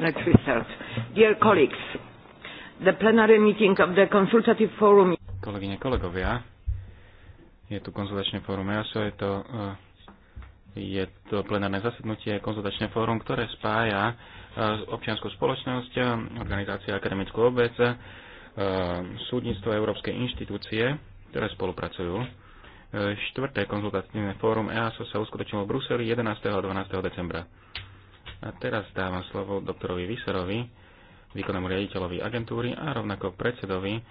next result. Dear colleagues, the plenary meeting of the consultative forum... Kolegyne, kolegovia, je tu konzultačné fórum EASO, je to, eh, je to plenárne zasadnutie, konzultačné fórum, ktoré spája eh, občianskú spoločnosť, organizácia akademickú obec, eh, súdnictvo európskej inštitúcie, ktoré spolupracujú. Štvrté konzultatívne fórum EASO sa uskutočnilo v Bruseli 11. a 12. decembra. A teraz dávam slovo doktorovi Vysorovi, výkonnému riaditeľovi agentúry a rovnako predsedovi eh,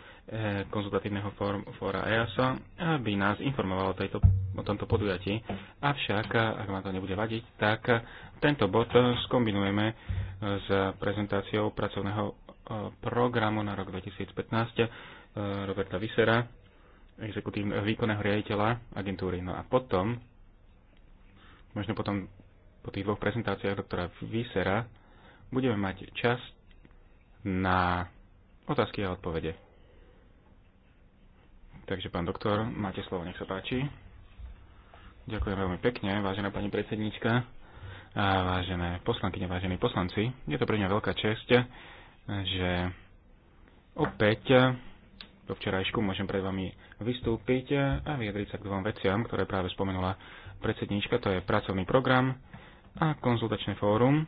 konzultatívneho fóra EASO, aby nás informoval o, tejto, o tomto podujatí. Avšak, ak vám to nebude vadiť, tak tento bod skombinujeme eh, s prezentáciou pracovného eh, programu na rok 2015 Roberta Vysera, exekutívneho výkonného riaditeľa agentúry. No a potom, možno potom po tých dvoch prezentáciách doktora Vysera budeme mať čas na otázky a odpovede. Takže pán doktor, máte slovo, nech sa páči. Ďakujem veľmi pekne, vážená pani predsednička, a vážené poslanky, vážení poslanci. Je to pre mňa veľká česť, že opäť po včerajšku môžem pred vami vystúpiť a vyjadriť sa k dvom veciam, ktoré práve spomenula predsednička, To je pracovný program a konzultačné fórum,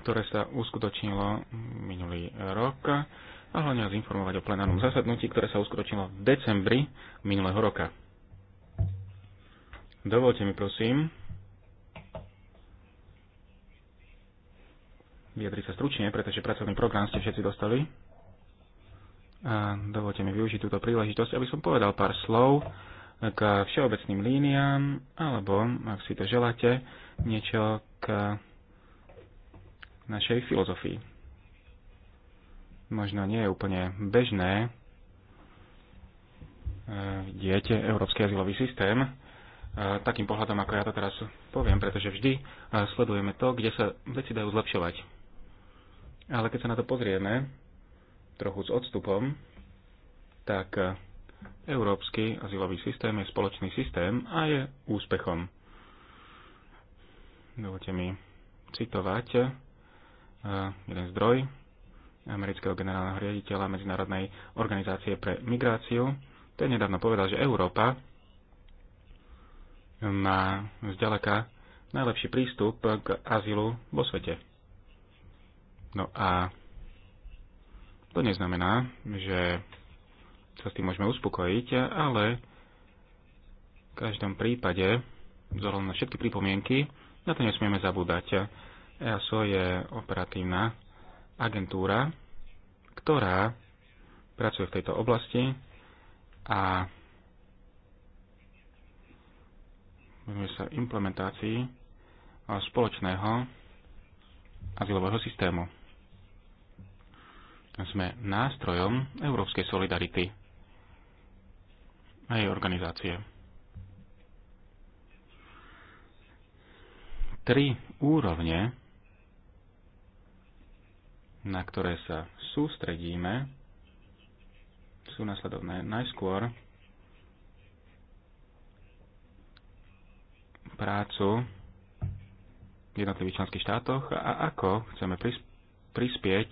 ktoré sa uskutočnilo minulý rok a hlavne vás informovať o plenárnom zasadnutí, ktoré sa uskutočnilo v decembri minulého roka. Dovolte mi prosím vyjadriť sa stručne, pretože pracovný program ste všetci dostali. A dovolte mi využiť túto príležitosť, aby som povedal pár slov k všeobecným líniám, alebo, ak si to želáte, niečo k našej filozofii. Možno nie je úplne bežné e, vidieť európsky azylový systém e, takým pohľadom, ako ja to teraz poviem, pretože vždy e, sledujeme to, kde sa veci dajú zlepšovať. Ale keď sa na to pozrieme trochu s odstupom, tak Európsky azylový systém je spoločný systém a je úspechom. Dovolte mi citovať eh, jeden zdroj amerického generálneho riaditeľa Medzinárodnej organizácie pre migráciu. Ten nedávno povedal, že Európa má zďaleka najlepší prístup k azylu vo svete. No a to neznamená, že sa s tým môžeme uspokojiť, ale v každom prípade, vzorom na všetky pripomienky, na to nesmieme zabúdať. EASO je operatívna agentúra, ktorá pracuje v tejto oblasti a venuje sa implementácii spoločného azylového systému. Sme nástrojom európskej solidarity a jej organizácie. Tri úrovne, na ktoré sa sústredíme, sú nasledovné. Najskôr prácu v jednotlivých členských štátoch a ako chceme prispieť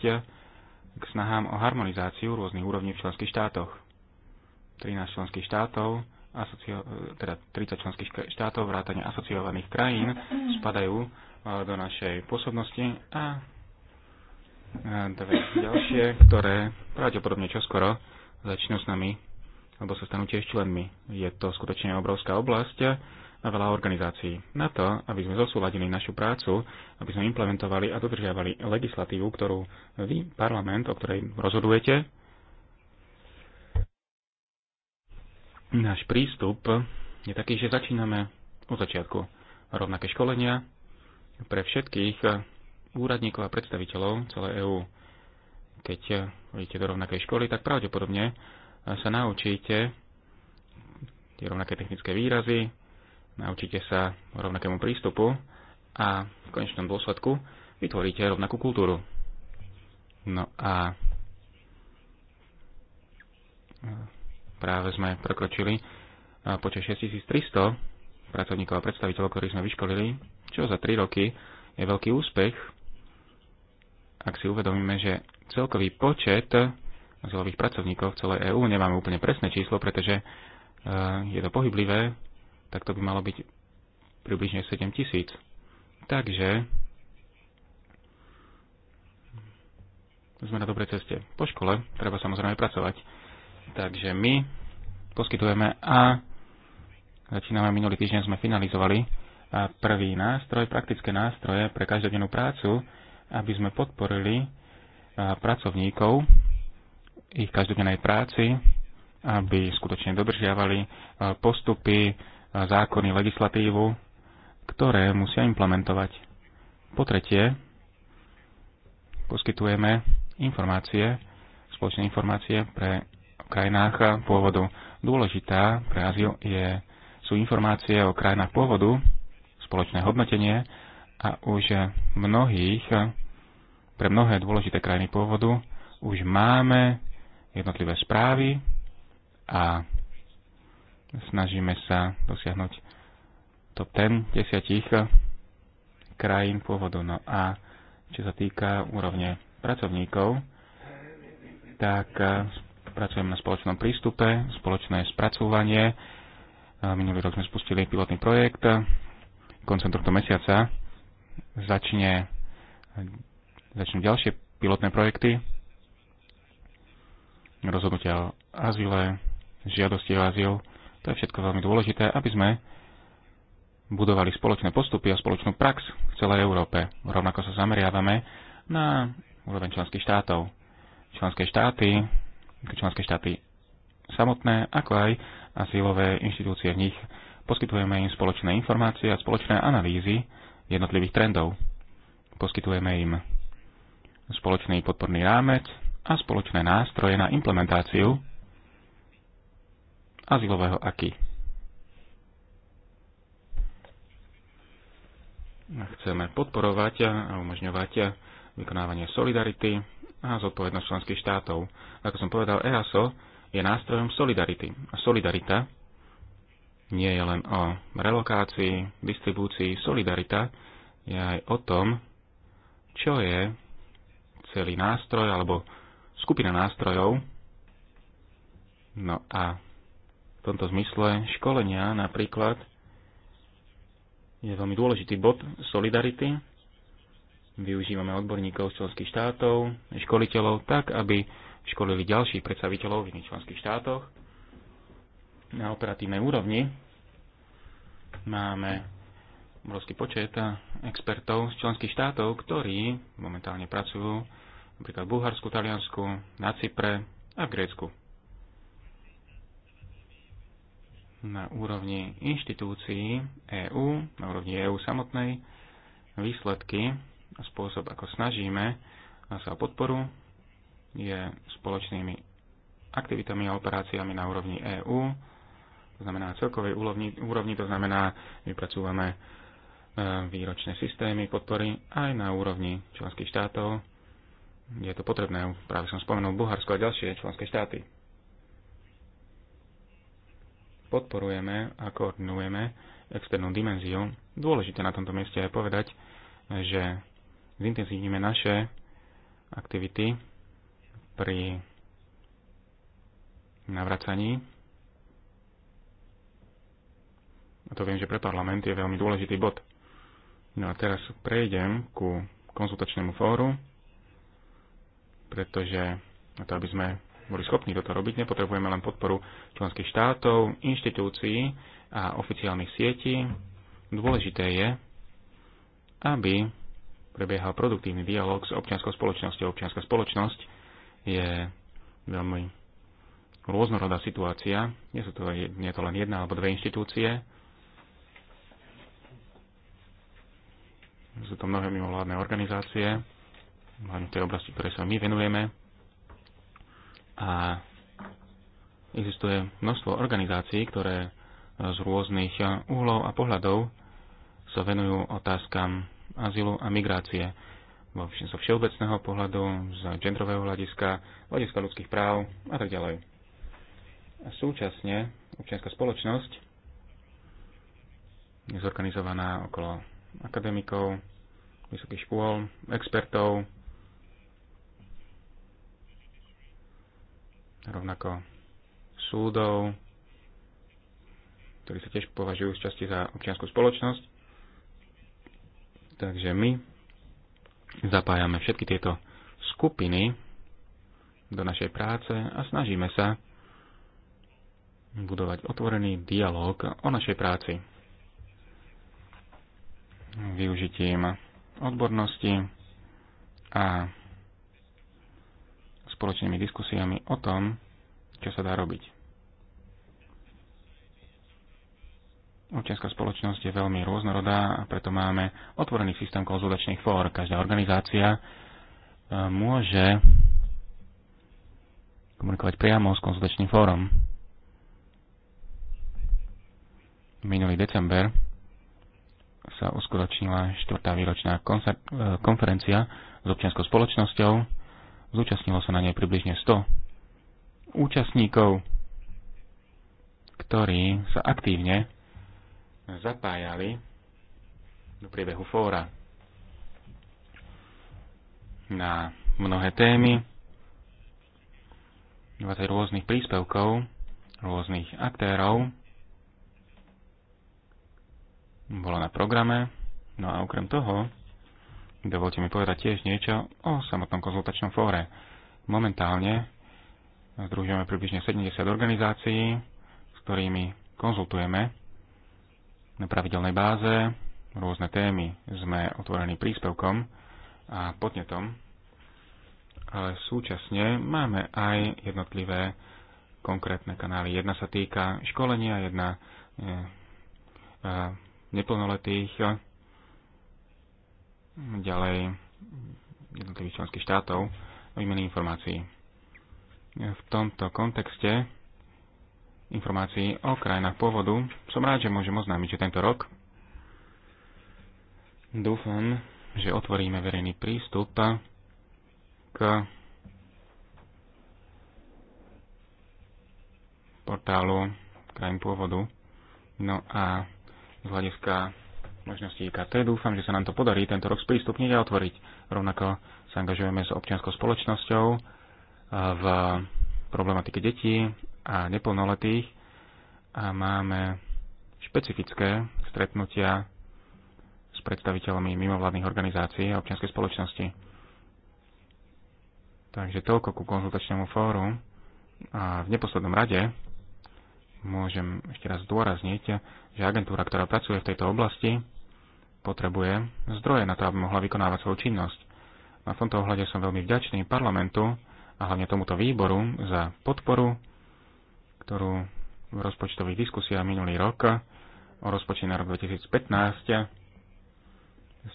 k snahám o harmonizáciu rôznych úrovní v členských štátoch. 13 členských štátov, asocio, e, teda 30 členských štátov, vrátane asociovaných krajín, spadajú e, do našej pôsobnosti a e, dve ďalšie, ktoré pravdepodobne čoskoro začnú s nami alebo sa stanú tiež členmi. Je to skutočne obrovská oblasť a veľa organizácií. Na to, aby sme zosúladili našu prácu, aby sme implementovali a dodržiavali legislatívu, ktorú vy, parlament, o ktorej rozhodujete, náš prístup je taký, že začíname od začiatku rovnaké školenia pre všetkých úradníkov a predstaviteľov celé EÚ. Keď idete do rovnakej školy, tak pravdepodobne sa naučíte tie rovnaké technické výrazy, naučíte sa rovnakému prístupu a v konečnom dôsledku vytvoríte rovnakú kultúru. No a práve sme prekročili počet 6300 pracovníkov a predstaviteľov, ktorí sme vyškolili, čo za 3 roky je veľký úspech, ak si uvedomíme, že celkový počet azylových pracovníkov v celej EÚ, nemáme úplne presné číslo, pretože je to pohyblivé, tak to by malo byť približne 7 tisíc. Takže sme na dobrej ceste. Po škole treba samozrejme pracovať Takže my poskytujeme a začíname minulý týždeň, sme finalizovali prvý nástroj, praktické nástroje pre každodennú prácu, aby sme podporili pracovníkov ich každodennej práci, aby skutočne dodržiavali postupy, zákony, legislatívu, ktoré musia implementovať. Po tretie, poskytujeme informácie, spoločné informácie pre krajinách pôvodu. Dôležitá pre Áziu je, sú informácie o krajinách pôvodu, spoločné hodnotenie a už mnohých, pre mnohé dôležité krajiny pôvodu už máme jednotlivé správy a snažíme sa dosiahnuť top 10 desiatich krajín pôvodu. No a čo sa týka úrovne pracovníkov, tak pracujeme na spoločnom prístupe, spoločné spracúvanie. Minulý rok sme spustili pilotný projekt. koncem tohto mesiaca začne, začnú ďalšie pilotné projekty. Rozhodnutia o azyle, žiadosti o azyl. To je všetko veľmi dôležité, aby sme budovali spoločné postupy a spoločnú prax v celej Európe. Rovnako sa zameriavame na úroveň členských štátov. Členské štáty členské štáty samotné, ako aj asilové inštitúcie v nich. Poskytujeme im spoločné informácie a spoločné analýzy jednotlivých trendov. Poskytujeme im spoločný podporný rámec a spoločné nástroje na implementáciu azylového aky. Chceme podporovať a umožňovať vykonávanie solidarity a zodpovednosť členských štátov. Ako som povedal, EASO je nástrojom solidarity. A solidarita nie je len o relokácii, distribúcii. Solidarita je aj o tom, čo je celý nástroj alebo skupina nástrojov. No a v tomto zmysle školenia napríklad je veľmi dôležitý bod solidarity Využívame odborníkov z členských štátov, školiteľov, tak, aby školili ďalších predstaviteľov v iných členských štátoch. Na operatívnej úrovni máme obrovský počet expertov z členských štátov, ktorí momentálne pracujú napríklad v Bulharsku, Taliansku, na Cypre a v Grécku. Na úrovni inštitúcií EÚ, na úrovni EÚ samotnej, výsledky spôsob, ako snažíme sa o podporu, je spoločnými aktivitami a operáciami na úrovni EÚ, to znamená celkovej úrovni, úrovni to znamená, vypracúvame e, výročné systémy podpory aj na úrovni členských štátov. Je to potrebné, práve som spomenul Bulharsko a ďalšie členské štáty. Podporujeme a koordinujeme externú dimenziu. Dôležité na tomto mieste je povedať, že zintenzívnime naše aktivity pri navracaní. A to viem, že pre parlament je veľmi dôležitý bod. No a teraz prejdem ku konzultačnému fóru, pretože na to, aby sme boli schopní toto robiť, nepotrebujeme len podporu členských štátov, inštitúcií a oficiálnych sietí. Dôležité je, aby prebiehal produktívny dialog s občianskou spoločnosťou. Občianská spoločnosť je veľmi rôznorodá situácia. Nie, sú to, nie je to len jedna alebo dve inštitúcie. Sú to mnohé mimovládne organizácie, hlavne v tej oblasti, ktoré sa my venujeme. A existuje množstvo organizácií, ktoré z rôznych uhlov a pohľadov sa venujú otázkam azylu a migrácie. Vo so všeobecného pohľadu, z genderového hľadiska, hľadiska ľudských práv a tak ďalej. A súčasne občianská spoločnosť je zorganizovaná okolo akademikov, vysokých škôl, expertov, rovnako súdov, ktorí sa tiež považujú z časti za občianskú spoločnosť. Takže my zapájame všetky tieto skupiny do našej práce a snažíme sa budovať otvorený dialog o našej práci. Využitím odbornosti a spoločnými diskusiami o tom, čo sa dá robiť. Občianská spoločnosť je veľmi rôznorodá a preto máme otvorený systém konzultačných fór. Každá organizácia e, môže komunikovať priamo s konzultačným fórom. Minulý december sa uskutočnila štvrtá výročná e, konferencia s občianskou spoločnosťou. Zúčastnilo sa na nej približne 100 účastníkov, ktorí sa aktívne zapájali do priebehu fóra na mnohé témy, 20 rôznych príspevkov, rôznych aktérov bolo na programe. No a okrem toho, dovolte mi povedať tiež niečo o samotnom konzultačnom fóre. Momentálne združujeme približne 70 organizácií, s ktorými konzultujeme na pravidelnej báze rôzne témy. Sme otvorení príspevkom a podnetom, ale súčasne máme aj jednotlivé konkrétne kanály. Jedna sa týka školenia, jedna eh, eh, neplnoletých, ďalej jednotlivých členských štátov o výmeny informácií. V tomto kontexte informácií o krajinách pôvodu. Som rád, že môžem oznámiť, že tento rok dúfam, že otvoríme verejný prístup k portálu krajín pôvodu. No a z hľadiska možností IKT dúfam, že sa nám to podarí tento rok sprístupniť a otvoriť. Rovnako sa angažujeme s občianskou spoločnosťou v problematike detí a neplnoletých a máme špecifické stretnutia s predstaviteľmi mimovládnych organizácií a občianskej spoločnosti. Takže toľko ku konzultačnému fóru. A v neposlednom rade môžem ešte raz zdôrazniť, že agentúra, ktorá pracuje v tejto oblasti, potrebuje zdroje na to, aby mohla vykonávať svoju činnosť. Na tomto ohľade som veľmi vďačný parlamentu a hlavne tomuto výboru za podporu ktorú v rozpočtových diskusiách minulý rok o rozpočte na rok 2015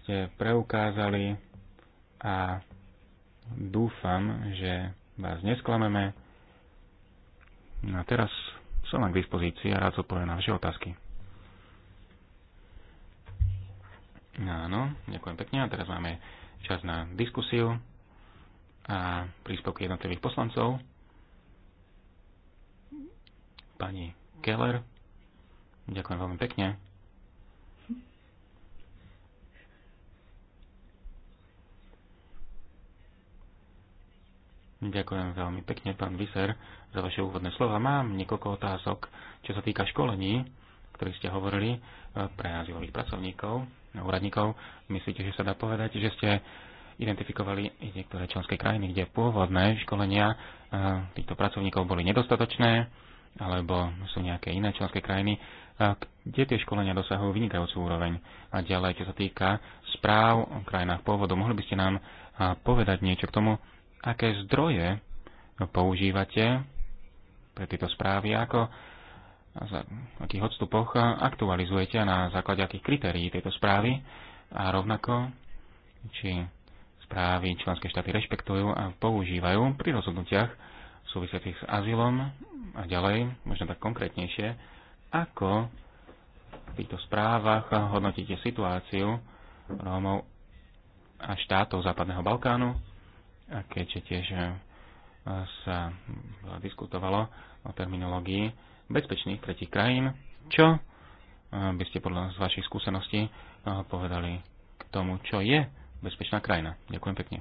ste preukázali a dúfam, že vás nesklameme. No a teraz som vám k dispozícii a rád zodpoviem na vaše otázky. Áno, ďakujem pekne. A teraz máme čas na diskusiu a príspevky jednotlivých poslancov pani Keller. Ďakujem veľmi pekne. Ďakujem veľmi pekne, pán Viser, za vaše úvodné slova. Mám niekoľko otázok, čo sa týka školení, o ktorých ste hovorili e, pre azylových pracovníkov, úradníkov. Myslíte, že sa dá povedať, že ste identifikovali niektoré členské krajiny, kde pôvodné školenia e, týchto pracovníkov boli nedostatočné, alebo sú nejaké iné členské krajiny, kde tie školenia dosahujú vynikajúcu úroveň. A ďalej, čo sa týka správ o krajinách pôvodu, mohli by ste nám povedať niečo k tomu, aké zdroje používate pre tieto správy, ako za akých odstupoch aktualizujete na základe akých kritérií tejto správy a rovnako, či správy členské štáty rešpektujú a používajú pri rozhodnutiach súvisiacich s azylom a ďalej, možno tak konkrétnejšie, ako v týchto správach hodnotíte situáciu Rómov a štátov Západného Balkánu, a keďže tiež e, sa diskutovalo o terminológii bezpečných tretich krajín, čo e, by ste podľa z vašich skúseností e, povedali k tomu, čo je bezpečná krajina. Ďakujem pekne.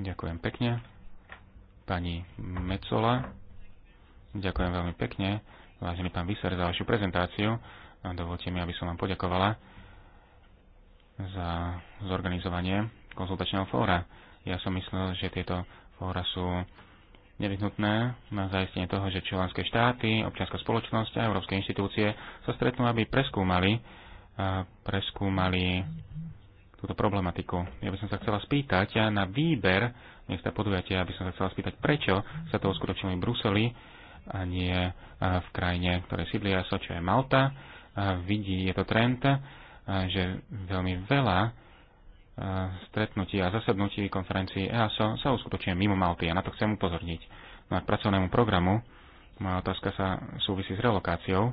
Ďakujem pekne pani Mecola. Ďakujem veľmi pekne, vážený pán Vyser, za vašu prezentáciu. A dovolte mi, aby som vám poďakovala za zorganizovanie konzultačného fóra. Ja som myslel, že tieto fóra sú nevyhnutné na zaistenie toho, že členské štáty, občianská spoločnosť a európske inštitúcie sa stretnú, aby preskúmali, preskúmali túto problematiku. Ja by som sa chcela spýtať na výber miesta podujatia, aby som sa chcela spýtať, prečo sa to uskutočnilo v Bruseli a nie v krajine, ktoré sídli ESO, čo je Malta. A vidí, je to trend, že veľmi veľa stretnutí a zasadnutí konferencií EASO sa uskutočuje mimo Malty a na to chcem upozorniť. No a k pracovnému programu moja otázka sa súvisí s relokáciou.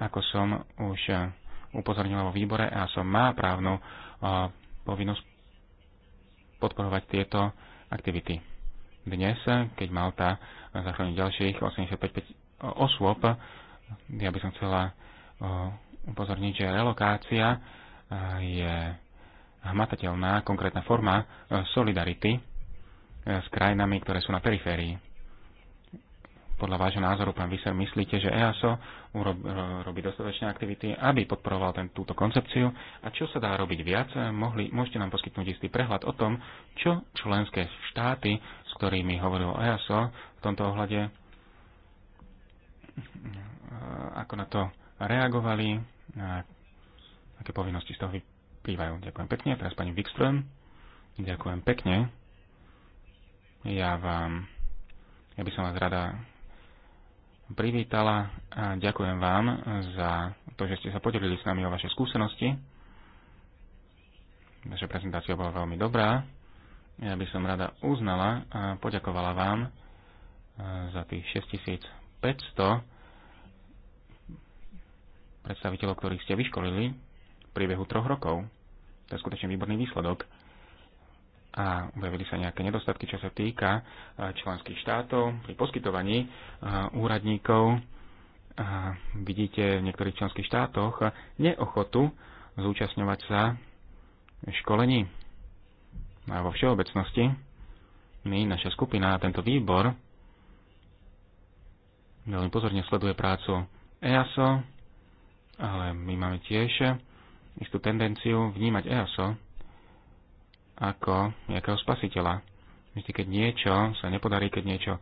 Ako som už upozornila vo výbore, EASO má právnu povinnosť podporovať tieto aktivity. Dnes, keď Malta zachrání ďalších 85 osôb, ja by som chcela upozorniť, že relokácia je hmatateľná, konkrétna forma e, solidarity e, s krajinami, ktoré sú na periférii podľa vášho názoru, pán Vyser, myslíte, že EASO robí dostatočné aktivity, aby podporoval ten, túto koncepciu a čo sa dá robiť viac? Mohli, môžete nám poskytnúť istý prehľad o tom, čo členské štáty, s ktorými hovoril EASO v tomto ohľade, ako na to reagovali, a aké povinnosti z toho vyplývajú. Ďakujem pekne. Teraz pani Wikström. Ďakujem pekne. Ja vám, ja by som vás rada privítala a ďakujem vám za to, že ste sa podelili s nami o vaše skúsenosti. Vaša prezentácia bola veľmi dobrá. Ja by som rada uznala a poďakovala vám e, za tých 6500 predstaviteľov, ktorých ste vyškolili v priebehu troch rokov. To je skutočne výborný výsledok a objavili sa nejaké nedostatky, čo sa týka e, členských štátov pri poskytovaní e, úradníkov. A e, vidíte v niektorých členských štátoch neochotu zúčastňovať sa školení. A vo všeobecnosti my, naša skupina a tento výbor veľmi pozorne sleduje prácu EASO, ale my máme tiež istú tendenciu vnímať EASO ako nejakého spasiteľa. Vždy, keď niečo sa nepodarí, keď niečo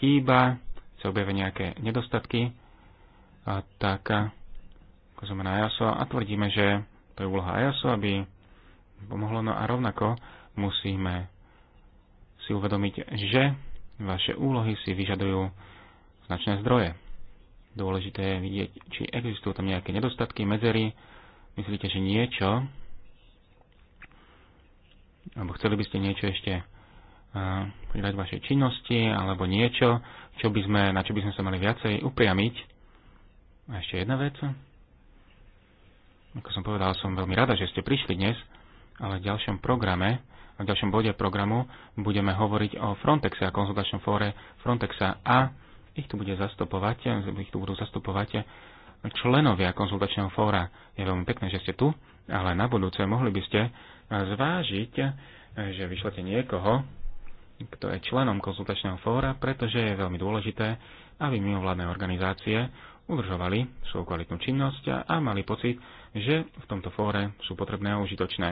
chýba, sa objavia nejaké nedostatky, a tak ako sme na EASO a tvrdíme, že to je úloha EASO, aby pomohlo. No a rovnako musíme si uvedomiť, že vaše úlohy si vyžadujú značné zdroje. Dôležité je vidieť, či existujú tam nejaké nedostatky, medzery. Myslíte, že niečo alebo chceli by ste niečo ešte eh, pridať vašej činnosti, alebo niečo, čo by sme, na čo by sme sa mali viacej upriamiť. A ešte jedna vec. Ako som povedal, som veľmi rada, že ste prišli dnes, ale v ďalšom programe, v ďalšom bode programu budeme hovoriť o Frontexe a konzultačnom fóre Frontexa a ich tu bude zastupovať, ich tu budú zastupovať členovia konzultačného fóra. Je veľmi pekné, že ste tu, ale na budúce mohli by ste zvážiť, e, že vyšlete niekoho, kto je členom konzultačného fóra, pretože je veľmi dôležité, aby mimovládne organizácie udržovali svoju kvalitnú činnosť a mali pocit, že v tomto fóre sú potrebné a užitočné.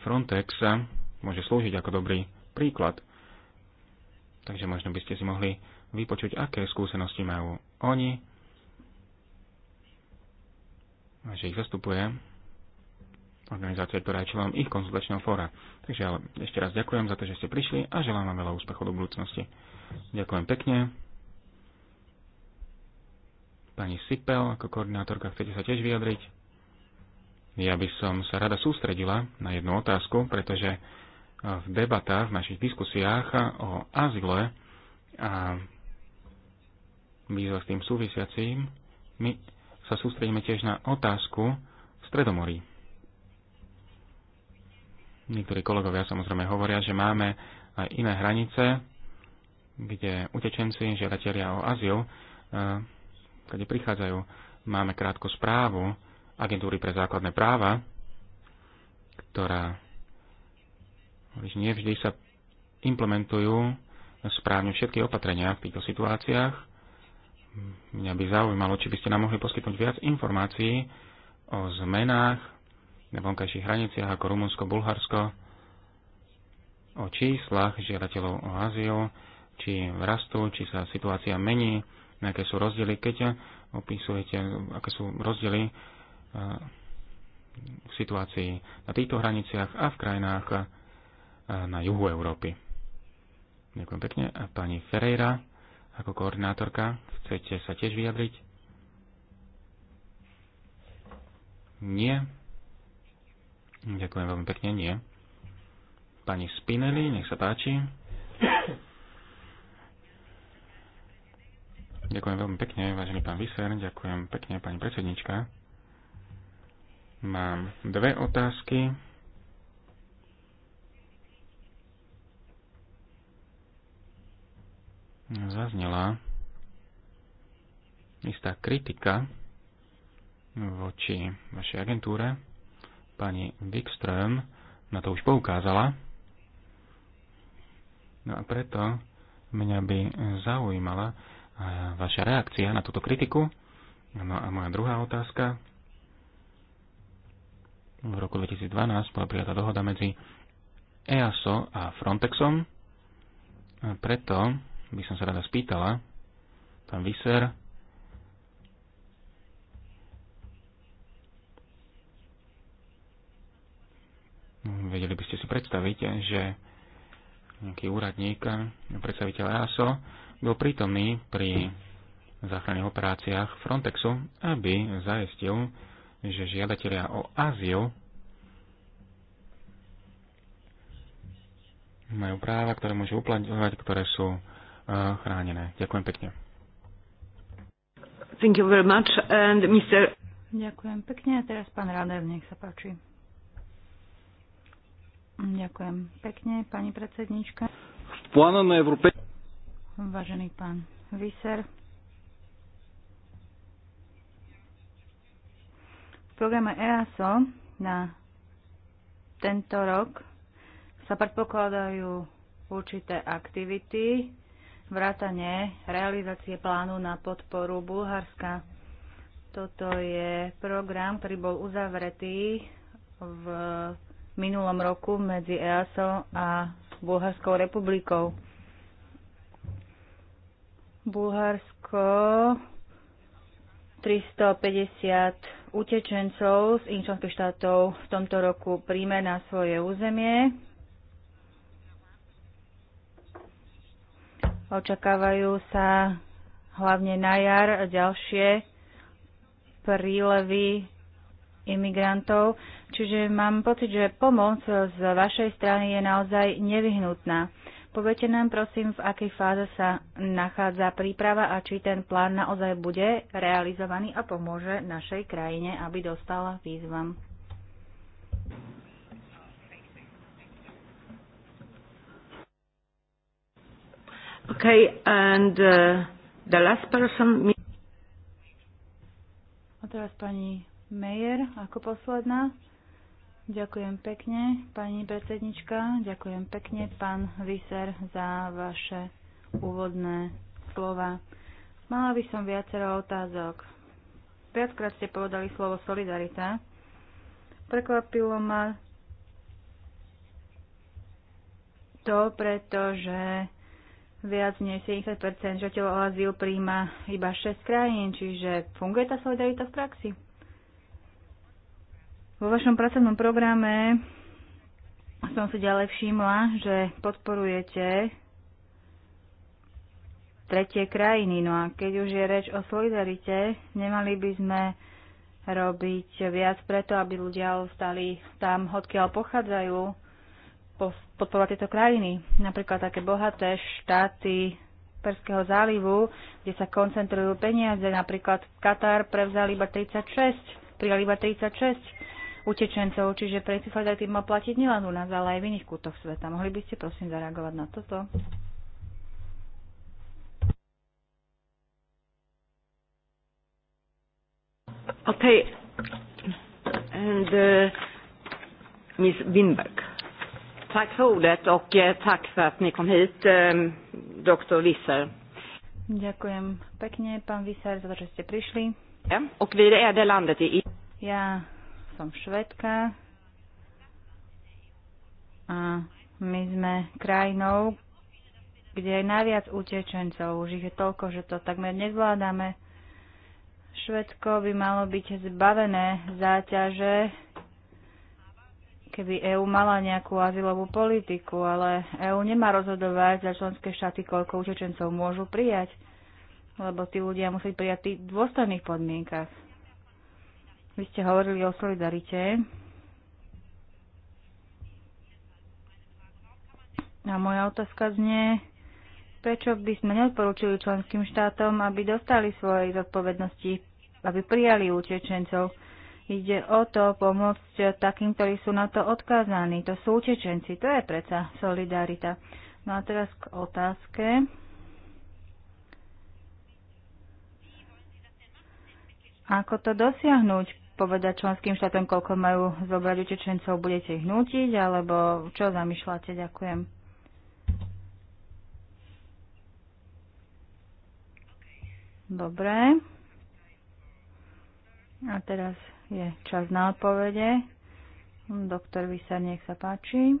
Frontex môže slúžiť ako dobrý príklad. Takže možno by ste si mohli vypočuť, aké skúsenosti majú oni, že ich zastupuje organizácie, ktorá je členom ich konzultačného fóra. Takže ale ešte raz ďakujem za to, že ste prišli a želám vám veľa úspechov do budúcnosti. Ďakujem pekne. Pani Sipel, ako koordinátorka, chcete sa tiež vyjadriť? Ja by som sa rada sústredila na jednu otázku, pretože v debatách, v našich diskusiách o azyle a výzva s tým súvisiacím, my sa sústredíme tiež na otázku Stredomorí niektorí kolegovia samozrejme hovoria, že máme aj iné hranice, kde utečenci, žiadatelia o azyl, e, kde prichádzajú, máme krátku správu agentúry pre základné práva, ktorá nevždy sa implementujú správne všetky opatrenia v týchto situáciách. Mňa by zaujímalo, či by ste nám mohli poskytnúť viac informácií o zmenách na vonkajších hraniciach ako Rumunsko, Bulharsko, o číslach žiadateľov o azyl, či rastú, či sa situácia mení, aké sú rozdiely, keď opisujete, aké sú rozdiely eh, v situácii na týchto hraniciach a v krajinách eh, na juhu Európy. Ďakujem pekne. A pani Ferreira, ako koordinátorka, chcete sa tiež vyjadriť? Nie. Ďakujem veľmi pekne, nie. Pani Spinelli, nech sa páči. Ďakujem veľmi pekne, vážený pán Vyser, ďakujem pekne, pani predsednička. Mám dve otázky. Zaznela istá kritika voči vašej agentúre. Pani Wikström na to už poukázala. No a preto mňa by zaujímala vaša reakcia na túto kritiku. No a moja druhá otázka. V roku 2012 bola prijatá dohoda medzi EASO a Frontexom. A preto by som sa rada spýtala, pán Vyser, Vedeli by ste si predstaviť, že nejaký úradník, predstaviteľ EASO, bol prítomný pri záchranných operáciách Frontexu, aby zaistil, že žiadatelia o azyl majú práva, ktoré môžu uplatňovať, ktoré sú eh, chránené. Ďakujem pekne. Thank you very much. And Mr. Ďakujem pekne. A teraz pán Radev, nech sa páči. Ďakujem pekne, pani predsednička. V pláne na Európe... Vážený pán Vyser, v programe EASO na tento rok sa predpokladajú určité aktivity, vrátanie realizácie plánu na podporu Bulharska. Toto je program, ktorý bol uzavretý v minulom roku medzi EASO a Bulharskou republikou. Bulharsko 350 utečencov z iných členských štátov v tomto roku príjme na svoje územie. Očakávajú sa hlavne na jar ďalšie prílevy imigrantov. Čiže mám pocit, že pomoc z vašej strany je naozaj nevyhnutná. Poviete nám prosím, v akej fáze sa nachádza príprava a či ten plán naozaj bude realizovaný a pomôže našej krajine, aby dostala výzvam. Okay, and uh, the last person... A teraz pani Mejer ako posledná. Ďakujem pekne, pani predsednička. Ďakujem pekne, pán Vyser, za vaše úvodné slova. Mala by som viacero otázok. Viackrát ste povedali slovo solidarita. Prekvapilo ma to, pretože viac než 70% žiateľov o azyl príjma iba 6 krajín, čiže funguje tá solidarita v praxi? Vo vašom pracovnom programe som si ďalej všimla, že podporujete tretie krajiny. No a keď už je reč o solidarite, nemali by sme robiť viac preto, aby ľudia ostali tam, odkiaľ pochádzajú, podporovať tieto krajiny. Napríklad také bohaté štáty Perského zálivu, kde sa koncentrujú peniaze. Napríklad Katar prevzal iba 36, prijal iba 36 utečencov, čiže preciflať Solidarity má platiť nielen u nás, ale aj v iných kútoch sveta. Mohli by ste prosím zareagovať na toto? Okay. And, uh, Miss Winberg. Tack för ordet och uh, tack för att ni kom hit, uh, doktor Visser. Ďakujem pekne, pán Visser, za to, že ste prišli. Ja, och vi är det landet i... Ja som švedka a my sme krajinou, kde je najviac utečencov. Už ich je toľko, že to takmer nezvládame. Švedsko by malo byť zbavené záťaže, keby EÚ mala nejakú azylovú politiku, ale EÚ nemá rozhodovať za členské štáty, koľko utečencov môžu prijať, lebo tí ľudia musí prijať v dôstojných podmienkach. Vy ste hovorili o solidarite. A moja otázka znie, prečo by sme neodporúčili členským štátom, aby dostali svoje zodpovednosti, aby prijali utečencov. Ide o to pomôcť takým, ktorí sú na to odkázaní. To sú utečenci, to je predsa solidarita. No a teraz k otázke. Ako to dosiahnuť? povedať členským štátom, koľko majú zobrať utečencov, budete ich nútiť, alebo čo zamýšľate? Ďakujem. Dobre. A teraz je čas na odpovede. Doktor Vysar, nech sa páči.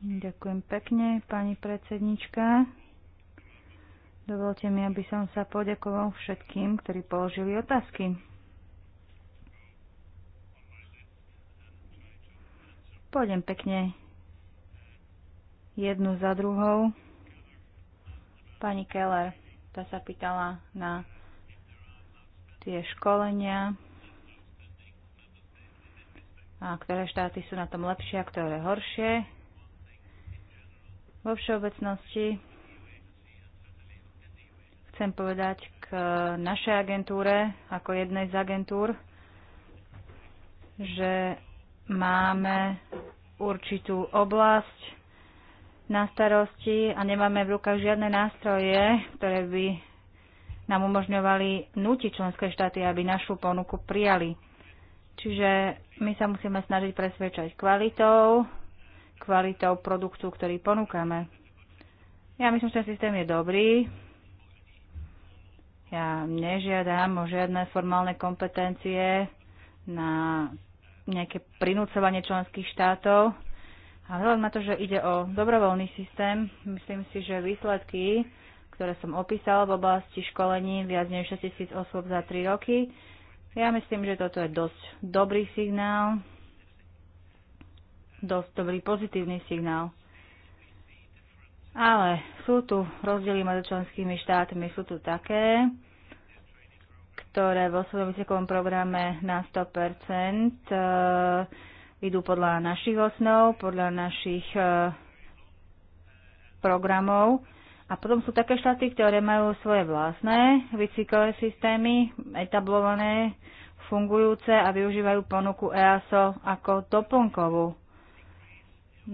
Ďakujem pekne, pani predsednička. Dovolte mi, aby som sa poďakoval všetkým, ktorí položili otázky. Pôjdem pekne jednu za druhou. Pani Keller, tá sa pýtala na tie školenia, a ktoré štáty sú na tom lepšie a ktoré horšie. Vo všeobecnosti chcem povedať k našej agentúre, ako jednej z agentúr, že máme určitú oblasť na starosti a nemáme v rukách žiadne nástroje, ktoré by nám umožňovali nútiť členské štáty, aby našu ponuku prijali. Čiže my sa musíme snažiť presvedčať kvalitou, kvalitou produktu, ktorý ponúkame. Ja myslím, že ten systém je dobrý, ja nežiadam o žiadne formálne kompetencie na nejaké prinúcovanie členských štátov. A vzhľadom na to, že ide o dobrovoľný systém, myslím si, že výsledky, ktoré som opísal v oblasti školení viac než 6 tisíc osôb za 3 roky, ja myslím, že toto je dosť dobrý signál, dosť dobrý pozitívny signál. Ale sú tu rozdiely medzi členskými štátmi, sú tu také, ktoré vo svojom vysokom programe na 100% e, idú podľa našich osnov, podľa našich e, programov. A potom sú také štáty, ktoré majú svoje vlastné bicyklové systémy, etablované, fungujúce a využívajú ponuku EASO ako doplnkovú.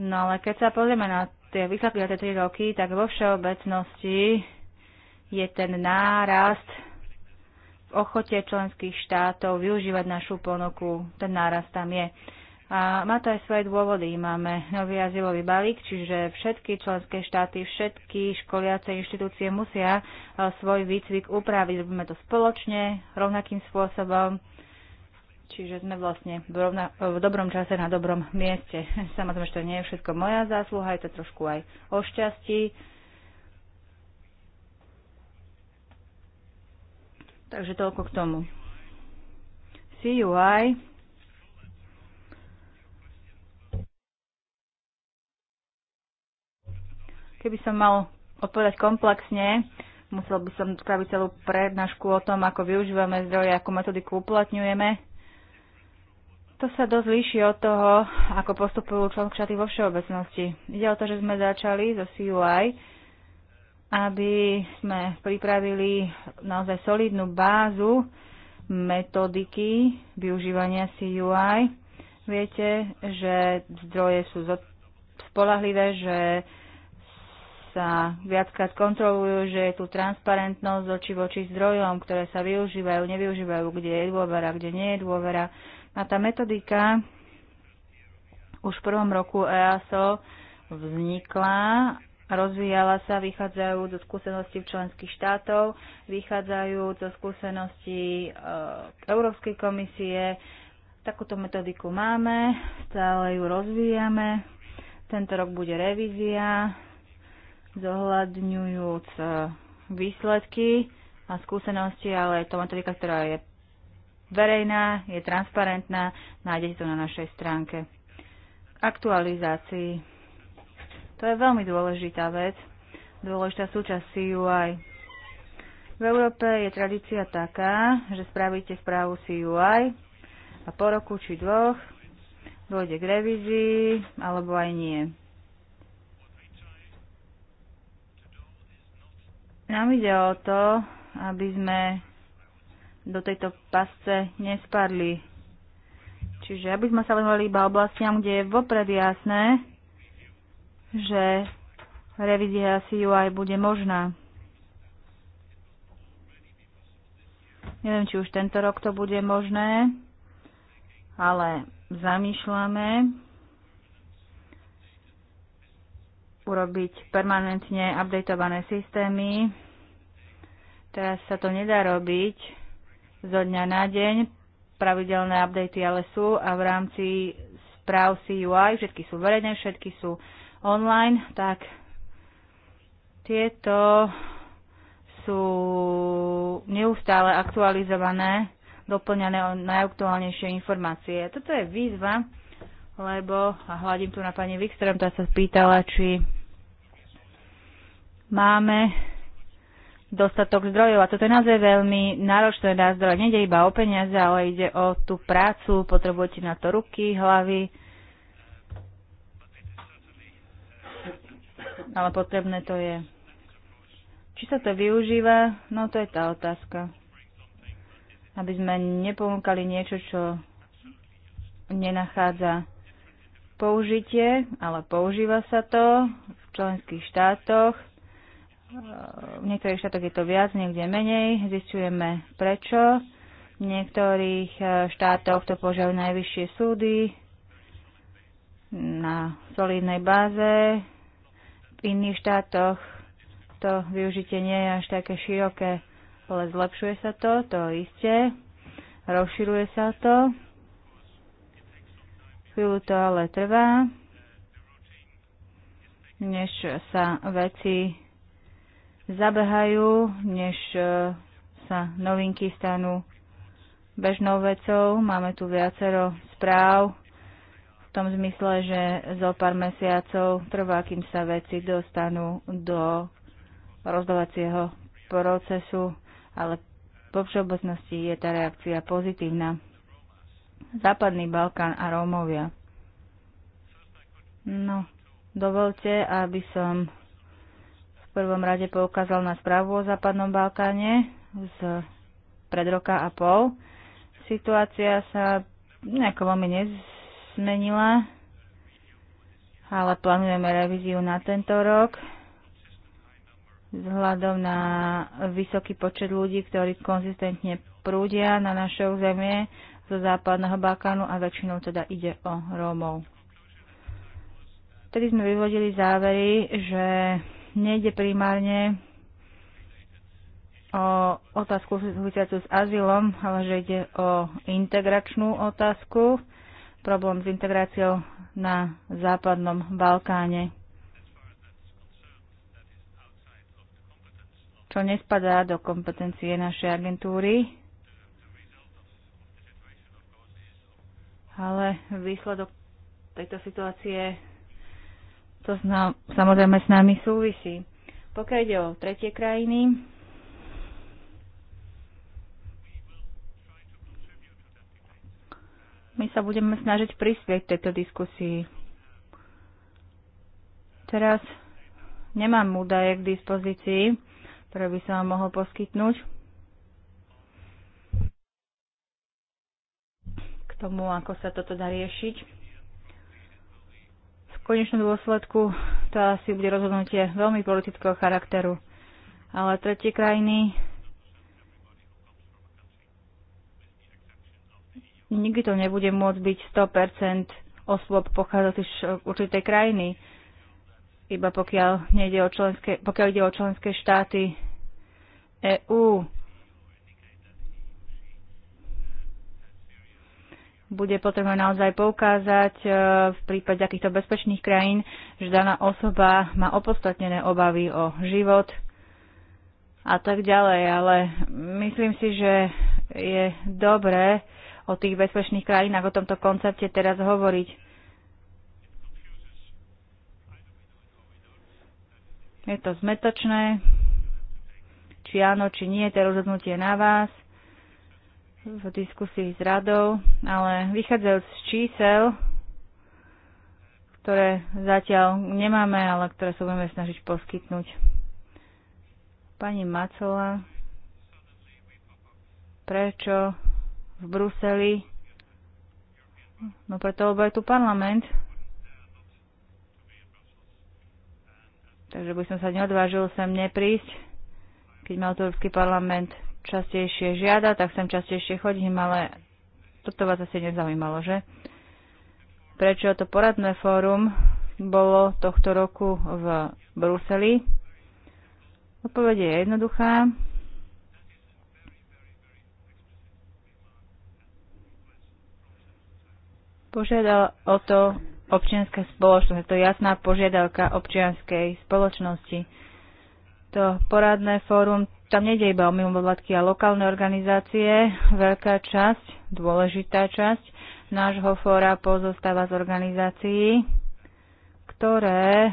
No ale keď sa pozrieme na tie výsledky za tie 3 roky, tak vo všeobecnosti je ten nárast v ochote členských štátov využívať našu ponuku. Ten nárast tam je. A má to aj svoje dôvody. Máme nový azylový balík, čiže všetky členské štáty, všetky školiace inštitúcie musia e, svoj výcvik upraviť. Robíme to spoločne, rovnakým spôsobom. Čiže sme vlastne v, rovna, v dobrom čase na dobrom mieste. Samozrejme, že to nie je všetko moja zásluha, je to trošku aj o šťastí. Takže toľko k tomu. CUI. Keby som mal odpovedať komplexne, musel by som spraviť celú prednášku o tom, ako využívame zdroje, ako metodiku uplatňujeme to sa dosť líši od toho, ako postupujú členské vo všeobecnosti. Ide o to, že sme začali zo CUI, aby sme pripravili naozaj solidnú bázu metodiky využívania CUI. Viete, že zdroje sú spolahlivé, že sa viackrát kontrolujú, že je tu transparentnosť oči voči zdrojom, ktoré sa využívajú, nevyužívajú, kde je dôvera, kde nie je dôvera. A tá metodika už v prvom roku EASO vznikla, rozvíjala sa, vychádzajú zo skúseností v členských štátov, vychádzajú zo skúseností e, Európskej komisie. Takúto metodiku máme, stále ju rozvíjame. Tento rok bude revízia, zohľadňujúc eh, výsledky a skúsenosti, ale je to metodika, ktorá je verejná, je transparentná, nájdete to na našej stránke. K aktualizácii. To je veľmi dôležitá vec, dôležitá súčasť CUI. V Európe je tradícia taká, že spravíte správu CUI a po roku či dvoch dôjde k revízii alebo aj nie. Nám ide o to, aby sme do tejto pasce nespadli. Čiže aby sme sa venovali iba oblastiam, kde je vopred jasné, že revízia CUI bude možná. Neviem, či už tento rok to bude možné, ale zamýšľame urobiť permanentne updatované systémy. Teraz sa to nedá robiť, zo dňa na deň. Pravidelné updaty ale sú a v rámci správ CUI, všetky sú verejné, všetky sú online, tak tieto sú neustále aktualizované, doplňané o najaktuálnejšie informácie. Toto je výzva, lebo, a hľadím tu na pani Wikström, tá sa spýtala, či máme dostatok zdrojov. A toto je naozaj veľmi náročné na zdroje. Nede iba o peniaze, ale ide o tú prácu, potrebujete na to ruky, hlavy. Ale potrebné to je. Či sa to využíva? No to je tá otázka. Aby sme neponúkali niečo, čo nenachádza použitie, ale používa sa to v členských štátoch v niektorých štátoch je to viac, niekde menej. Zistujeme prečo. V niektorých e, štátoch to požiaľ najvyššie súdy na solidnej báze. V iných štátoch to využitie nie je až také široké, ale zlepšuje sa to, to isté. Rozširuje sa to. Chvíľu to ale trvá, než sa veci zabehajú, než e, sa novinky stanú bežnou vecou. Máme tu viacero správ v tom zmysle, že zo pár mesiacov trvá, kým sa veci dostanú do rozdovacieho procesu, ale vo všeobecnosti je tá reakcia pozitívna. Západný Balkán a Rómovia. No, dovolte, aby som prvom rade poukázal na správu o Západnom Balkáne z pred roka a pol. Situácia sa nejako veľmi nezmenila, ale plánujeme revíziu na tento rok vzhľadom na vysoký počet ľudí, ktorí konzistentne prúdia na naše územie zo západného Balkánu a väčšinou teda ide o Rómov. Vtedy sme vyvodili závery, že nejde primárne o otázku súvisiacu s azylom, ale že ide o integračnú otázku, problém s integráciou na západnom Balkáne, čo nespadá do kompetencie našej agentúry, ale výsledok tejto situácie to zna, samozrejme s nami súvisí. Pokiaľ ide o tretie krajiny, my sa budeme snažiť prispieť tejto diskusii. Teraz nemám údaje k dispozícii, ktoré by som vám mohol poskytnúť k tomu, ako sa toto dá riešiť konečnom dôsledku to asi bude rozhodnutie veľmi politického charakteru. Ale tretie krajiny nikdy to nebude môcť byť 100% osôb pochádzajúcich z určitej krajiny, iba pokiaľ, nejde o členské, pokiaľ ide o členské štáty EÚ bude potrebné naozaj poukázať e, v prípade takýchto bezpečných krajín, že daná osoba má opodstatnené obavy o život a tak ďalej. Ale myslím si, že je dobré o tých bezpečných krajinách, o tomto koncepte teraz hovoriť. Je to zmetočné, či áno, či nie, to rozhodnutie na vás v diskusii s radou, ale vychádzajúc z čísel, ktoré zatiaľ nemáme, ale ktoré sa budeme snažiť poskytnúť. Pani Macola, prečo v Bruseli? No preto, lebo je tu parlament. Takže by som sa neodvážil sem neprísť, keď mal Európsky parlament častejšie žiada, tak sem častejšie chodím, ale toto vás asi nezaujímalo, že? Prečo to poradné fórum bolo tohto roku v Bruseli? Odpoveď je jednoduchá. Požiadal o to občianská spoločnosť. Je to jasná požiadavka občianskej spoločnosti. To poradné fórum tam nejde iba o mimovládky a lokálne organizácie. Veľká časť, dôležitá časť nášho fóra pozostáva z organizácií, ktoré eh,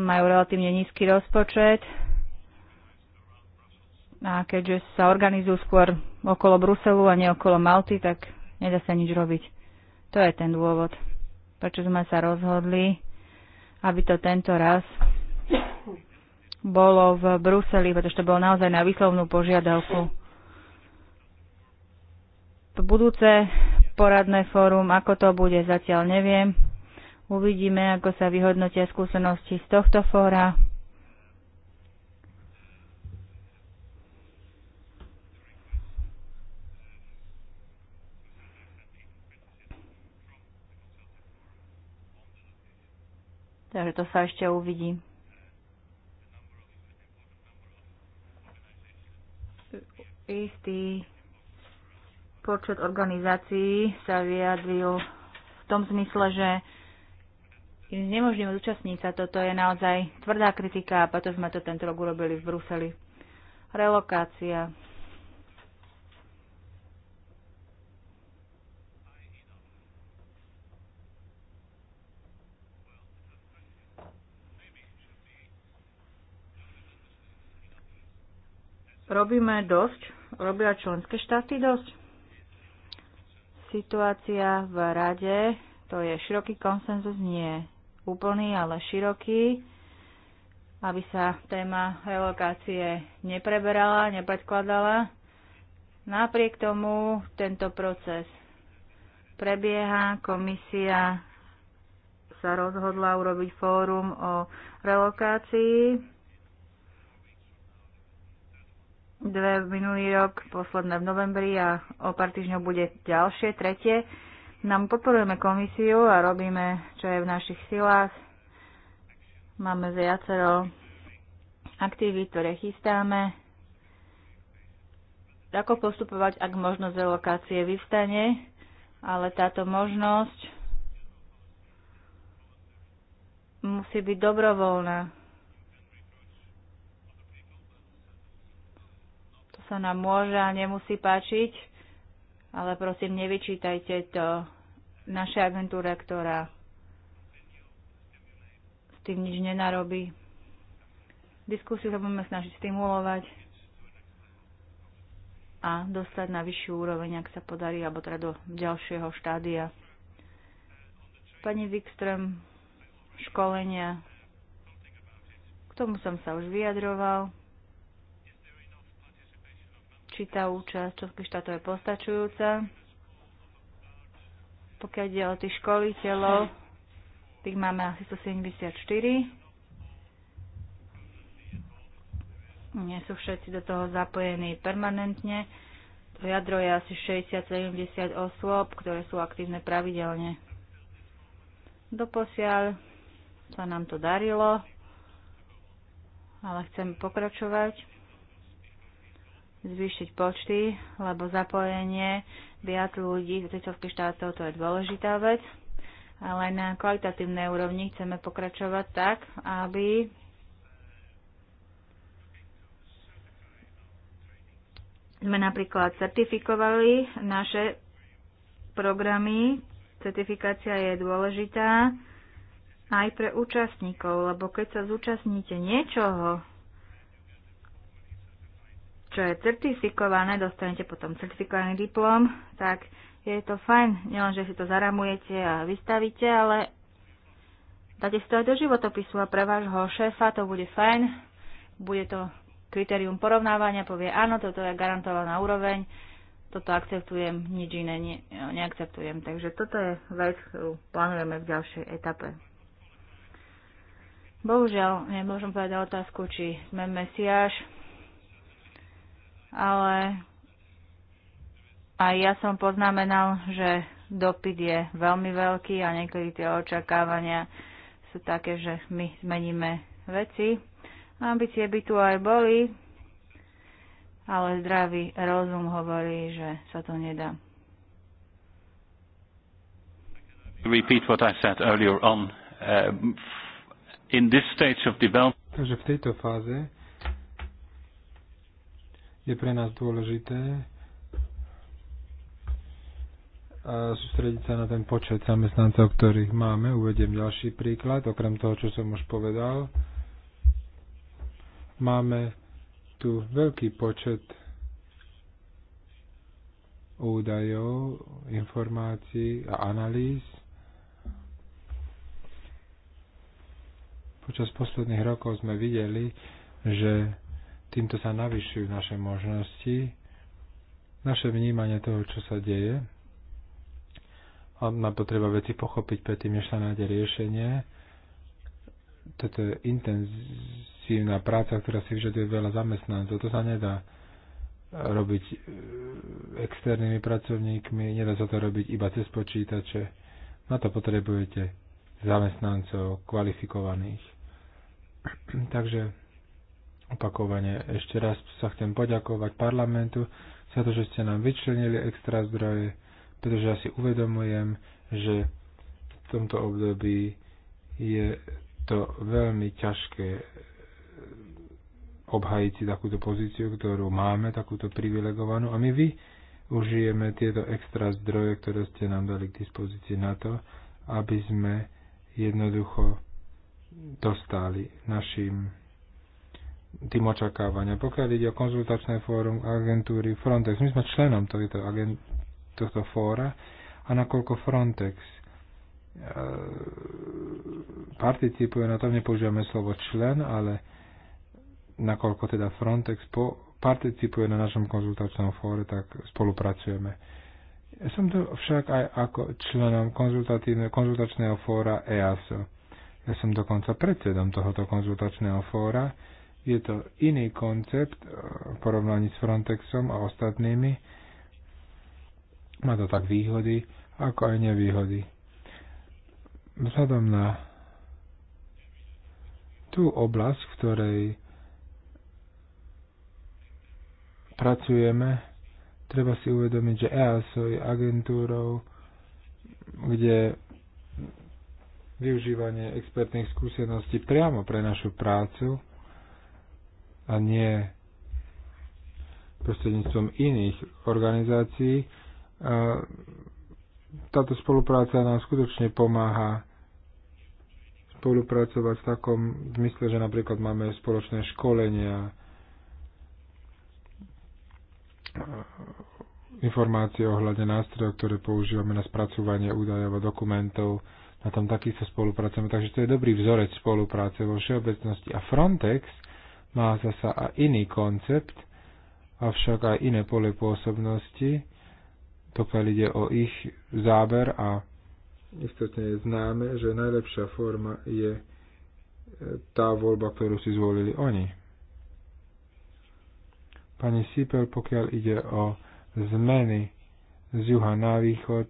majú relatívne nízky rozpočet a keďže sa organizujú skôr okolo Bruselu a nie okolo Malty, tak nedá sa nič robiť. To je ten dôvod, prečo sme sa rozhodli, aby to tento raz bolo v Bruseli, pretože to bolo naozaj na výslovnú požiadavku. Budúce poradné fórum, ako to bude, zatiaľ neviem. Uvidíme, ako sa vyhodnotia skúsenosti z tohto fóra. Takže to sa ešte uvidí. istý počet organizácií sa vyjadril v tom zmysle, že im zúčastniť sa. Toto je naozaj tvrdá kritika a preto sme to tento rok urobili v Bruseli. Relokácia. Robíme dosť Robia členské štáty dosť? Situácia v rade, to je široký konsenzus, nie úplný, ale široký, aby sa téma relokácie nepreberala, nepredkladala. Napriek tomu tento proces prebieha, komisia sa rozhodla urobiť fórum o relokácii dve minulý rok, posledné v novembri a o pár týždňov bude ďalšie, tretie. Nám podporujeme komisiu a robíme, čo je v našich silách. Máme viacero aktivít, ktoré chystáme. Ako postupovať, ak možnosť relokácie vyvstane, ale táto možnosť musí byť dobrovoľná sa nám môže a nemusí páčiť, ale prosím, nevyčítajte to našej agentúre, ktorá s tým nič nenarobí. Diskusiu sa budeme snažiť stimulovať a dostať na vyššiu úroveň, ak sa podarí, alebo teda do ďalšieho štádia. Pani Wikström, školenia. K tomu som sa už vyjadroval či tá účasť členských štátov je postačujúca. Pokiaľ ide o tých školiteľov, tých máme asi 174. nie sú všetci do toho zapojení permanentne. To jadro je asi 60-70 osôb, ktoré sú aktívne pravidelne. Doposiaľ sa nám to darilo, ale chcem pokračovať zvýšiť počty, lebo zapojenie viac ľudí z tretieckých štátov to je dôležitá vec, ale na kvalitatívnej úrovni chceme pokračovať tak, aby sme napríklad certifikovali naše programy. Certifikácia je dôležitá aj pre účastníkov, lebo keď sa zúčastníte niečoho, čo je certifikované, dostanete potom certifikovaný diplom, tak je to fajn, nielen, že si to zaramujete a vystavíte, ale dáte si to aj do životopisu a pre vášho šéfa to bude fajn, bude to kritérium porovnávania, povie áno, toto je garantovaná úroveň, toto akceptujem, nič iné ne, neakceptujem. Takže toto je vec, ktorú plánujeme v ďalšej etape. Bohužiaľ, nemôžem povedať otázku, či sme mesiaš, ale aj ja som poznamenal, že dopyt je veľmi veľký a niekedy tie očakávania sú také, že my zmeníme veci. Ambície by tu aj boli, ale zdravý rozum hovorí, že sa to nedá. Repeat what I said earlier on. Uh, in this stage of development... Takže v tejto fáze je pre nás dôležité a sústrediť sa na ten počet zamestnancov, ktorých máme. Uvediem ďalší príklad, okrem toho, čo som už povedal. Máme tu veľký počet údajov, informácií a analýz. Počas posledných rokov sme videli, že Týmto sa navyšujú naše možnosti, naše vnímanie toho, čo sa deje. A má potreba veci pochopiť predtým, než sa nájde riešenie. Toto je intenzívna práca, ktorá si vyžaduje veľa zamestnancov. To sa nedá robiť e, externými pracovníkmi, nedá sa to robiť iba cez počítače. Na to potrebujete zamestnancov kvalifikovaných. Takže opakovane. Ešte raz sa chcem poďakovať parlamentu za to, že ste nám vyčlenili extra zdroje, pretože ja si uvedomujem, že v tomto období je to veľmi ťažké eh, obhajiť si takúto pozíciu, ktorú máme, takúto privilegovanú a my vy užijeme tieto extra zdroje, ktoré ste nám dali k dispozícii na to, aby sme jednoducho dostali našim tým očakávania. Pokiaľ ide o konzultačné fórum agentúry Frontex, my sme členom tohto, agent, tohto fóra a nakoľko Frontex e, participuje na tom, nepoužívame slovo člen, ale nakoľko teda Frontex po, participuje na našom konzultačnom fóre, tak spolupracujeme. Som tu však aj ako členom konzultačného fóra EASO. Ja som dokonca predsedom tohoto konzultačného fóra, je to iný koncept e, v porovnaní s Frontexom a ostatnými. Má to tak výhody, ako aj nevýhody. Vzhľadom na tú oblasť, v ktorej pracujeme, treba si uvedomiť, že EASO je agentúrou, kde využívanie expertných skúseností priamo pre našu prácu a nie prostredníctvom iných organizácií. Táto spolupráca nám skutočne pomáha spolupracovať v takom zmysle, že napríklad máme spoločné školenia, informácie ohľadne nástrojov, ktoré používame na spracovanie údajov a dokumentov. Na tom takisto spolupracujeme, takže to je dobrý vzorec spolupráce vo všeobecnosti. A Frontex má zasa a iný koncept, avšak aj iné pole pôsobnosti, pokiaľ ide o ich záber a istotne je známe, že najlepšia forma je e, tá voľba, ktorú si zvolili oni. Pani Sipel, pokiaľ ide o zmeny z juha na východ,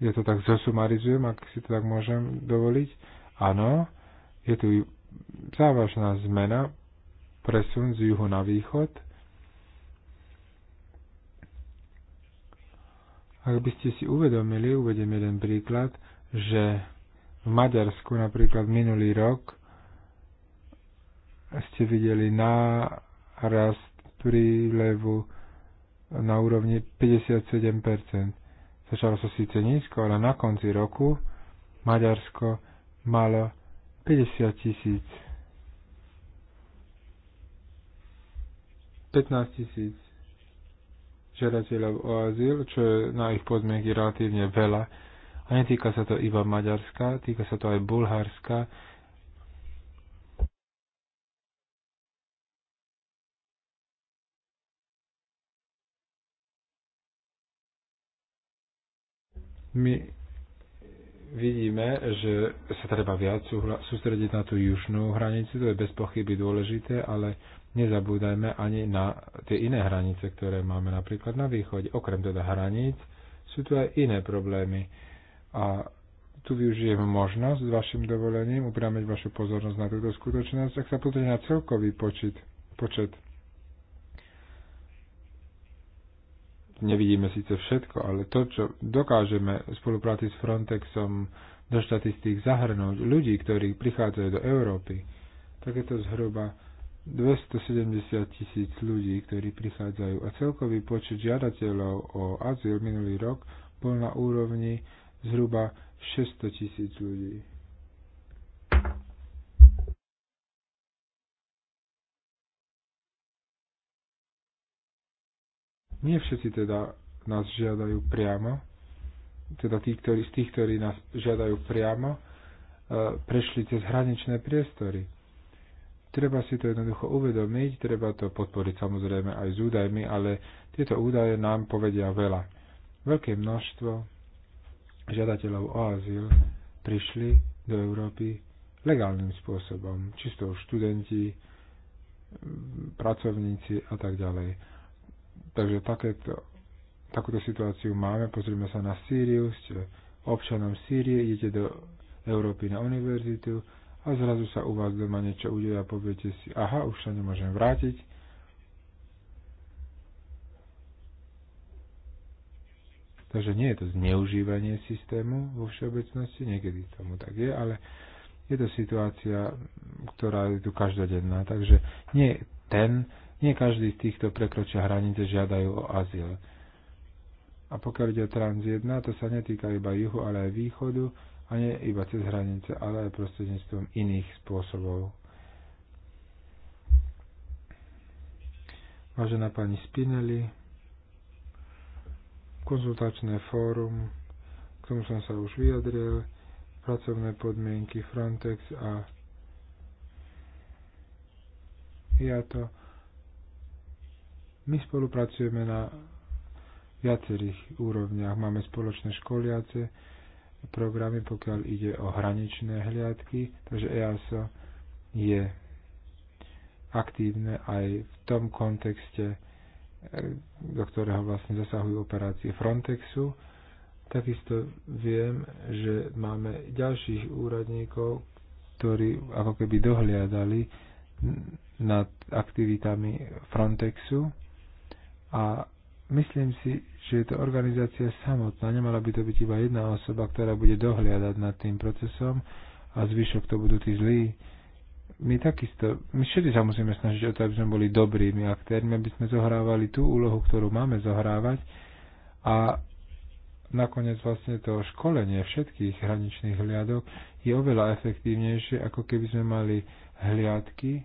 ja to tak zosumarizujem, ak si to tak môžem dovoliť, áno, je tu závažná zmena, presun z juhu na východ. Ak by ste si uvedomili, uvedem jeden príklad, že v Maďarsku napríklad minulý rok ste videli nárast prílevu na úrovni 57%. Začalo sa so síce nízko, ale na konci roku Maďarsko malo 50 tisíc 15 tisíc žiadateľov o azyl, čo je na ich podmienky relatívne veľa. A netýka sa to iba Maďarska, týka sa to aj Bulharska. My vidíme, že sa treba viac sústrediť na tú južnú hranicu, to je bez pochyby dôležité, ale nezabúdajme ani na tie iné hranice, ktoré máme napríklad na východe. Okrem teda hraníc sú tu aj iné problémy. A tu využijem možnosť s vašim dovolením upriamiť vašu pozornosť na túto skutočnosť, ak sa pozrieme na celkový počet, počet nevidíme síce všetko, ale to, čo dokážeme v spolupráci s Frontexom do štatistík zahrnúť ľudí, ktorí prichádzajú do Európy, tak je to zhruba 270 tisíc ľudí, ktorí prichádzajú a celkový počet žiadateľov o azyl minulý rok bol na úrovni zhruba 600 tisíc ľudí. Nie všetci teda nás žiadajú priamo, teda tí, ktorí, z tých, ktorí nás žiadajú priamo, e, prešli cez hraničné priestory. Treba si to jednoducho uvedomiť, treba to podporiť samozrejme aj s údajmi, ale tieto údaje nám povedia veľa. Veľké množstvo žiadateľov o azyl prišli do Európy legálnym spôsobom, čisto študenti, pracovníci a tak ďalej Takže takéto, takúto situáciu máme. Pozrime sa na Sýriu, ste občanom Sýrie, idete do Európy na univerzitu a zrazu sa u vás doma niečo udeje a poviete si, aha, už sa nemôžem vrátiť. Takže nie je to zneužívanie systému vo všeobecnosti, niekedy tomu tak je, ale je to situácia, ktorá je tu každodenná. Takže nie ten, nie každý z týchto prekročia hranice žiadajú o azyl. A pokiaľ ide o trans 1, to sa netýka iba juhu, ale aj východu, a nie iba cez hranice, ale aj prostredníctvom iných spôsobov. Vážená pani Spinelli, konzultačné fórum, k tomu som sa už vyjadril, pracovné podmienky Frontex a ja to my spolupracujeme na viacerých úrovniach. Máme spoločné školiace programy, pokiaľ ide o hraničné hliadky, takže EASO je aktívne aj v tom kontexte, e, do ktorého vlastne zasahujú operácie Frontexu. Takisto viem, že máme ďalších úradníkov, ktorí ako keby dohliadali nad aktivitami Frontexu a myslím si, že je to organizácia samotná. Nemala by to byť iba jedna osoba, ktorá bude dohliadať nad tým procesom a zvyšok to budú tí zlí. My takisto, my všetci sa musíme snažiť o to, aby sme boli dobrými aktérmi, aby sme zohrávali tú úlohu, ktorú máme zohrávať a nakoniec vlastne to školenie všetkých hraničných hliadok je oveľa efektívnejšie, ako keby sme mali hliadky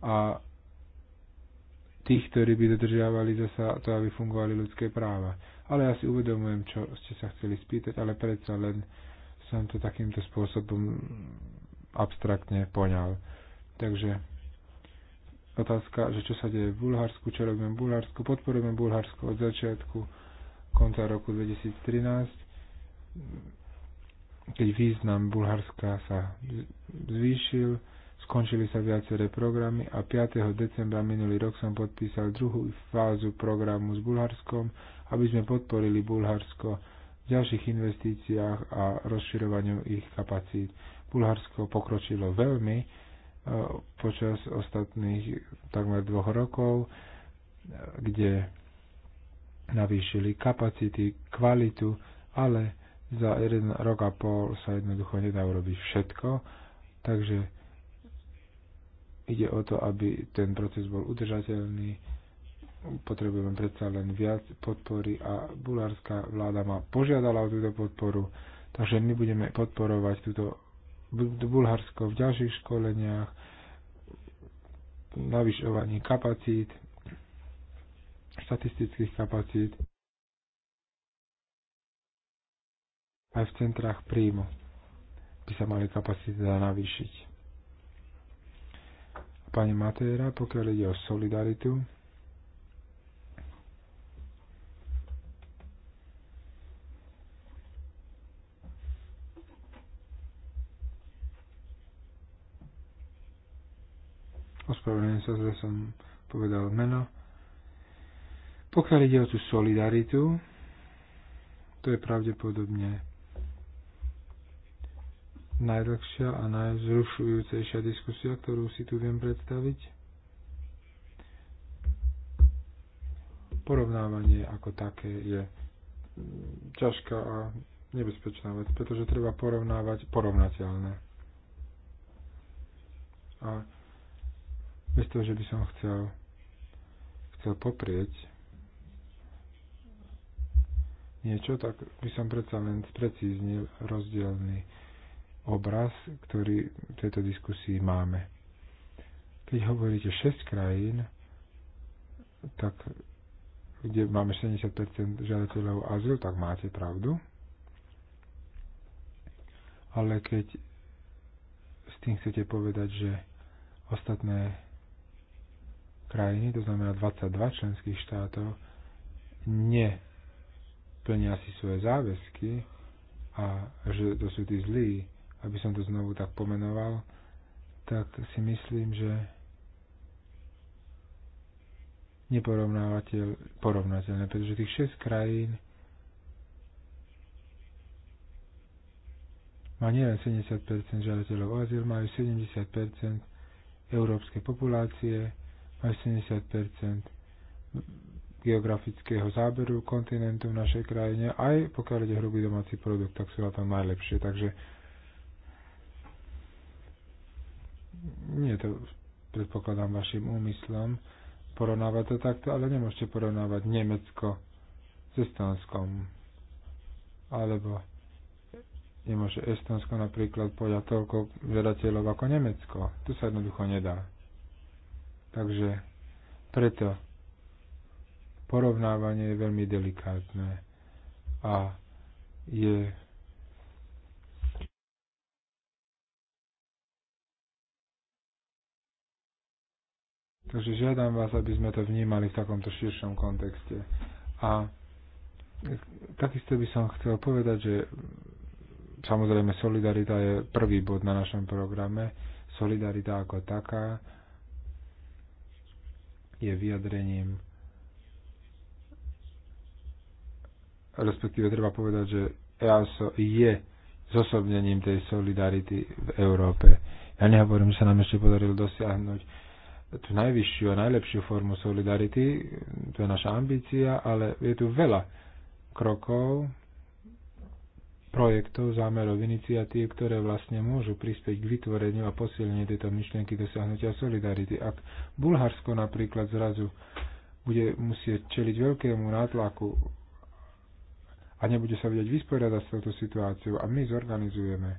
a tých, ktorí by dodržiavali zasa to, aby fungovali ľudské práva. Ale ja si uvedomujem, čo ste sa chceli spýtať, ale predsa len som to takýmto spôsobom abstraktne poňal. Takže otázka, že čo sa deje v Bulharsku, čo robíme v Bulharsku, podporujeme Bulharsku od začiatku konca roku 2013, keď význam Bulharska sa zvýšil, Skončili sa viaceré programy a 5. decembra minulý rok som podpísal druhú fázu programu s Bulharskom, aby sme podporili Bulharsko v ďalších investíciách a rozširovaniu ich kapacít. Bulharsko pokročilo veľmi e, počas ostatných takmer dvoch rokov, e, kde navýšili kapacity, kvalitu, ale za jeden rok a pol sa jednoducho nedá urobiť všetko, takže Ide o to, aby ten proces bol udržateľný. Potrebujeme predsa len viac podpory a bulárska vláda ma požiadala o túto podporu, takže my budeme podporovať túto Bulharsko v ďalších školeniach, navyšovaní kapacít, štatistických kapacít aj v centrách príjmu by sa mali kapacity navýšiť pani Matéra, pokiaľ ide o solidaritu. Ospravedlňujem sa, že som povedal meno. Pokiaľ ide o tú solidaritu, to je pravdepodobne najdlhšia a najzrušujúcejšia diskusia, ktorú si tu viem predstaviť. Porovnávanie ako také je ťažká a nebezpečná vec, pretože treba porovnávať porovnateľné. A bez toho, že by som chcel, chcel poprieť niečo, tak by som predsa len precíznil rozdielný obraz, ktorý v tejto diskusii máme. Keď hovoríte 6 krajín, tak kde máme 70% žiadateľov azyl, tak máte pravdu. Ale keď s tým chcete povedať, že ostatné krajiny, to znamená 22 členských štátov, neplnia si svoje záväzky a že to sú tí zlí, aby som to znovu tak pomenoval, tak si myslím, že neporovnávateľ, porovnateľné, pretože tých 6 krajín má nielen 70% žiadateľov o azyl, majú 70% európskej populácie, majú 70% geografického záberu kontinentu v našej krajine, aj pokiaľ ide hrubý domáci produkt, tak sú na tom najlepšie. Takže nie je to, predpokladám, vašim úmyslom porovnávať to takto, ale nemôžete porovnávať Nemecko s Estonskom. Alebo nemôže Estonsko napríklad poďať toľko žiadateľov ako Nemecko. To sa jednoducho nedá. Takže preto porovnávanie je veľmi delikátne a je Takže žiadam vás, aby sme to vnímali v takomto širšom kontexte. A takisto by som chcel povedať, že samozrejme solidarita je prvý bod na našom programe. Solidarita ako taká je vyjadrením respektíve treba povedať, že EASO je zosobnením tej solidarity v Európe. Ja nehovorím, že sa nám ešte podarilo dosiahnuť tú najvyššiu a najlepšiu formu solidarity, to je naša ambícia, ale je tu veľa krokov, projektov, zámerov, iniciatív, ktoré vlastne môžu prispieť k vytvoreniu a posilneniu tejto myšlienky dosiahnutia solidarity. Ak Bulharsko napríklad zrazu bude musieť čeliť veľkému nátlaku a nebude sa vedieť vysporiadať s touto situáciou a my zorganizujeme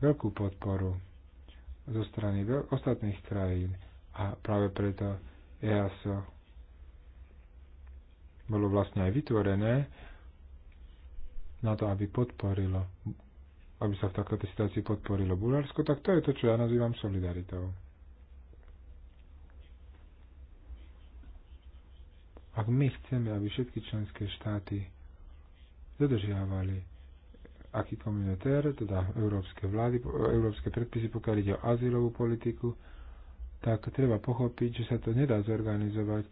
veľkú podporu zo strany ostatných krajín, a práve preto EASO bolo vlastne aj vytvorené na to, aby podporilo, aby sa v takto situácii podporilo Bulharsko, tak to je to, čo ja nazývam solidaritou. Ak my chceme, aby všetky členské štáty dodržiavali aký komunitér, teda európske vlády, európske predpisy, pokiaľ ide o azylovú politiku, tak treba pochopiť, že sa to nedá zorganizovať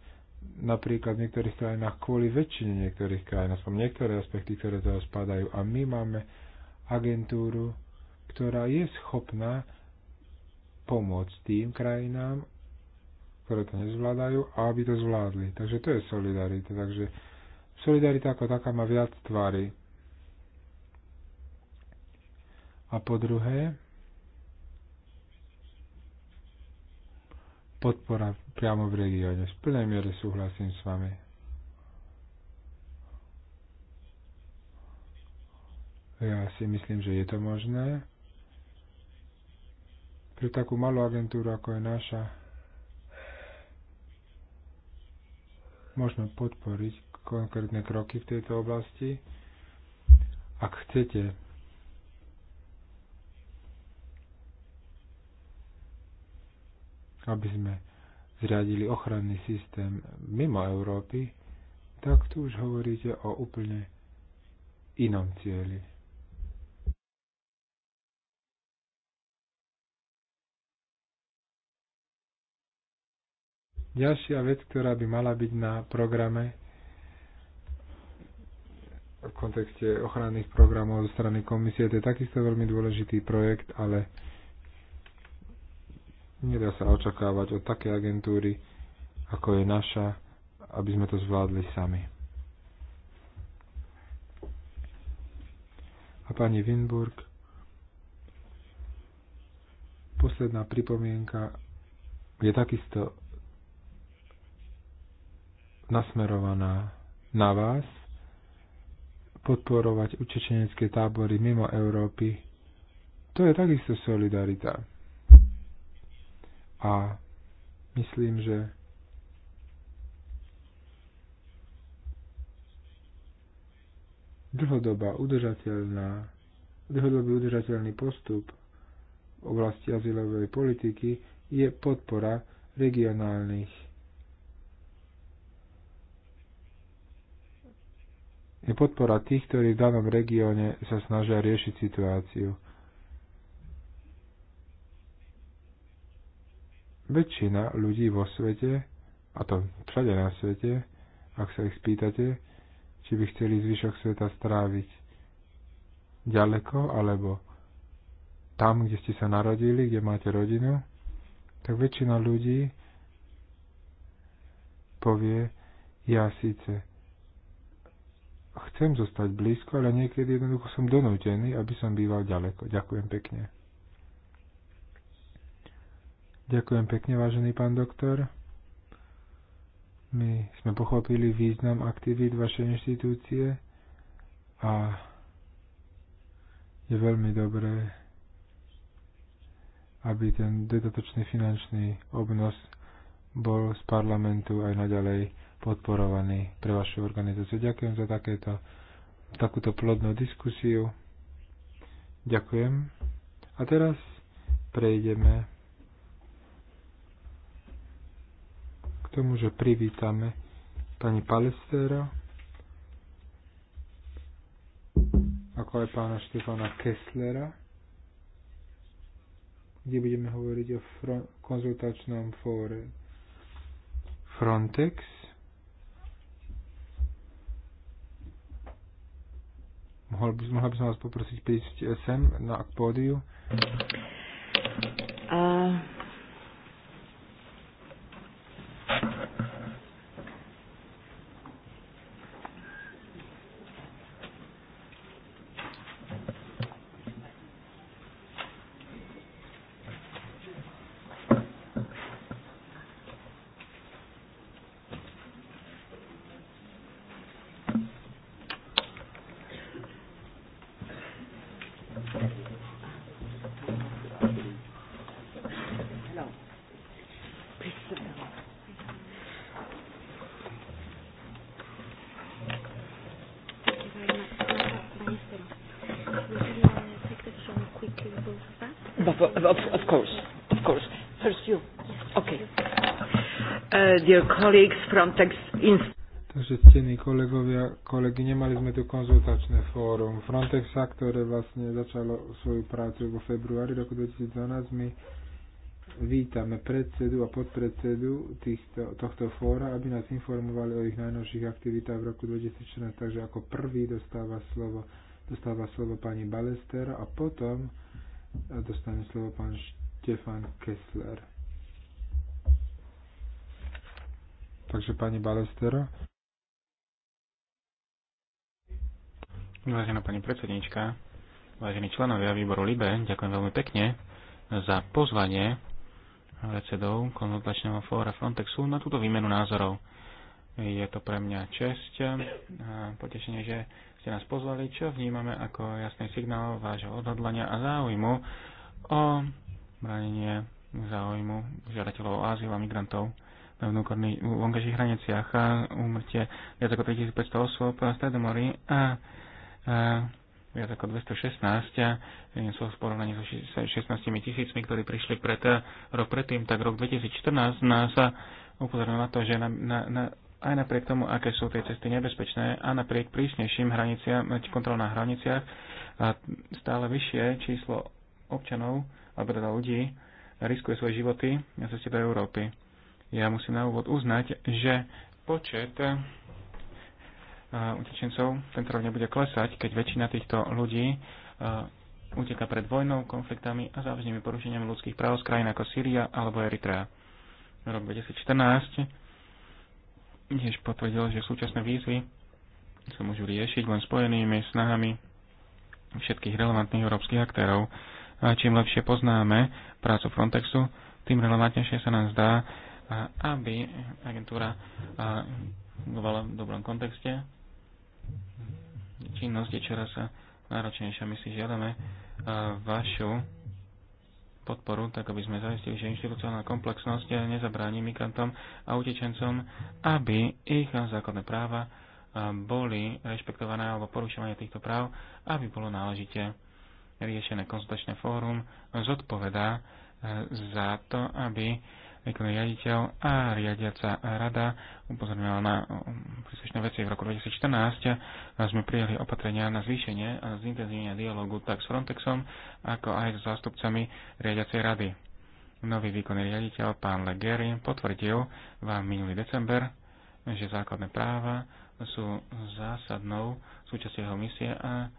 napríklad v niektorých krajinách kvôli väčšine niektorých krajín, aspoň niektoré aspekty, ktoré toho spadajú. A my máme agentúru, ktorá je schopná pomôcť tým krajinám, ktoré to nezvládajú, aby to zvládli. Takže to je solidarita. Takže solidarita ako taká má viac tvary. A po druhé, podpora priamo v regióne. V plnej miere súhlasím s vami. Ja si myslím, že je to možné. Pre takú malú agentúru, ako je naša, môžeme podporiť konkrétne kroky v tejto oblasti. Ak chcete aby sme zriadili ochranný systém mimo Európy, tak tu už hovoríte o úplne inom cieli. Ďalšia vec, ktorá by mala byť na programe v kontexte ochranných programov zo strany komisie, to je takisto veľmi dôležitý projekt, ale Nedá sa očakávať od také agentúry, ako je naša, aby sme to zvládli sami. A pani Winburg, posledná pripomienka je takisto nasmerovaná na vás podporovať učečenecké tábory mimo Európy. To je takisto solidarita. A myslím, že dlhodobá udržateľná, dlhodobý udržateľný postup v oblasti azylovej politiky je podpora regionálnych je podpora tých, ktorí v danom regióne sa snažia riešiť situáciu. Väčšina ľudí vo svete, a to všade na svete, ak sa ich spýtate, či by chceli zvyšok sveta stráviť ďaleko alebo tam, kde ste sa narodili, kde máte rodinu, tak väčšina ľudí povie, ja síce chcem zostať blízko, ale niekedy jednoducho som donútený, aby som býval ďaleko. Ďakujem pekne. Ďakujem pekne, vážený pán doktor. My sme pochopili význam aktivít vašej inštitúcie a je veľmi dobré, aby ten dodatočný finančný obnos bol z parlamentu aj naďalej podporovaný pre vašu organizáciu. Ďakujem za takéto, takúto plodnú diskusiu. Ďakujem. A teraz prejdeme tomu, že privítame pani Palestéra, ako aj pána Štefana Kesslera, kde budeme hovoriť o front, konzultačnom fóre Frontex. Mohol by, mohla by som vás poprosiť prísť sem na pódiu. dear colleagues from Tax Takže ctení kolegovia, kolegy, nemali sme tu konzultačné fórum Frontexa, ktoré vlastne začalo svoju prácu vo februári roku 2012. My vítame predsedu a podpredsedu týchto, tohto fóra, aby nás informovali o ich najnovších aktivitách v roku 2014. Takže ako prvý dostáva slovo, dostáva slovo pani Balester a potom dostane slovo pán Štefan Kessler. Takže pani Balestero. Vážená pani predsednička, vážení členovia výboru LIBE, ďakujem veľmi pekne za pozvanie predsedov konzultačného fóra Frontexu na túto výmenu názorov. Je to pre mňa česť a potešenie, že ste nás pozvali, čo vnímame ako jasný signál vášho odhodlania a záujmu o bránenie záujmu žiadateľov o azyl a migrantov vnútorných vonkajších hraniciach, úmrtie viac ako 3500 osôb v Stredomorí a, a viac ako 216 sú v porovnaní so 16 tisícmi, ktorí prišli pred, e, rok predtým, tak rok 2014 nás e, upozornil na to, že na, na, na, aj napriek tomu, aké sú tie cesty nebezpečné a napriek prísnejším hraniciam, e, kontrol na hraniciach, a stále vyššie číslo občanov, alebo teda ľudí, riskuje svoje životy na ceste do Európy. Ja musím na úvod uznať, že počet eh, utečencov tento rok nebude klesať, keď väčšina týchto ľudí eh, uteka pred vojnou, konfliktami a závažnými porušeniami ľudských práv z krajín ako Sýria alebo Eritrea. Rok 2014 tiež potvrdil, že súčasné výzvy sa môžu riešiť len spojenými snahami všetkých relevantných európskych aktérov. A čím lepšie poznáme prácu Frontexu, tým relevantnejšie sa nám zdá aby agentúra fungovala v dobrom kontexte. Činnosť je čoraz náročnejšia. My si žiadame vašu podporu, tak aby sme zaistili, že inštitucionálna komplexnosť nezabráni migrantom a utečencom, aby ich základné práva boli rešpektované alebo porušovanie týchto práv, aby bolo náležite riešené konzultačné fórum, zodpovedá za to, aby výkonný riaditeľ a riadiaca rada upozorňovala na príslušné veci. V roku 2014 e, sme prijali opatrenia na zvýšenie a zintenzívnenie dialogu tak s Frontexom, ako aj s zástupcami riadiacej rady. Nový výkonný riaditeľ, pán Legeri, potvrdil vám minulý december, že základné práva sú zásadnou súčasťou jeho misie a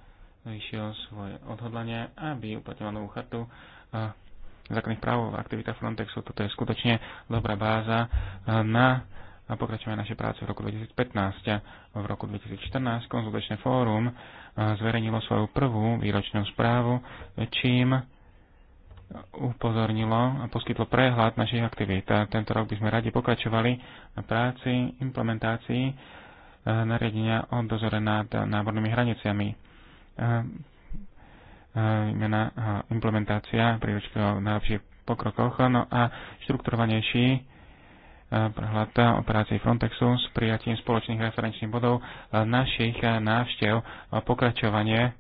vyšiel svoje odhodlanie, aby uplatňovanú chartu e, základných práv, aktivita Frontexu. Toto je skutočne dobrá báza eh, na a pokračujeme naše práce v roku 2015. V roku 2014 konzultačné fórum eh, zverejnilo svoju prvú výročnú správu, čím upozornilo a poskytlo prehľad našich aktivít. a Tento rok by sme radi pokračovali na práci, implementácii eh, nariadenia o dozore nad nábornými hraniciami výmena e, implementácia príručky o najlepších pokrokoch, no a štrukturovanejší e, prehľad operácií Frontexu s prijatím spoločných referenčných bodov e, našich návštev a pokračovanie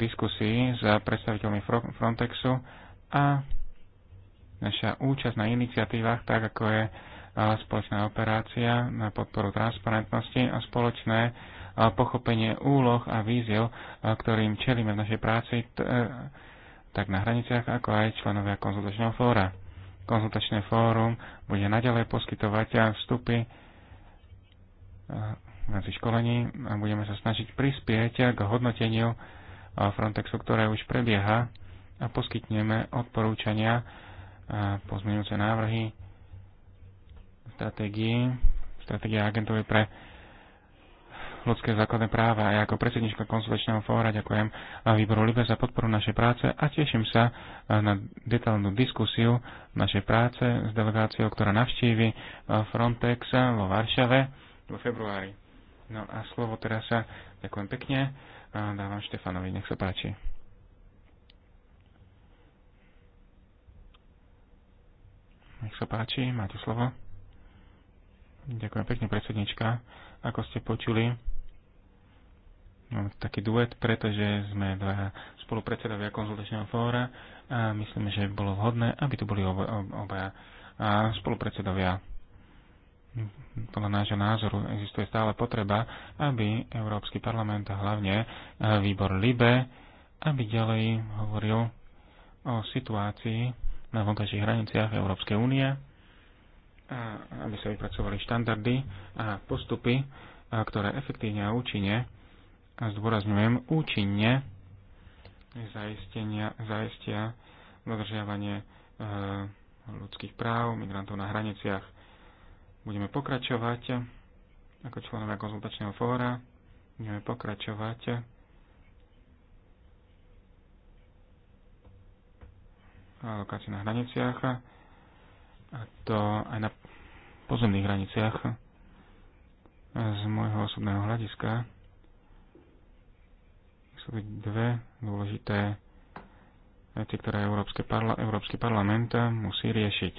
diskusí s predstaviteľmi Frontexu a naša účasť na iniciatívach, tak ako je spoločná operácia na podporu transparentnosti a spoločné pochopenie úloh a víziev, ktorým čelíme v našej práci, e, tak na hraniciach, ako aj členovia konzultačného fóra. Konzultačné fórum bude naďalej poskytovať vstupy v rámci školení a budeme sa snažiť prispieť k hodnoteniu Frontexu, ktoré už prebieha a poskytneme odporúčania a pozmeňujúce návrhy stratégie, stratégia agentúry pre ľudské základné práva. Ja ako predsednička konzulačného fóra ďakujem výboru Libe za podporu našej práce a teším sa e, na detailnú diskusiu našej práce s delegáciou, ktorá navštívi e, Frontex vo Varšave v februári. No a slovo teraz sa ďakujem pekne a dávam Štefanovi, nech sa páči. Nech sa páči, máte slovo. Ďakujem pekne, predsednička. Ako ste počuli, taký duet, pretože sme dva spolupredsedovia konzultačného fóra a myslíme, že bolo vhodné, aby tu boli oba, a spolupredsedovia. Podľa nášho názoru existuje stále potreba, aby Európsky parlament a hlavne e, výbor LIBE, aby ďalej hovoril o situácii na vonkajších hraniciach Európskej únie, a aby sa vypracovali štandardy a postupy, ktoré efektívne a účinne a zdôrazňujem účinne zaistenia, zaistia dodržiavanie e, ľudských práv migrantov na hraniciach. Budeme pokračovať eh, ako členovia konzultačného fóra. Budeme pokračovať eh, lokácií na hraniciach a to aj na pozemných hraniciach z môjho osobného hľadiska sú dve dôležité veci, ktoré Európske parla- Európsky parlament musí riešiť.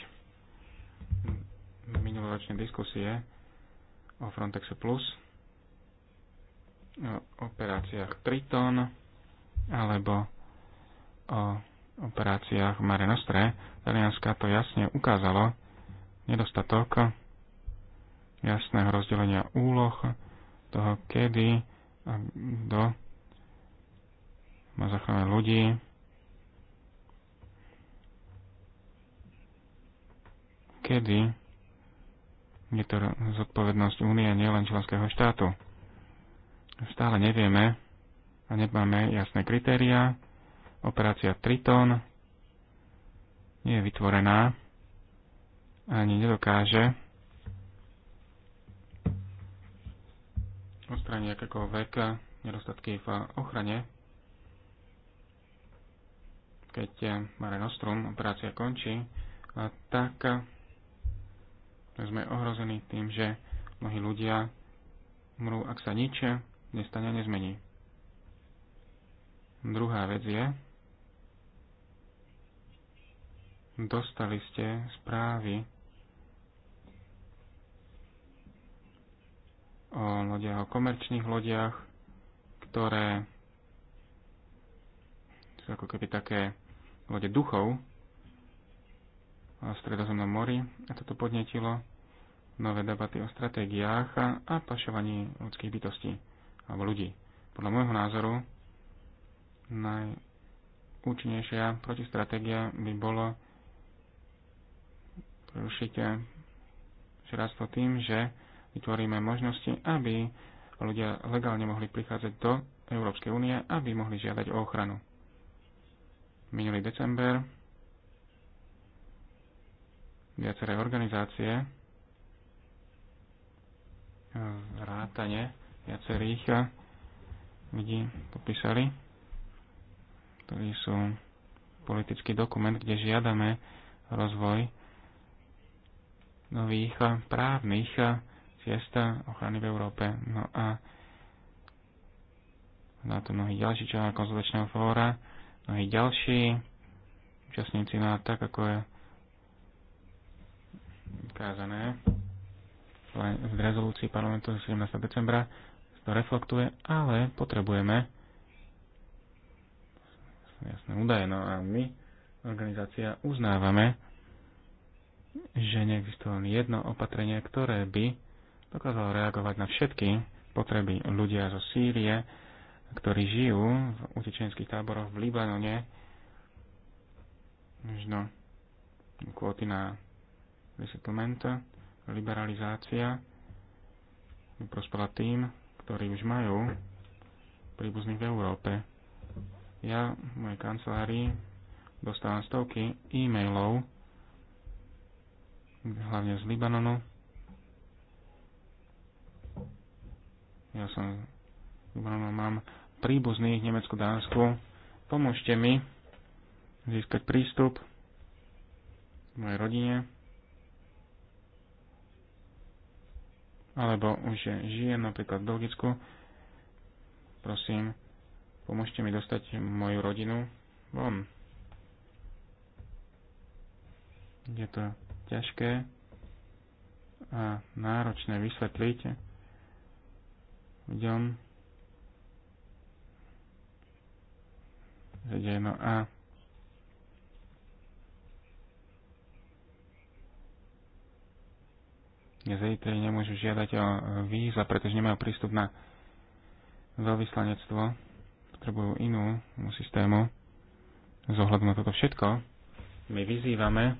Minuloročné diskusie o Frontexe Plus, o operáciách Triton alebo o operáciách Mare Nostre, Talianska to jasne ukázalo nedostatok jasného rozdelenia úloh toho, kedy a do má zachovať ľudí. Kedy je to zodpovednosť únie, nielen členského štátu. Stále nevieme a nemáme jasné kritéria. Operácia Triton nie je vytvorená ani nedokáže odstrániť akékoľvek nedostatky v ochrane keď eh, Mare Nostrum operácia končí, tak eh, sme ohrození tým, že mnohí ľudia umrú, ak sa nič eh, nestane a nezmení. Druhá vec je, dostali ste správy o lodiach, o komerčných lodiach, ktoré sú ako keby také lode duchov v Stredozemnom mori a toto podnetilo nové debaty o stratégiách a, a pašovaní ľudských bytostí alebo ľudí. Podľa môjho názoru najúčinnejšia protistratégia by bolo prerušiť žráctvo tým, že vytvoríme možnosti, aby ľudia legálne mohli prichádzať do Európskej únie, aby mohli žiadať o ochranu minulý december viaceré organizácie vrátane viacerých eh, ľudí popísali, ktorí sú politický dokument, kde žiadame rozvoj nových eh, právnych eh, ciest ochrany v Európe. No a na to ďalší ďalších členov konzultačného fóra mnohí ďalší účastníci, na tak ako je ukázané v rezolúcii parlamentu 17. decembra, to reflektuje, ale potrebujeme jasné údaje. No a my, organizácia, uznávame, že neexistuje len jedno opatrenie, ktoré by dokázalo reagovať na všetky potreby ľudia zo Sýrie, ktorí žijú v utečenských táboroch v Libanone, možno kvóty na resettlement, liberalizácia prospela tým, ktorí už majú príbuzných v Európe. Ja v mojej kancelárii dostávam stovky e-mailov, hlavne z Libanonu. Ja som v Libanonu mám príbuzný v Nemecku, Dánsku. Pomôžte mi získať prístup v mojej rodine. Alebo už je žijem napríklad v Belgicku. Prosím, pomôžte mi dostať moju rodinu von. Je to ťažké a náročné vysvetliť ľuďom, vedie. No a ZIT nemôžu žiadať o víza, pretože nemajú prístup na veľvyslanectvo. Potrebujú inú systému. Zohľadom na toto všetko my vyzývame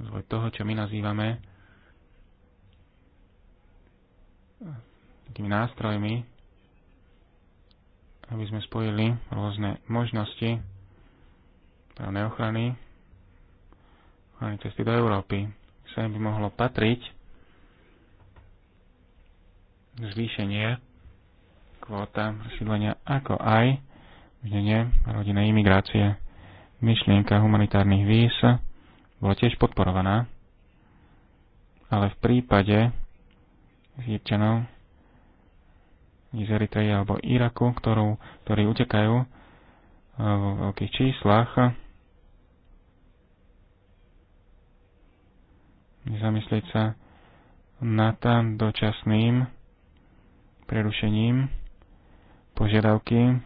zvoj toho, čo my nazývame takými nástrojmi aby sme spojili rôzne možnosti právnej ochrany, ochrany cesty do Európy. sa im by mohlo patriť zvýšenie kvóta presídlenia ako aj vnenie rodinnej imigrácie. Myšlienka humanitárnych víz bola tiež podporovaná, ale v prípade Sýrčanov z Eritreji alebo Iraku, ktorú, ktorí utekajú eh, vo veľkých číslach. Zamyslieť sa nad dočasným prerušením požiadavky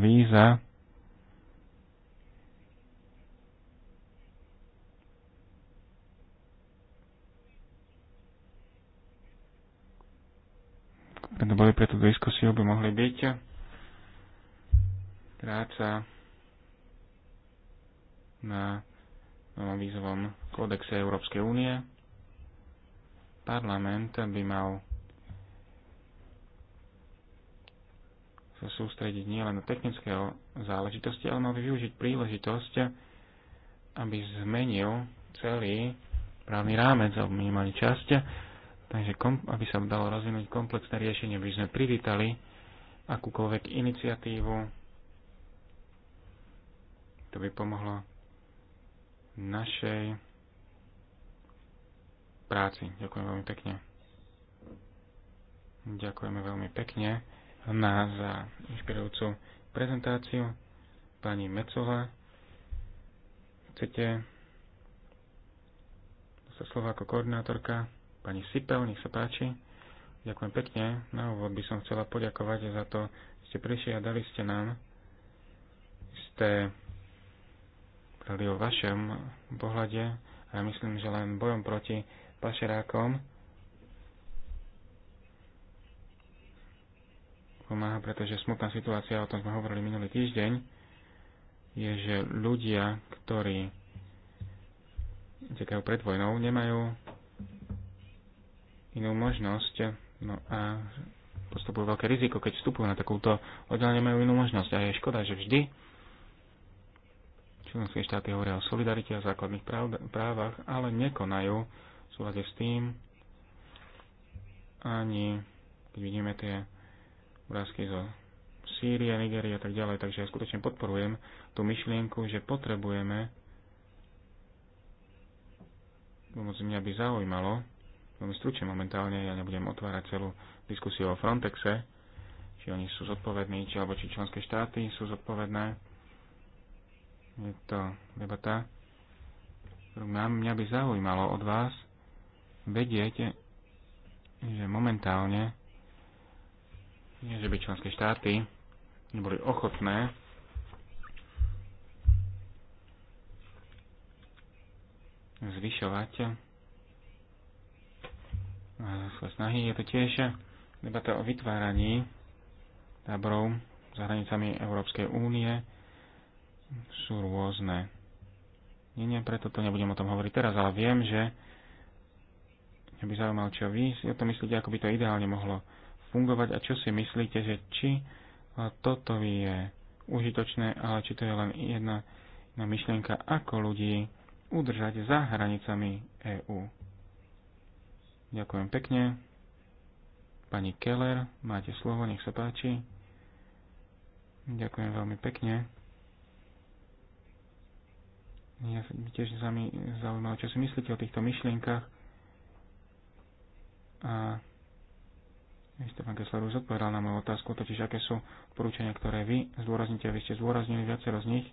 víza Tieto boli pre túto diskusiu by mohli byť práca na novom vízovom kódexe Európskej únie. Parlament by mal sa sústrediť nielen na technické záležitosti, ale mal by využiť príležitosť, aby zmenil celý právny rámec, alebo minimálne časť Takže kom, aby sa dalo rozvinúť komplexné riešenie, by sme privítali akúkoľvek iniciatívu. To by pomohlo našej práci. Ďakujem veľmi pekne. Ďakujeme veľmi pekne na, za inšpirujúcu prezentáciu. Pani Mecová, chcete sa slova ako koordinátorka? Pani Sipel, nech sa páči. Ďakujem pekne. Na úvod by som chcela poďakovať za to, že ste prišli a dali ste nám. Ste prali o vašom pohľade a ja myslím, že len bojom proti pašerákom pomáha, pretože smutná situácia, o tom sme hovorili minulý týždeň, je, že ľudia, ktorí utekajú pred vojnou, nemajú inú možnosť. No a postupujú veľké riziko, keď vstupujú na takúto oddelenie, majú inú možnosť. A je škoda, že vždy členské štáty hovoria o solidarite a základných práv, právach, ale nekonajú v súlade s tým ani, keď vidíme tie obrázky zo Sýrie, Nigerie a tak ďalej, takže ja skutočne podporujem tú myšlienku, že potrebujeme pomoc mňa by zaujímalo, veľmi stručne momentálne, ja nebudem otvárať celú diskusiu o Frontexe, či oni sú zodpovední, či alebo či členské štáty sú zodpovedné. Je to debata, mňa by zaujímalo od vás vedieť, že momentálne nie, že by členské štáty neboli ochotné zvyšovať svoje snahy. Je to tiež debata o vytváraní táborov za hranicami Európskej únie. Sú rôzne. Nie, nie, preto to nebudem o tom hovoriť teraz, ale viem, že ja by zaujímal, čo vy si o tom myslíte, ako by to ideálne mohlo fungovať a čo si myslíte, že či toto je užitočné, ale či to je len jedna, jedna myšlienka, ako ľudí udržať za hranicami EÚ. Ďakujem pekne. Pani Keller, máte slovo, nech sa páči. Ďakujem veľmi pekne. Ja tiež mi zaujímalo, čo si myslíte o týchto myšlienkach. A Pán Kessler už odpovedal na moju otázku, totiž aké sú porúčania, ktoré vy zdôraznite a vy ste zdôraznili viacero z nich.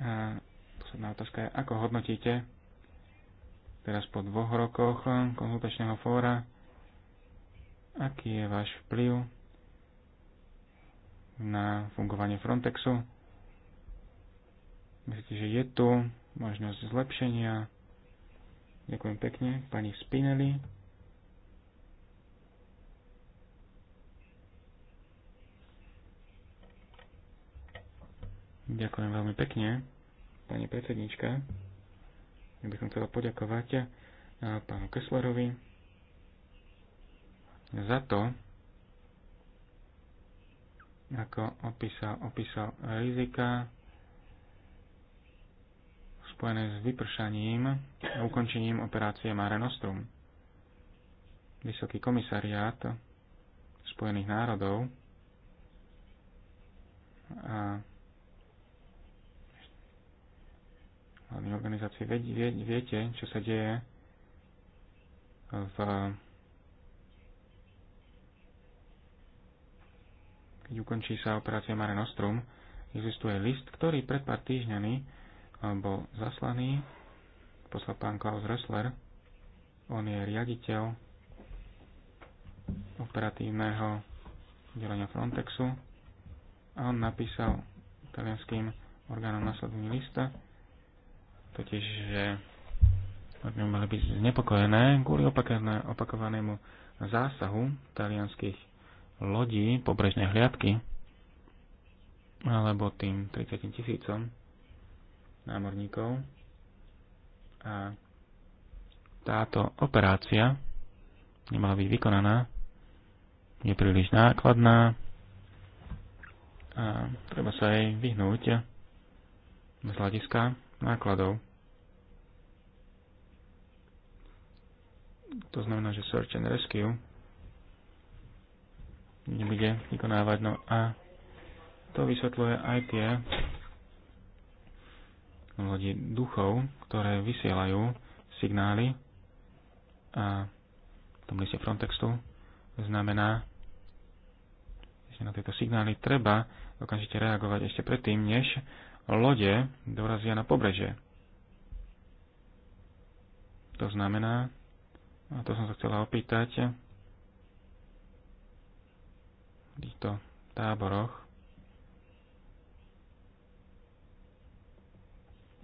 A posledná otázka je, ako hodnotíte teraz po dvoch rokoch konzultačného fóra, aký je váš vplyv na fungovanie Frontexu. Myslíte, že je tu možnosť zlepšenia? Ďakujem pekne, pani Spinelli. Ďakujem veľmi pekne, pani predsednička. Ja by som chcela poďakovať eh, pánu Kesslerovi za to, ako opísal, opísal rizika spojené s vypršaním a ukončením operácie Mare Nostrum. Vysoký komisariát Spojených národov a medzinárodných organizácií. Viete, čo sa deje v keď ukončí sa operácia Mare Nostrum, existuje list, ktorý pred pár týždňami eh, bol zaslaný, poslal pán Klaus Ressler, on je riaditeľ operatívneho delenia Frontexu a on napísal talianským orgánom nasledovný lista totiž, že by mali byť znepokojené kvôli opakovanému zásahu talianských lodí pobrežnej hliadky alebo tým 30 tisícom námorníkov. A táto operácia nemala byť vykonaná, je príliš nákladná a treba sa jej vyhnúť z hľadiska nákladov. to znamená, že Search and Rescue nebude vykonávať. No a to vysvetľuje aj tie lodi duchov, ktoré vysielajú signály a v tom liste Frontextu znamená, že na tieto signály treba okamžite reagovať ešte predtým, než lode dorazia na pobreže. To znamená, a to som sa chcela opýtať. V týchto táboroch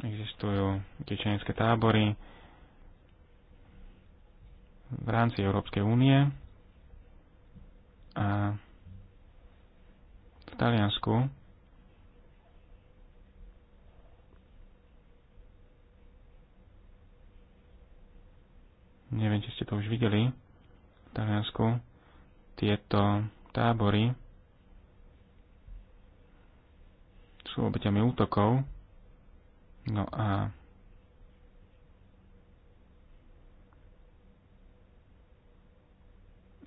existujú utečenecké tábory v rámci Európskej únie a v Taliansku neviem, či ste to už videli, v Taliansku, tieto tábory sú obeťami útokov, no a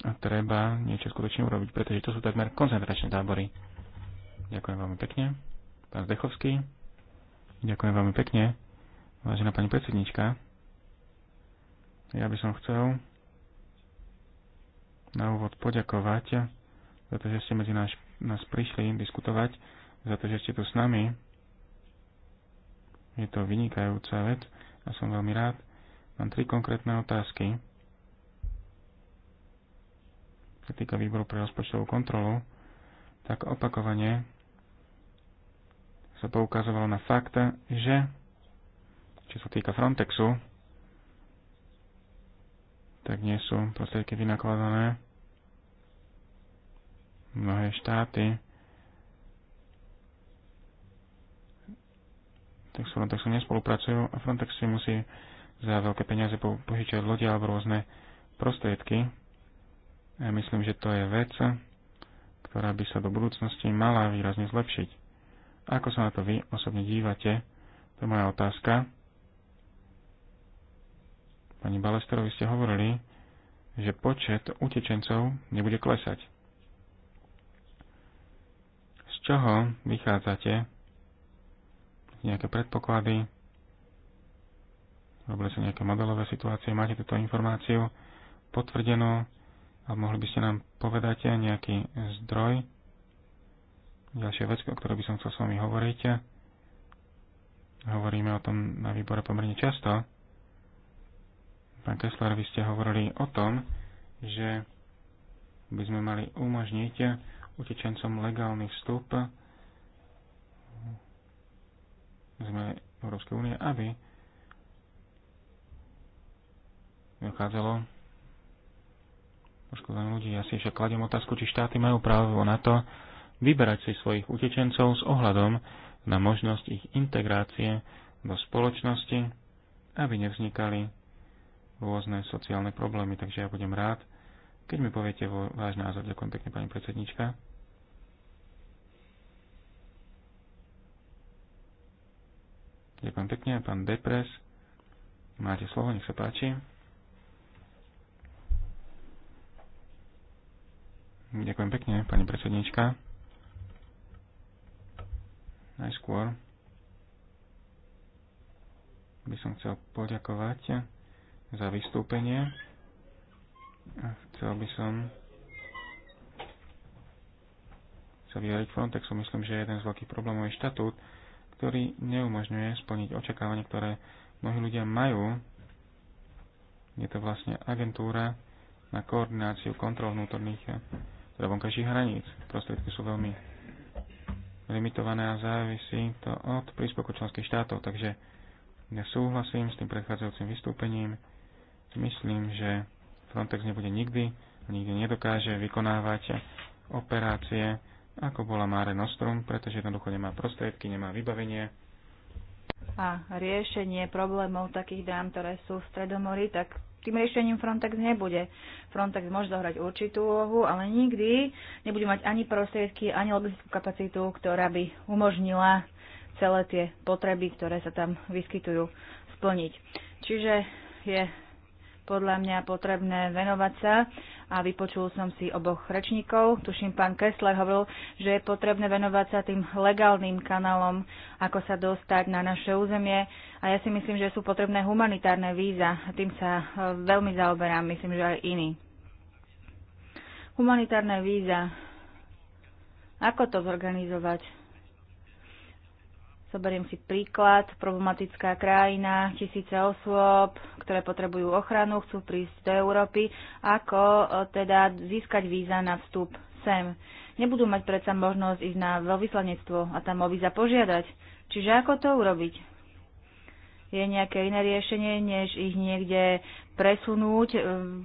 a treba niečo skutočne urobiť, pretože to sú takmer koncentračné tábory. Ďakujem veľmi pekne. Pán Zdechovský, ďakujem veľmi pekne. Vážená pani predsednička, ja by som chcel na úvod poďakovať za to, že ste medzi nás, nás prišli diskutovať, za to, že ste tu s nami. Je to vynikajúca vec a som veľmi rád. Mám tri konkrétne otázky. Čo týka výboru pre rozpočtovú kontrolu, tak opakovane sa poukazovalo na fakt, že čo sa týka Frontexu, tak nie sú prostriedky vynakladané. Mnohé štáty tak s Frontexom nespolupracujú a Frontex si musí za veľké peniaze požičať lodi alebo rôzne prostriedky. Ja myslím, že to je vec, ktorá by sa do budúcnosti mala výrazne zlepšiť. Ako sa na to vy osobne dívate? To je moja otázka. Pani Balesterovi ste hovorili, že počet utečencov nebude klesať. Z čoho vychádzate? Nejaké predpoklady? Robili sa nejaké modelové situácie? Máte túto informáciu potvrdenú? A mohli by ste nám povedať nejaký zdroj? Ďalšia vec, o ktorej by som chcel s vami hovoriť. Hovoríme o tom na výbore pomerne často Pán Kessler, vy ste hovorili o tom, že by sme mali umožniť utečencom legálny vstup z Európskej únie, aby dochádzalo poškodzených ľudí. Ja si však kladiem otázku, či štáty majú právo na to vyberať si svojich utečencov s ohľadom na možnosť ich integrácie do spoločnosti, aby nevznikali rôzne sociálne problémy, takže ja budem rád, keď mi poviete vo, váš názor. Ďakujem pekne, pani predsednička. Ďakujem pekne, pán Depres. Máte slovo, nech sa páči. Ďakujem pekne, pani predsednička. Najskôr by som chcel poďakovať za vystúpenie. A chcel by som sa vyjadriť Frontexu. Myslím, že jeden z veľkých problémov je štatút, ktorý neumožňuje splniť očakávania, ktoré mnohí ľudia majú. Je to vlastne agentúra na koordináciu kontrol vnútorných eh, teda vonkajších hraníc. Prostriedky sú veľmi limitované a závisí to od príspevku členských štátov, takže ja súhlasím s tým predchádzajúcim vystúpením. Myslím, že Frontex nebude nikdy, nikdy nedokáže vykonávať operácie, ako bola Mare Nostrum, pretože jednoducho nemá prostriedky, nemá vybavenie. A riešenie problémov takých dám, ktoré sú v Stredomorí, tak tým riešením Frontex nebude. Frontex môže zohrať určitú úlohu, ale nikdy nebude mať ani prostriedky, ani logistickú kapacitu, ktorá by umožnila celé tie potreby, ktoré sa tam vyskytujú, splniť. Čiže je podľa mňa potrebné venovať sa a vypočul som si oboch rečníkov. Tuším, pán Kessler hovoril, že je potrebné venovať sa tým legálnym kanálom, ako sa dostať na naše územie a ja si myslím, že sú potrebné humanitárne víza. Tým sa e, veľmi zaoberám, myslím, že aj iní. Humanitárne víza. Ako to zorganizovať? Zoberiem si príklad, problematická krajina, tisíce osôb, ktoré potrebujú ochranu, chcú prísť do Európy. Ako e, teda získať víza na vstup sem? Nebudú mať predsa možnosť ísť na veľvyslanectvo a tam o víza požiadať. Čiže ako to urobiť? je nejaké iné riešenie, než ich niekde presunúť, e,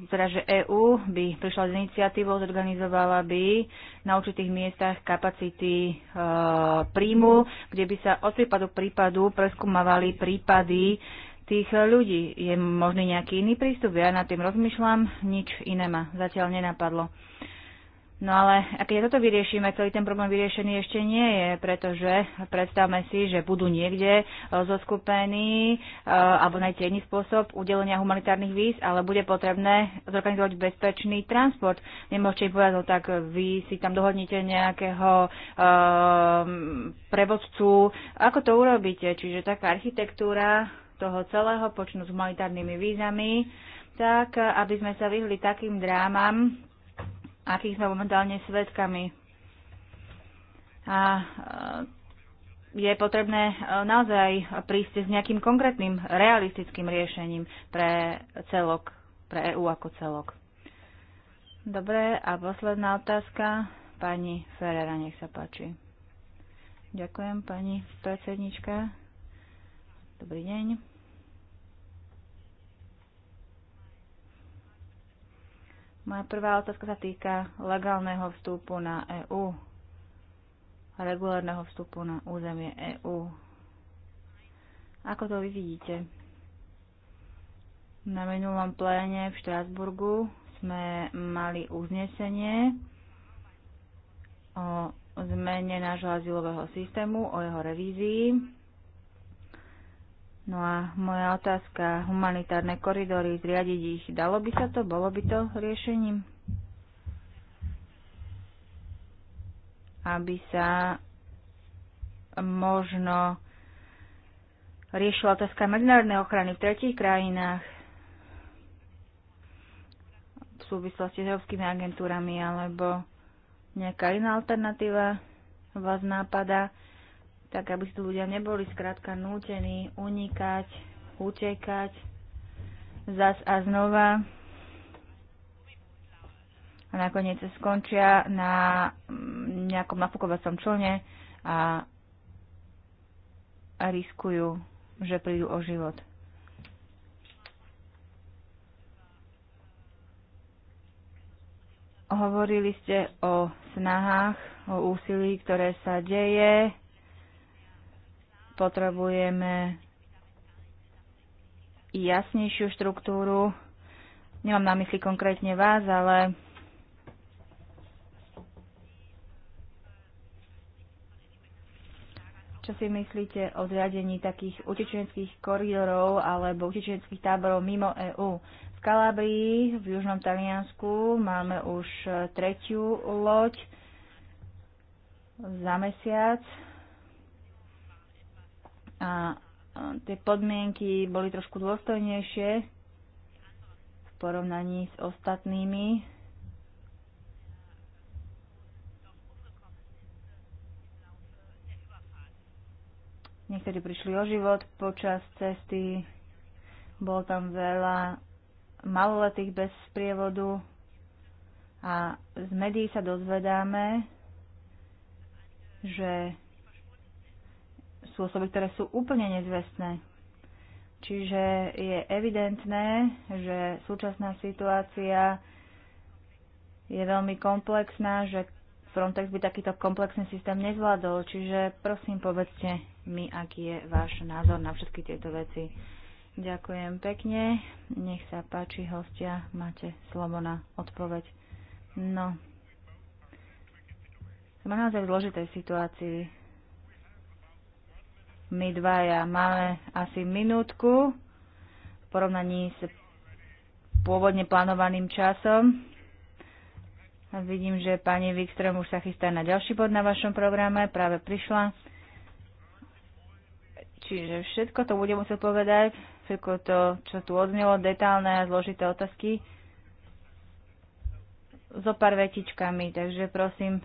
teda že EÚ by prišla s iniciatívou, zorganizovala by na určitých miestach kapacity e, príjmu, kde by sa od prípadu k prípadu preskúmavali prípady tých ľudí. Je možný nejaký iný prístup? Ja nad tým rozmýšľam, nič iné ma zatiaľ nenapadlo. E, No ale a keď toto vyriešime, celý ten problém vyriešený ešte nie je, pretože predstavme si, že budú niekde e, zoskupení e, alebo nájdete iný spôsob udelenia humanitárnych víz, ale bude potrebné zorganizovať bezpečný transport. Nemôžete ich povedať, no tak vy si tam dohodnite nejakého um, e, prevodcu. Ako to urobíte? Čiže taká architektúra toho celého počnú s humanitárnymi vízami, tak aby sme sa vyhli takým drámam, akých sme momentálne svetkami. A e, je potrebné e, naozaj prísť s nejakým konkrétnym, realistickým riešením pre celok, pre EÚ ako celok. Dobre, a posledná otázka. Pani Ferrera, nech sa páči. Ďakujem, pani predsednička. Dobrý deň. Moja prvá otázka sa týka legálneho vstupu na EÚ, regulárneho vstupu na územie EÚ. Ako to vy vidíte? Na minulom pléne v Štrásburgu sme mali uznesenie o zmene nášho azylového systému, o jeho revízii. No a moja otázka, humanitárne koridory, zriadiť ich, dalo by sa to, bolo by to riešením? Aby sa možno riešila otázka medzinárodnej ochrany v tretich krajinách v súvislosti s európskymi agentúrami, alebo nejaká iná alternatíva vás nápada tak aby si tu ľudia neboli skrátka nútení unikať, utekať zas a znova a nakoniec sa skončia na mm, nejakom nafukovacom člne a, a riskujú, že prídu o život. Hovorili ste o snahách, o úsilí, ktoré sa deje Potrebujeme jasnejšiu štruktúru. Nemám na mysli konkrétne vás, ale čo si myslíte o zriadení takých utečeneckých koridorov alebo utečeneckých táborov mimo EÚ? V Kalabrii, v južnom Taliansku, máme už tretiu loď za mesiac a tie podmienky boli trošku dôstojnejšie v porovnaní s ostatnými. Niektorí prišli o život počas cesty, bolo tam veľa maloletých bez sprievodu a z médií sa dozvedáme, že spôsoby, ktoré sú úplne nezvestné. Čiže je evidentné, že súčasná situácia je veľmi komplexná, že Frontex by takýto komplexný systém nezvládol. Čiže prosím, povedzte mi, aký je váš názor na všetky tieto veci. Ďakujem pekne. Nech sa páči, hostia, máte slovo na odpoveď. No, sme naozaj v zložitej situácii my dvaja máme asi minútku v porovnaní s pôvodne plánovaným časom. A vidím, že pani Wikström už sa chystá na ďalší bod na vašom programe, práve prišla. Čiže všetko to budem musieť povedať, všetko to, čo tu odznelo, detálne a zložité otázky so pár vetičkami, takže prosím,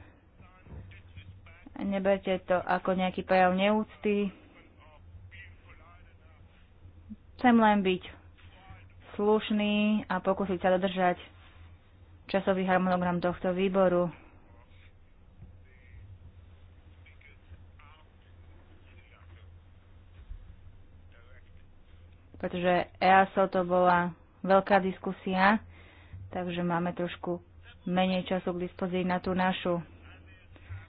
neberte to ako nejaký prejav neúcty. Chcem len byť slušný a pokúsiť sa dodržať časový harmonogram tohto výboru. Pretože EASO to bola veľká diskusia, takže máme trošku menej času k dispozícii na tú našu.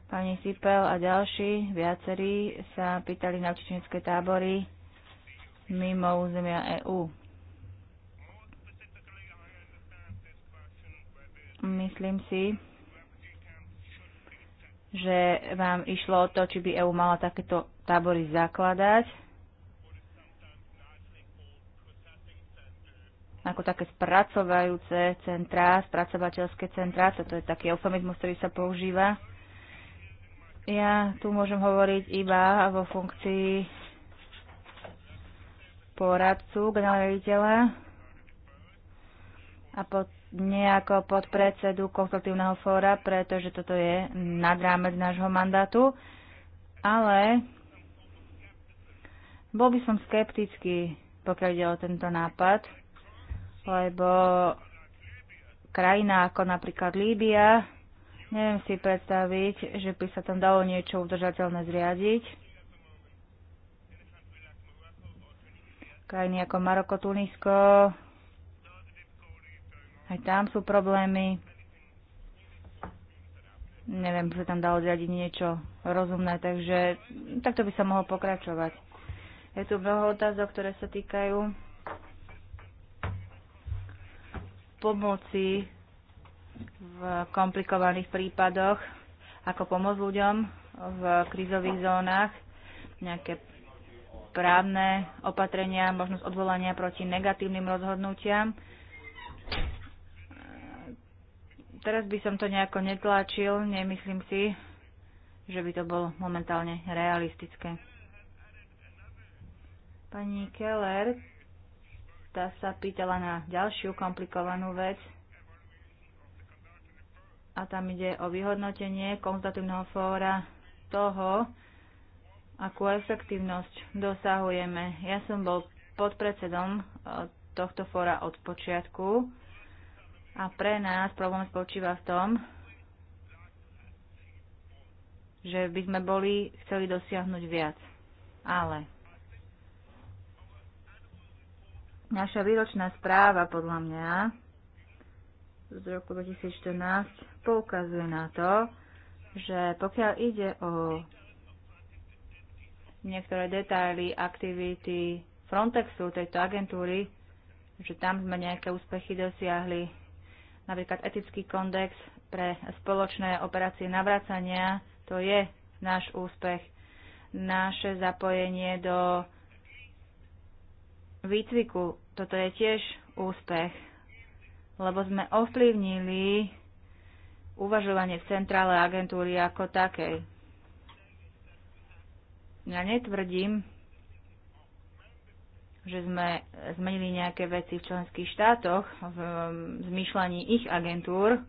Pani Sipel a ďalší, viacerí, sa pýtali na čečenské tábory mimo územia EÚ. Myslím si, že vám išlo o to, či by EÚ mala takéto tábory zakladať, ako také spracovajúce centrá, spracovateľské centrá, toto je taký eufemizmus, ktorý sa používa. Ja tu môžem hovoriť iba vo funkcii poradcu generaliteľa a pod, nejako podpredsedu konstruktívneho fóra, pretože toto je nad rámec nášho mandátu. Ale bol by som skeptický, pokiaľ ide o tento nápad, lebo krajina ako napríklad Líbia, neviem si predstaviť, že by sa tam dalo niečo udržateľné zriadiť krajiny ako Maroko, Tunisko. Aj tam sú problémy. Neviem, sa tam dalo zriadiť niečo rozumné, takže takto by sa mohol pokračovať. Je tu mnoho otázok, ktoré sa týkajú pomoci v komplikovaných prípadoch, ako pomôcť ľuďom v krízových zónach, nejaké právne opatrenia, možnosť odvolania proti negatívnym rozhodnutiam. Teraz by som to nejako netlačil, nemyslím si, že by to bolo momentálne realistické. Pani Keller, tá sa pýtala na ďalšiu komplikovanú vec, a tam ide o vyhodnotenie konzultatívneho fóra toho, akú efektívnosť dosahujeme. Ja som bol podpredsedom e, tohto fóra od počiatku a pre nás problém spočíva v tom, že by sme boli chceli dosiahnuť viac. Ale naša výročná správa podľa mňa z roku 2014 poukazuje na to, že pokiaľ ide o niektoré detaily aktivity Frontexu, tejto agentúry, že tam sme nejaké úspechy dosiahli. Napríklad etický kondex pre spoločné operácie navracania, to je náš úspech. Naše zapojenie do výcviku, toto je tiež úspech, lebo sme ovplyvnili uvažovanie v centrále agentúry ako takej. Ja netvrdím, že sme zmenili nejaké veci v členských štátoch um, v zmýšľaní ich agentúr.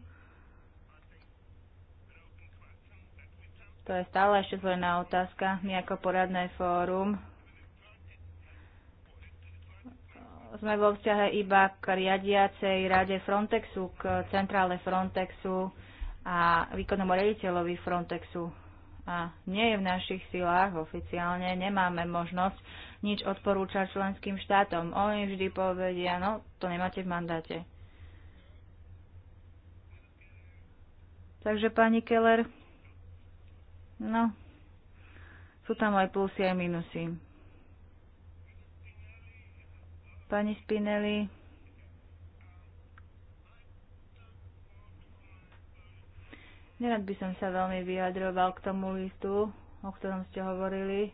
To je stále ešte zvolená otázka. My ako poradné fórum sme vo vzťahe iba k riadiacej rade Frontexu, k centrále Frontexu a výkonnomu rediteľovi Frontexu a nie je v našich silách, oficiálne nemáme možnosť nič odporúčať členským štátom. Oni vždy povedia, no to nemáte v mandáte. Takže pani Keller, no, sú tam aj plusy aj minusy. Pani Spinelli, Nerad by som sa veľmi vyjadroval k tomu listu, o ktorom ste hovorili.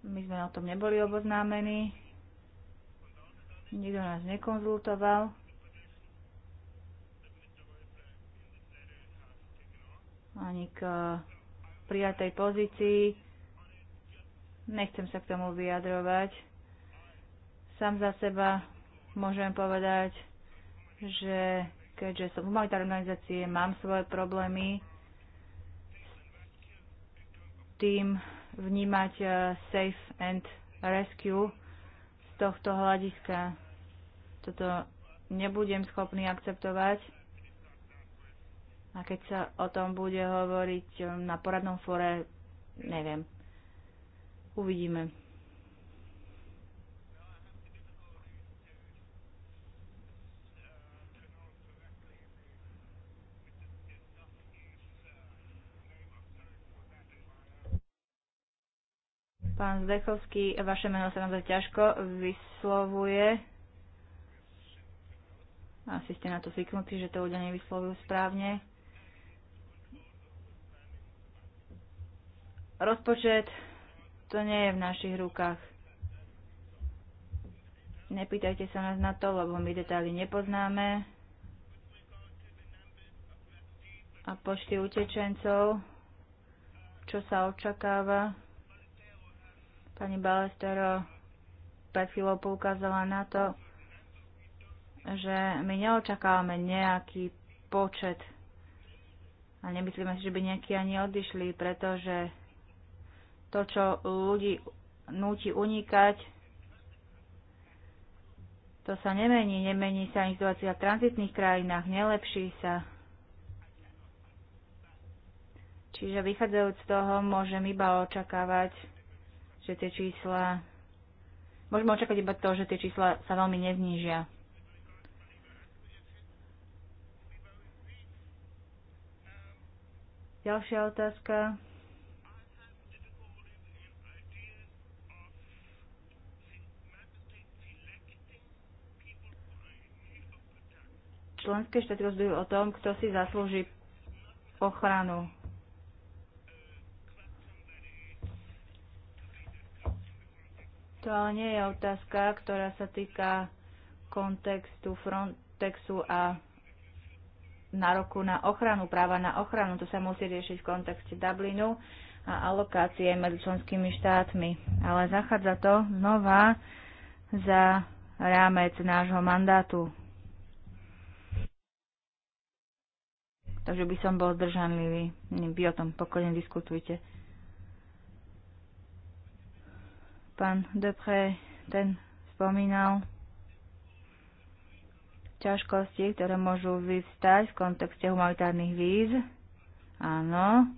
My sme o tom neboli oboznámení. Nikto nás nekonzultoval. Ani k prijatej pozícii. Nechcem sa k tomu vyjadrovať. Sám za seba môžem povedať, že keďže som humanitárnej organizácie, mám svoje problémy s tým vnímať eh, safe and rescue z tohto hľadiska. Toto nebudem schopný akceptovať. A keď sa o tom bude hovoriť eh, na poradnom fore, neviem. Uvidíme. Pán Zdechovský, vaše meno sa naozaj ťažko vyslovuje. Asi ste na to zvyknutí, že to ľudia nevyslovujú správne. Rozpočet to nie je v našich rukách. Nepýtajte sa nás na to, lebo my detaily nepoznáme. A počty utečencov, čo sa očakáva, Pani Balestero pred chvíľou poukázala na to, že my neočakávame nejaký počet a nemyslíme si, že by nejakí ani odišli, pretože to, čo ľudí núti unikať, to sa nemení. Nemení sa ani situácia v tranzitných krajinách, nelepší sa. Čiže vychádzajúc z toho, môžem iba očakávať, že tie čísla... Môžeme očakať iba to, že tie čísla sa veľmi neznížia. Ďalšia otázka. Členské štáty rozhodujú o tom, kto si zaslúži ochranu. To ale nie je otázka, ktorá sa týka kontextu Frontexu a nároku na ochranu, práva na ochranu. To sa musí riešiť v kontexte Dublinu a alokácie medzi členskými štátmi. Ale zachádza to znova za rámec nášho mandátu. Takže by som bol zdržanlivý. Vy o tom pokojne diskutujte. Pán Depre, ten spomínal ťažkosti, ktoré môžu vyvstať v kontexte humanitárnych víz. Áno.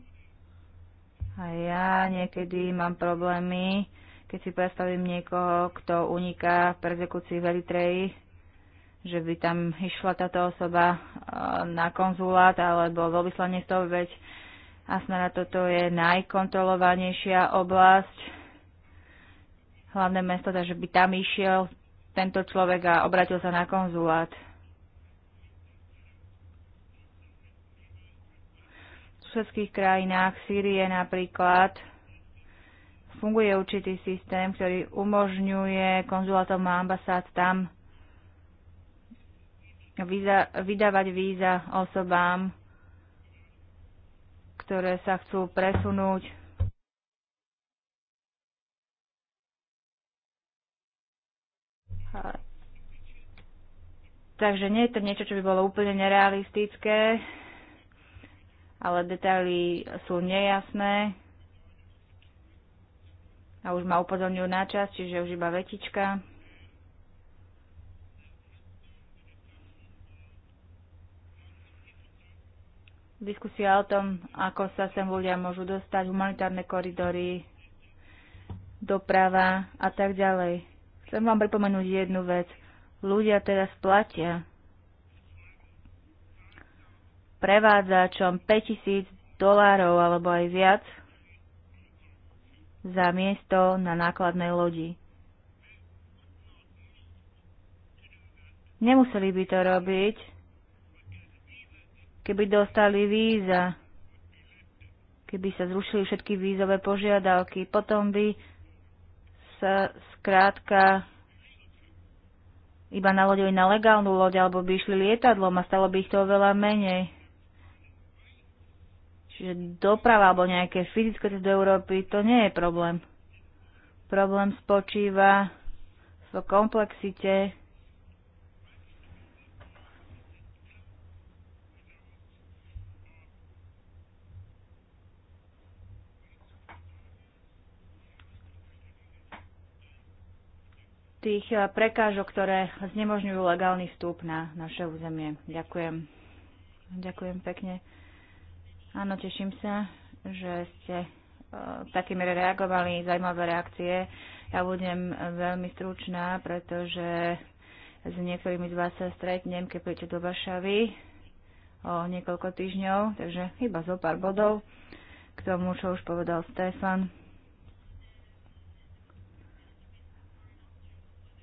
A ja niekedy mám problémy, keď si predstavím niekoho, kto uniká persekúcii v Eritreji, že by tam išla táto osoba eh, na konzulát alebo z toho veď Asmara toto je najkontrolovanejšia oblasť hlavné mesto, takže by tam išiel tento človek a obratil sa na konzulát. V susedských krajinách, Sýrie napríklad, funguje určitý systém, ktorý umožňuje konzulátom a ambasád tam víza, vydávať víza osobám, ktoré sa chcú presunúť Takže nie je to niečo, čo by bolo úplne nerealistické, ale detaily sú nejasné. A už ma upozorňujú na čas, čiže už iba vetička. Diskusia o tom, ako sa sem ľudia môžu dostať, humanitárne koridory, doprava a tak ďalej. Chcem vám pripomenúť jednu vec. Ľudia teraz platia prevádzačom 5000 dolárov alebo aj viac za miesto na nákladnej lodi. Nemuseli by to robiť, keby dostali víza, keby sa zrušili všetky vízové požiadavky, potom by sa skrátka iba nalodili na legálnu loď alebo by išli lietadlom a stalo by ich to oveľa menej. Čiže doprava alebo nejaké fyzické cesty do Európy, to nie je problém. Problém spočíva v komplexite tých eh, prekážok, ktoré znemožňujú legálny vstup na naše územie. Ďakujem. Ďakujem pekne. Áno, teším sa, že ste v eh, takej miere reagovali, zaujímavé reakcie. Ja budem eh, veľmi stručná, pretože s niektorými z vás sa stretnem, keď pôjdete do Varšavy o niekoľko týždňov, takže iba zo pár bodov k tomu, čo už povedal Stefan.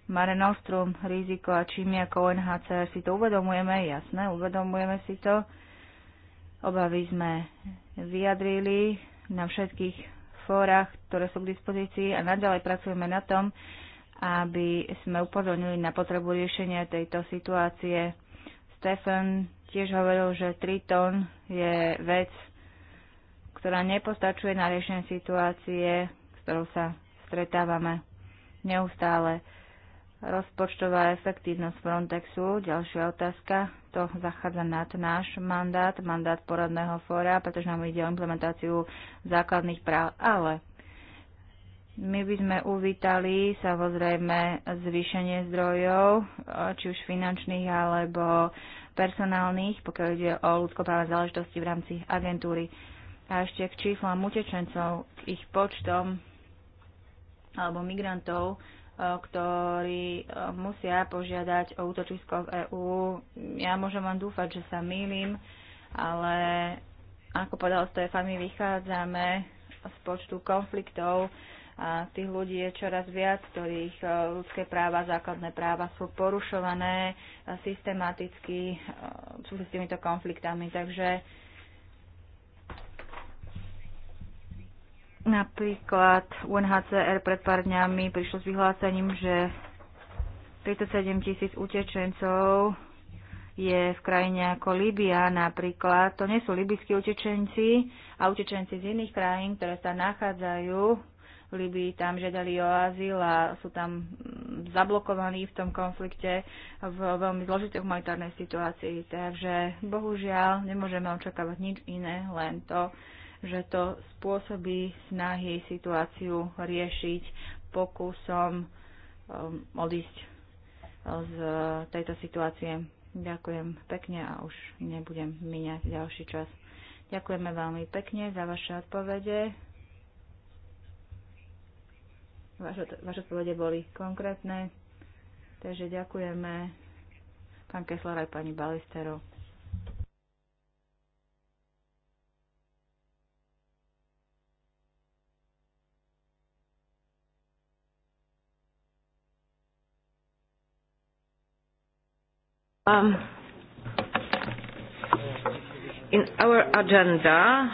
Mare Nostrum riziko a čím ako NHCR si to uvedomujeme, jasné, uvedomujeme si to. Obavy sme vyjadrili na všetkých fórach, ktoré sú k dispozícii a naďalej pracujeme na tom, aby sme upozornili na potrebu riešenia tejto situácie. Stefan tiež hovoril, že Triton je vec, ktorá nepostačuje na riešenie situácie, s ktorou sa stretávame neustále Rozpočtová efektívnosť Frontexu, ďalšia otázka, to zachádza nad náš mandát, mandát poradného fóra, pretože nám ide o implementáciu základných práv, ale my by sme uvítali samozrejme zvýšenie zdrojov, či už finančných alebo personálnych, pokiaľ ide o ľudskoprávne záležitosti v rámci agentúry. A ešte k číslam utečencov, k ich počtom alebo migrantov, ktorí e, musia požiadať o útočisko v EÚ. Ja môžem len dúfať, že sa mýlim, ale ako povedal Stefan, my vychádzame z počtu konfliktov a tých ľudí je čoraz viac, ktorých e, ľudské práva, základné práva sú porušované systematicky e, sú s týmito konfliktami. Takže Napríklad UNHCR pred pár dňami prišlo s vyhlásením, že 37 tisíc utečencov je v krajine ako Libia napríklad. To nie sú libyskí utečenci a utečenci z iných krajín, ktoré sa nachádzajú v Libii, tam žiadali o azyl a sú tam mm, zablokovaní v tom konflikte v veľmi zložitej humanitárnej situácii. Takže bohužiaľ nemôžeme očakávať nič iné, len to, že to spôsobí snahy situáciu riešiť pokusom um, odísť uh, z tejto situácie. Ďakujem pekne a už nebudem míňať ďalší čas. Ďakujeme veľmi pekne za vaše odpovede. Vaše, vaše odpovede boli konkrétne, takže ďakujeme pán Kessler aj pani Balisterov. Um, in our agenda,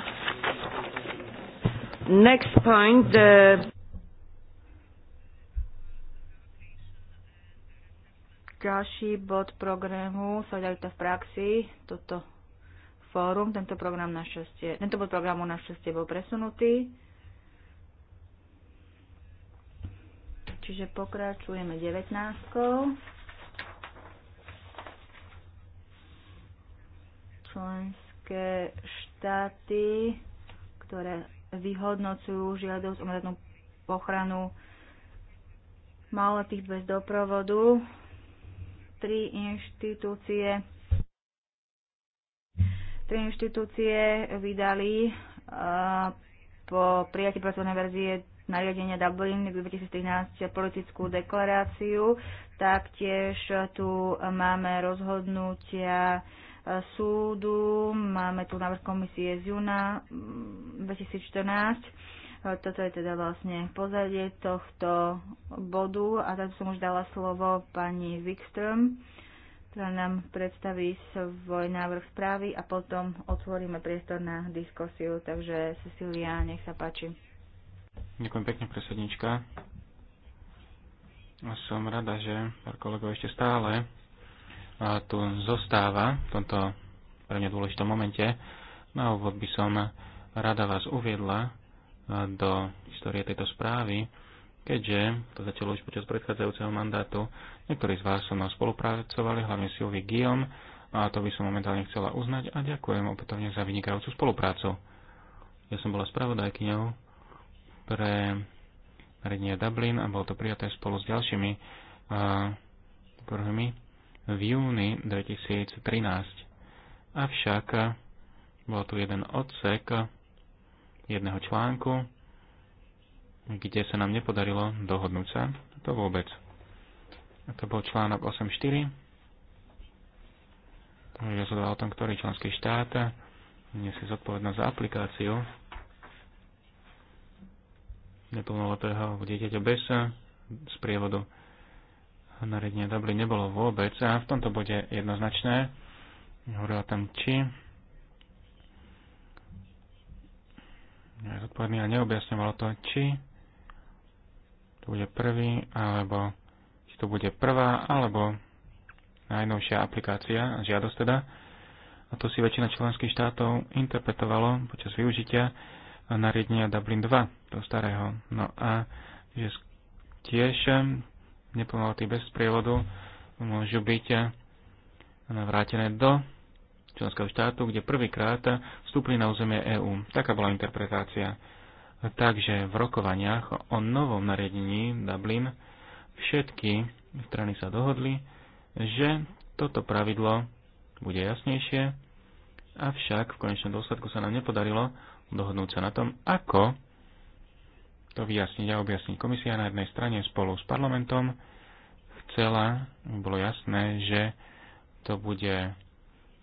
next point, the uh, ďalší bod programu Solidarita v praxi, toto fórum, tento, program na šestie, tento bod programu na šestie bol presunutý. Čiže pokračujeme 19. členské štáty, ktoré vyhodnocujú žiadosť o medzinárodnú ochranu maloletých bez doprovodu. Tri inštitúcie tri inštitúcie vydali eh, po prijatí pracovnej verzie nariadenia Dublin v 2013 politickú deklaráciu. Taktiež tu máme rozhodnutia uh, súdu. Máme tu návrh komisie z júna mm, 2014 e, toto je teda vlastne pozadie tohto bodu a tak som už dala slovo pani Wikström, ktorá nám predstaví svoj návrh správy a potom otvoríme priestor na diskusiu. Takže Cecília, nech sa páči. Ďakujem pekne, predsednička. Som rada, že pár kolegov ešte stále tu zostáva v tomto pre mňa dôležitom momente. Na úvod by som rada vás uviedla e, do histórie tejto správy, keďže to začalo už počas predchádzajúceho mandátu. Niektorí z vás so mnou spolupracovali, hlavne Silvi Guillom a to by som momentálne chcela uznať a ďakujem opätovne za vynikajúcu spoluprácu. Ja som bola spravodajkyňou pre Rednie Dublin a bolo to prijaté spolu s ďalšími uh, prvými v júni 2013. Avšak eh, bol tu jeden odsek jedného článku, kde sa nám nepodarilo dohodnúť sa. To vôbec. A to bol článok 8.4. Rozhodoval o tom, ktorý členský štát nesie zodpovednosť za aplikáciu neplnoletého dieťaťa bez eh, sprievodu nariadenie Dublin nebolo vôbec a v tomto bode jednoznačné. Hovorila tam či. Zodpovedný a neobjasňovalo to či. To bude prvý, alebo či to bude prvá, alebo najnovšia aplikácia, žiadosť teda. A to si väčšina členských štátov interpretovalo počas využitia nariadenia Dublin 2, toho starého. No a že tiež neplnoletí bez prievodu môžu byť eh, vrátené do členského štátu, kde prvýkrát eh, vstúpili na územie EÚ. Taká bola interpretácia. Takže v rokovaniach o novom nariadení Dublin všetky strany sa dohodli, že toto pravidlo bude jasnejšie, avšak v konečnom dôsledku sa nám nepodarilo dohodnúť sa na tom, ako to vyjasniť a objasniť. Komisia na jednej strane spolu s parlamentom chcela, bolo jasné, že to bude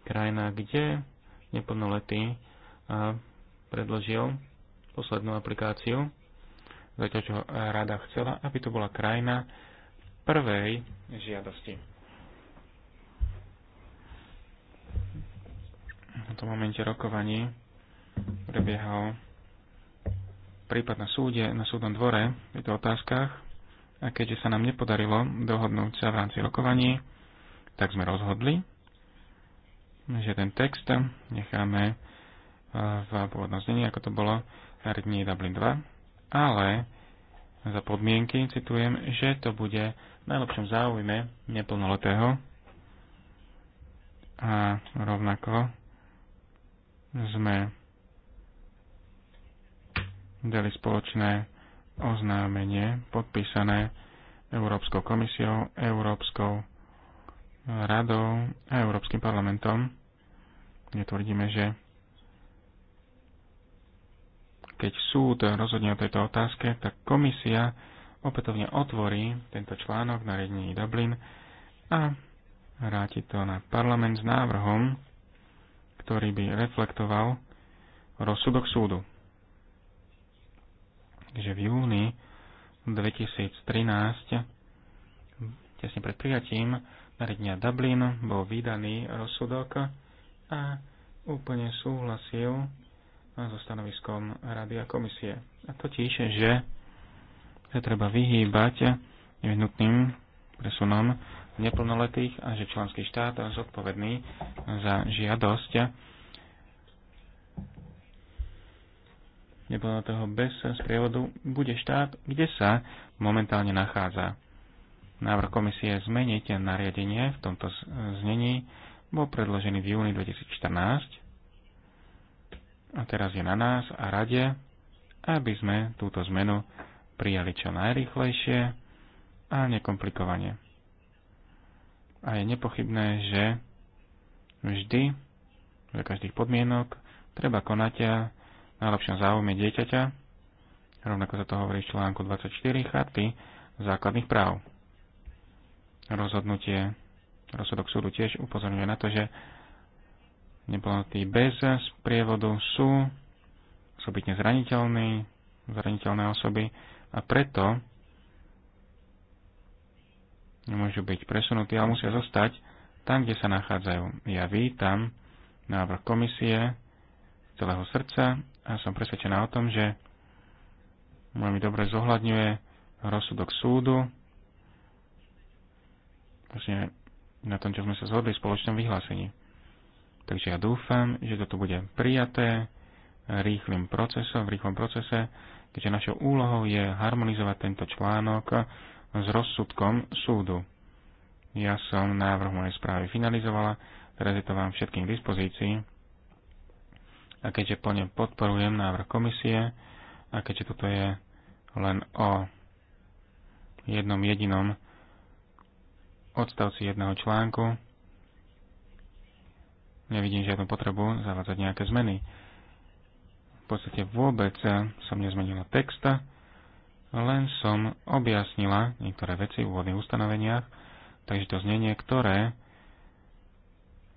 krajina, kde neplnoletý predložil poslednú aplikáciu, zatiaľ čo rada chcela, aby to bola krajina prvej žiadosti. V tomto momente rokovaní prebiehal prípad na súde, na súdnom dvore v týchto otázkach a keďže sa nám nepodarilo dohodnúť sa v rámci rokovaní, tak sme rozhodli, že ten text necháme e, v pôvodnom znení, ako to bolo Herdní Dublin 2, ale za podmienky, citujem, že to bude v najlepšom záujme neplnoletého a rovnako sme dali spoločné oznámenie podpísané Európskou komisiou, Európskou radou a Európskym parlamentom, kde tvrdíme, že keď súd rozhodne o tejto otázke, tak komisia opätovne otvorí tento článok na riadení Dublin a vráti to na parlament s návrhom, ktorý by reflektoval rozsudok súdu že v júni 2013, tesne pred prijatím nariadenia Dublin, bol vydaný rozsudok a úplne súhlasil so stanoviskom Rady a komisie. A totiž, že sa treba vyhýbať nevyhnutným presunom neplnoletých a že členský štát je zodpovedný za žiadosť nebolo toho bez sprievodu, bude štát, kde sa momentálne nachádza. Návrh komisie zmeniť nariadenie v tomto znení bol predložený v júni 2014 a teraz je na nás a rade, aby sme túto zmenu prijali čo najrychlejšie a nekomplikovane. A je nepochybné, že vždy, za každých podmienok, treba konať najlepšom záujme dieťaťa, rovnako sa to hovorí v článku 24 charty základných práv. Rozhodnutie, rozhodok súdu tiež upozorňuje na to, že neplnotí bez sprievodu sú osobitne zraniteľní, zraniteľné osoby a preto nemôžu byť presunutí, ale musia zostať tam, kde sa nachádzajú. Ja vítam návrh komisie celého srdca a som presvedčená o tom, že veľmi dobre zohľadňuje rozsudok súdu. Vlastne na tom, čo sme sa zhodli v spoločnom vyhlásení. Takže ja dúfam, že toto bude prijaté rýchlym procesom, v rýchlom procese, keďže našou úlohou je harmonizovať tento článok s rozsudkom súdu. Ja som návrh mojej správy finalizovala, teraz je to vám všetkým k dispozícii a keďže plne podporujem návrh komisie a keďže toto je len o jednom jedinom odstavci jedného článku, nevidím žiadnu potrebu zavádzať nejaké zmeny. V podstate vôbec som nezmenila texta, len som objasnila niektoré veci v úvodných ustanoveniach, takže to znenie, ktoré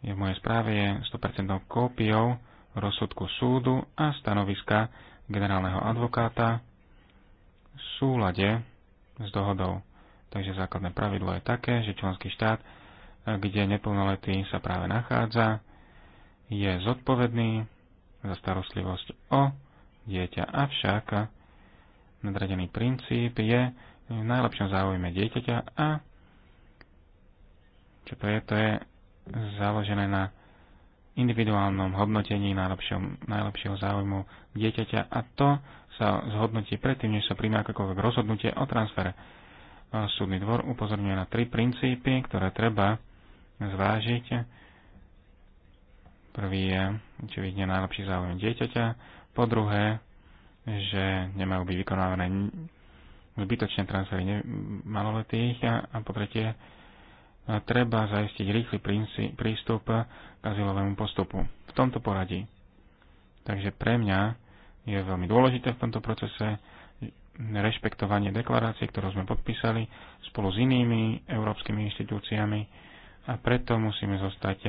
je v mojej správe, je 100% kópiou rozsudku súdu a stanoviska generálneho advokáta v súlade s dohodou. Takže základné pravidlo je také, že členský štát, kde neplnoletý sa práve nachádza, je zodpovedný za starostlivosť o dieťa. Avšak nadradený princíp je v najlepšom záujme dieťaťa a čo to je? To je založené na individuálnom hodnotení najlepšieho, záujmu dieťaťa a to sa zhodnotí predtým, než sa príjme akékoľvek rozhodnutie o transfere. E, súdny dvor upozorňuje na tri princípy, ktoré treba zvážiť. Prvý je, či vidne najlepší záujem dieťaťa. Po druhé, že nemajú byť vykonávané zbytočné transfery maloletých. A, a po tretie, treba zajistiť rýchly prístup k azylovému postupu. V tomto poradí. Takže pre mňa je veľmi dôležité v tomto procese rešpektovanie deklarácie, ktorú sme podpísali spolu s inými európskymi inštitúciami a preto musíme zostať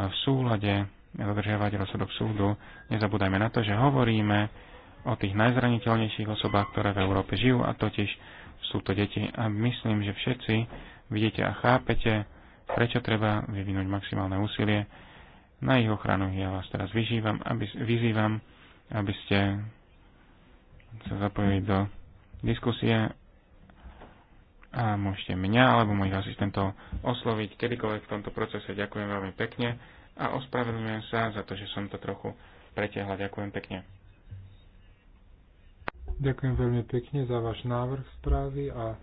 v súlade a dodržiavať rozsudok súdu. Nezabúdajme na to, že hovoríme o tých najzraniteľnejších osobách, ktoré v Európe žijú a totiž sú to deti. A myslím, že všetci vidíte a chápete, prečo treba vyvinúť maximálne úsilie na ich ochranu. Ja vás teraz vyžívam, aby, vyzývam, aby ste sa zapojili do diskusie a môžete mňa alebo mojich asistentov osloviť kedykoľvek v tomto procese. Ďakujem veľmi pekne a ospravedlňujem sa za to, že som to trochu pretiahla. Ďakujem pekne. Ďakujem veľmi pekne za váš návrh správy a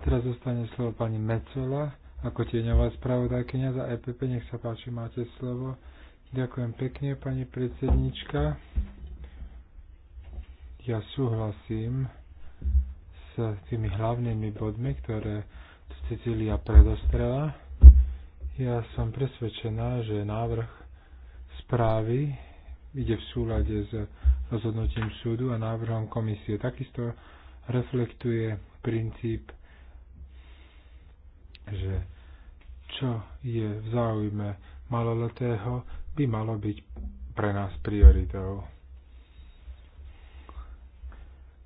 Teraz zostane slovo pani Mecola ako tieňová spravodajkynia za EPP. Nech sa páči, máte slovo. Ďakujem pekne, pani predsednička. Ja súhlasím s tými hlavnými bodmi, ktoré Cecília predostrela. Ja som presvedčená, že návrh správy ide v súlade s rozhodnutím súdu a návrhom komisie. Takisto reflektuje princíp čo je v záujme maloletého, by malo byť pre nás prioritou.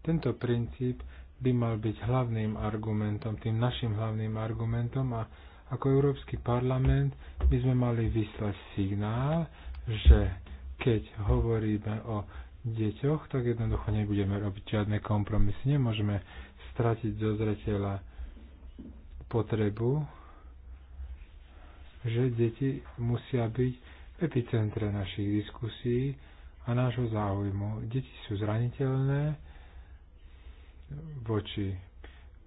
Tento princíp by mal byť hlavným argumentom, tým našim hlavným argumentom a ako Európsky parlament by sme mali vyslať signál, že keď hovoríme o deťoch, tak jednoducho nebudeme robiť žiadne kompromisy. Nemôžeme stratiť zo zreteľa potrebu že deti musia byť v epicentre našich diskusí a nášho záujmu. Deti sú zraniteľné voči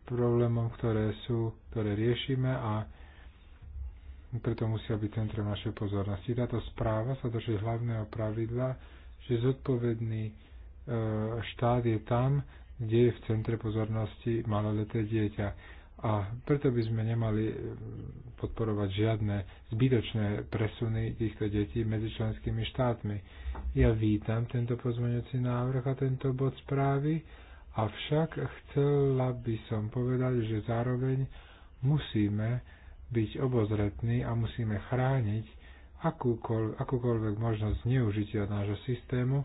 problémom, ktoré sú, ktoré riešime a preto musia byť centrom našej pozornosti. Táto správa sa drží hlavného pravidla, že zodpovedný e, štát je tam, kde je v centre pozornosti maloleté dieťa. A preto by sme nemali e, podporovať žiadne zbytočné presuny týchto detí medzi členskými štátmi. Ja vítam tento pozmeňujúci návrh a tento bod správy, avšak chcela by som povedať, že zároveň musíme byť obozretní a musíme chrániť akúkoľ, akúkoľvek možnosť zneužitia nášho systému.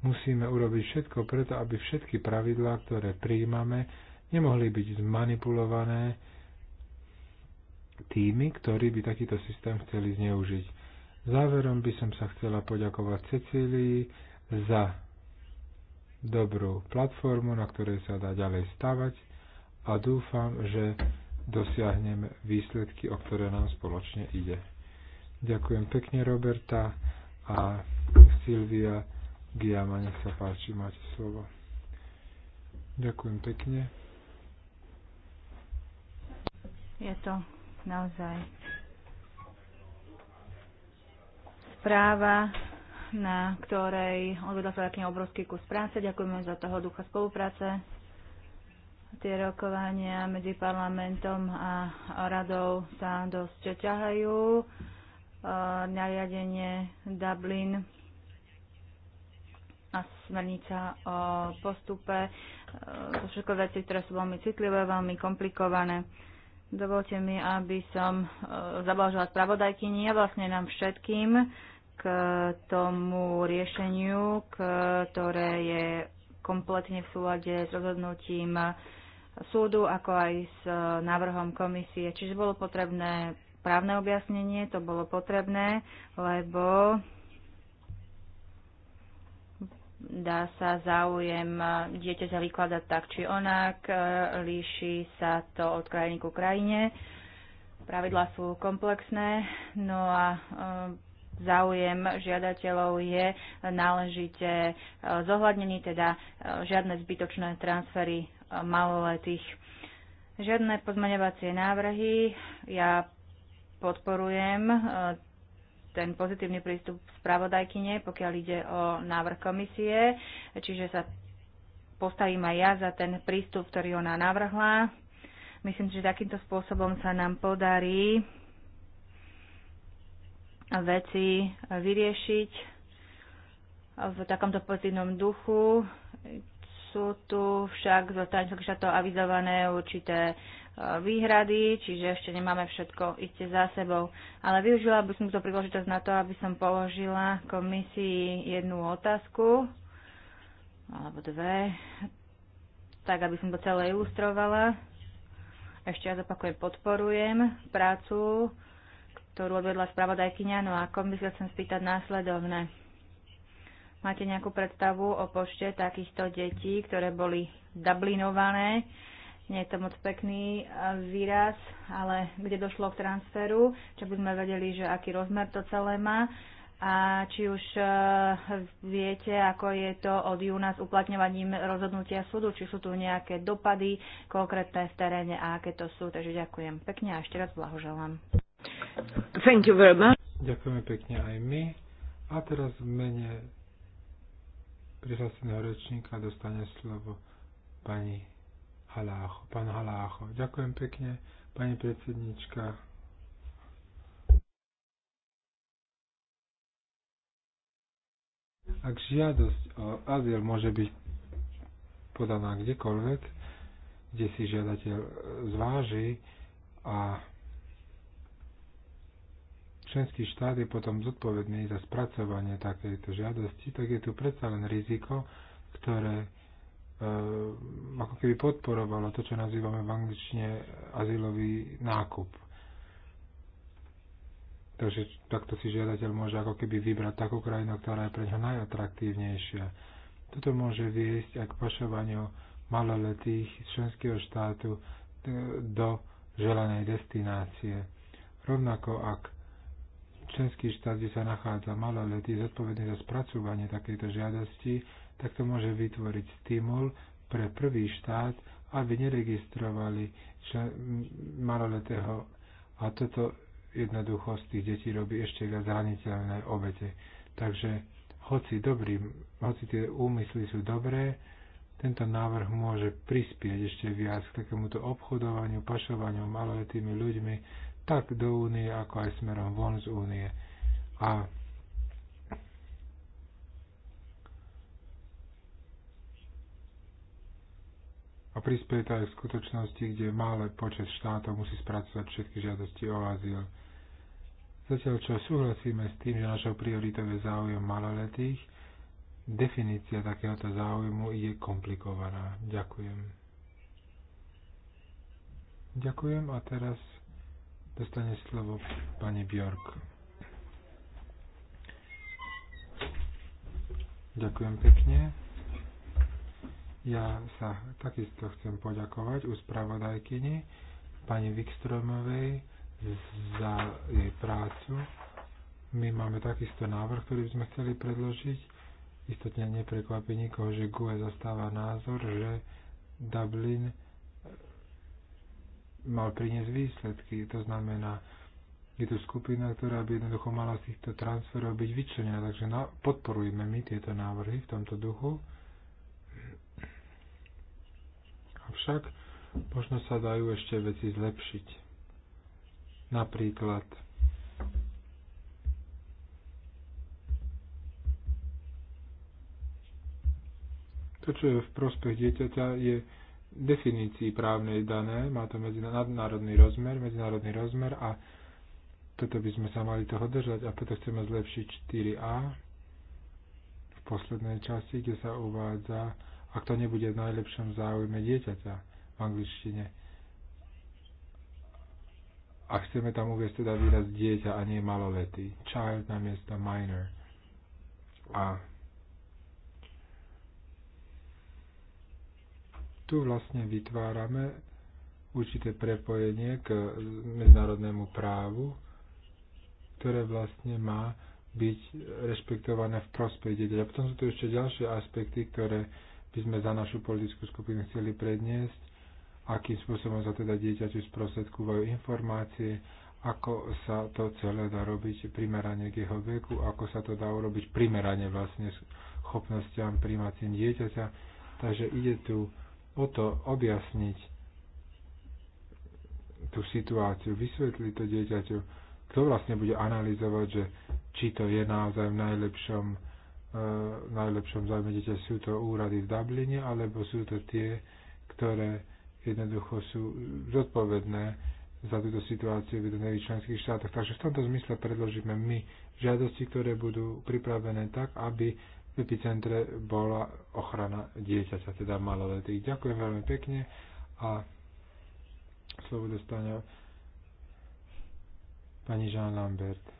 Musíme urobiť všetko preto, aby všetky pravidlá, ktoré príjmame, nemohli byť zmanipulované tými, ktorí by takýto systém chceli zneužiť. Záverom by som sa chcela poďakovať Cecílii za dobrú platformu, na ktorej sa dá ďalej stavať a dúfam, že dosiahneme výsledky, o ktoré nám spoločne ide. Ďakujem pekne Roberta a Silvia Giama, nech sa páči, máte slovo. Ďakujem pekne. Je to naozaj správa, na ktorej odvedla sa taký obrovský kus práce. Ďakujeme za toho ducha spolupráce. Tie rokovania medzi parlamentom a radou sa dosť ťahajú. E, nariadenie Dublin a smernica o postupe. E, to všetko veci, ktoré sú veľmi citlivé, veľmi komplikované. Dovolte mi, aby som e, zablažila spravodajkyni a vlastne nám všetkým k tomu riešeniu, ktoré je kompletne v súlade s rozhodnutím súdu, ako aj s e, návrhom komisie. Čiže bolo potrebné právne objasnenie, to bolo potrebné, lebo dá sa záujem e, dieťaťa vykladať tak či onak, e, líši sa to od krajiny ku krajine, pravidlá sú komplexné, no a e, záujem žiadateľov je náležite zohľadnený, teda žiadne zbytočné transfery maloletých. Žiadne pozmaňovacie návrhy. Ja podporujem ten pozitívny prístup spravodajkyne, pokiaľ ide o návrh komisie, čiže sa postavím aj ja za ten prístup, ktorý ona navrhla. Myslím, že takýmto spôsobom sa nám podarí veci vyriešiť v takomto pozitívnom duchu. Sú tu však zo strany to avizované určité výhrady, čiže ešte nemáme všetko iste za sebou. Ale využila by som to príležitosť na to, aby som položila komisii jednu otázku, alebo dve, tak aby som to celé ilustrovala. Ešte raz opakujem, podporujem prácu, ktorú odvedla spravodajkyňa, no a komisia chcem spýtať následovné. Máte nejakú predstavu o počte takýchto detí, ktoré boli dublinované nie je to moc pekný e, výraz, ale kde došlo k transferu, čo by sme vedeli, že aký rozmer to celé má a či už e, viete, ako je to od júna s uplatňovaním rozhodnutia súdu, či sú tu nejaké dopady konkrétne v teréne a aké to sú. Takže ďakujem pekne a ešte raz blahoželám. Thank you very much. Ďakujeme pekne aj my. A teraz v mene prihláseného rečníka dostane slovo pani Halácho. Pán Halácho. Ďakujem pekne, pani predsednička. Ak žiadosť o azyl môže byť podaná kdekoľvek, kde si žiadateľ zváži a členský štát je potom zodpovedný za spracovanie takejto žiadosti, tak je tu predsa len riziko, ktoré Eh, ako keby podporovalo to, čo nazývame v angličtine azylový nákup. Takže takto si žiadateľ môže ako keby vybrať takú krajinu, ktorá je pre ňa najatraktívnejšia. Toto môže viesť aj k pašovaniu maloletých z členského štátu eh, do želanej destinácie. Rovnako ak členský štát, kde sa nachádza maloletý, zodpovedný za spracovanie takejto žiadosti, tak to môže vytvoriť stimul pre prvý štát, aby neregistrovali člen, maloletého. A toto jednoducho z tých detí robí ešte viac zraniteľné obete. Takže hoci, dobrý, hoci tie úmysly sú dobré, tento návrh môže prispieť ešte viac k takémuto obchodovaniu, pašovaniu maloletými ľuďmi, tak do únie, ako aj smerom von z únie. A a prispieje to aj v skutočnosti, kde malé počet štátov musí spracovať všetky žiadosti o azyl. Zatiaľ čo súhlasíme s tým, že našou prioritou je záujem maloletých, definícia takéhoto záujmu je komplikovaná. Ďakujem. Ďakujem a teraz dostane slovo pani Bjork. Ďakujem pekne. Ja sa takisto chcem poďakovať u spravodajkyni pani Vikstromovej za jej prácu. My máme takisto návrh, ktorý by sme chceli predložiť. Istotne neprekvapí nikoho, že GUE zastáva názor, že Dublin eh, mal priniesť výsledky. To znamená, je tu skupina, ktorá by jednoducho mala z týchto transferov byť vyčlenená. Takže podporujeme my tieto návrhy v tomto duchu. však možno sa dajú ešte veci zlepšiť. Napríklad to, čo je v prospech dieťaťa, je definícii právnej dané, má to medzinárodný rozmer, medzinárodný rozmer a toto by sme sa mali toho držať a preto chceme zlepšiť 4a v poslednej časti, kde sa uvádza ak to nebude v najlepšom záujme dieťaťa v angličtine. A chceme tam uvieť teda výraz dieťa a nie malolety. Child na miesto minor. A tu vlastne vytvárame určité prepojenie k medzinárodnému právu, ktoré vlastne má byť rešpektované v prospech dieťaťa. Potom sú tu ešte ďalšie aspekty, ktoré by sme za našu politickú skupinu chceli predniesť, akým spôsobom sa teda dieťaťu sprostredkúvajú informácie, ako sa to celé dá robiť primerane k jeho veku, ako sa to dá urobiť primerane vlastne schopnostiam príjmacím dieťaťa. Takže ide tu o to objasniť tú situáciu, vysvetliť to dieťaťu, kto vlastne bude analyzovať, že či to je naozaj v najlepšom najlepšom zájme sú to úrady v Dubline, alebo sú to tie, ktoré jednoducho sú zodpovedné za túto situáciu v jednotlivých členských štátoch. Takže v tomto zmysle predložíme my žiadosti, ktoré budú pripravené tak, aby v epicentre bola ochrana dieťaťa, teda maloletých. Ďakujem veľmi pekne a slovo dostane pani Jean Lambert.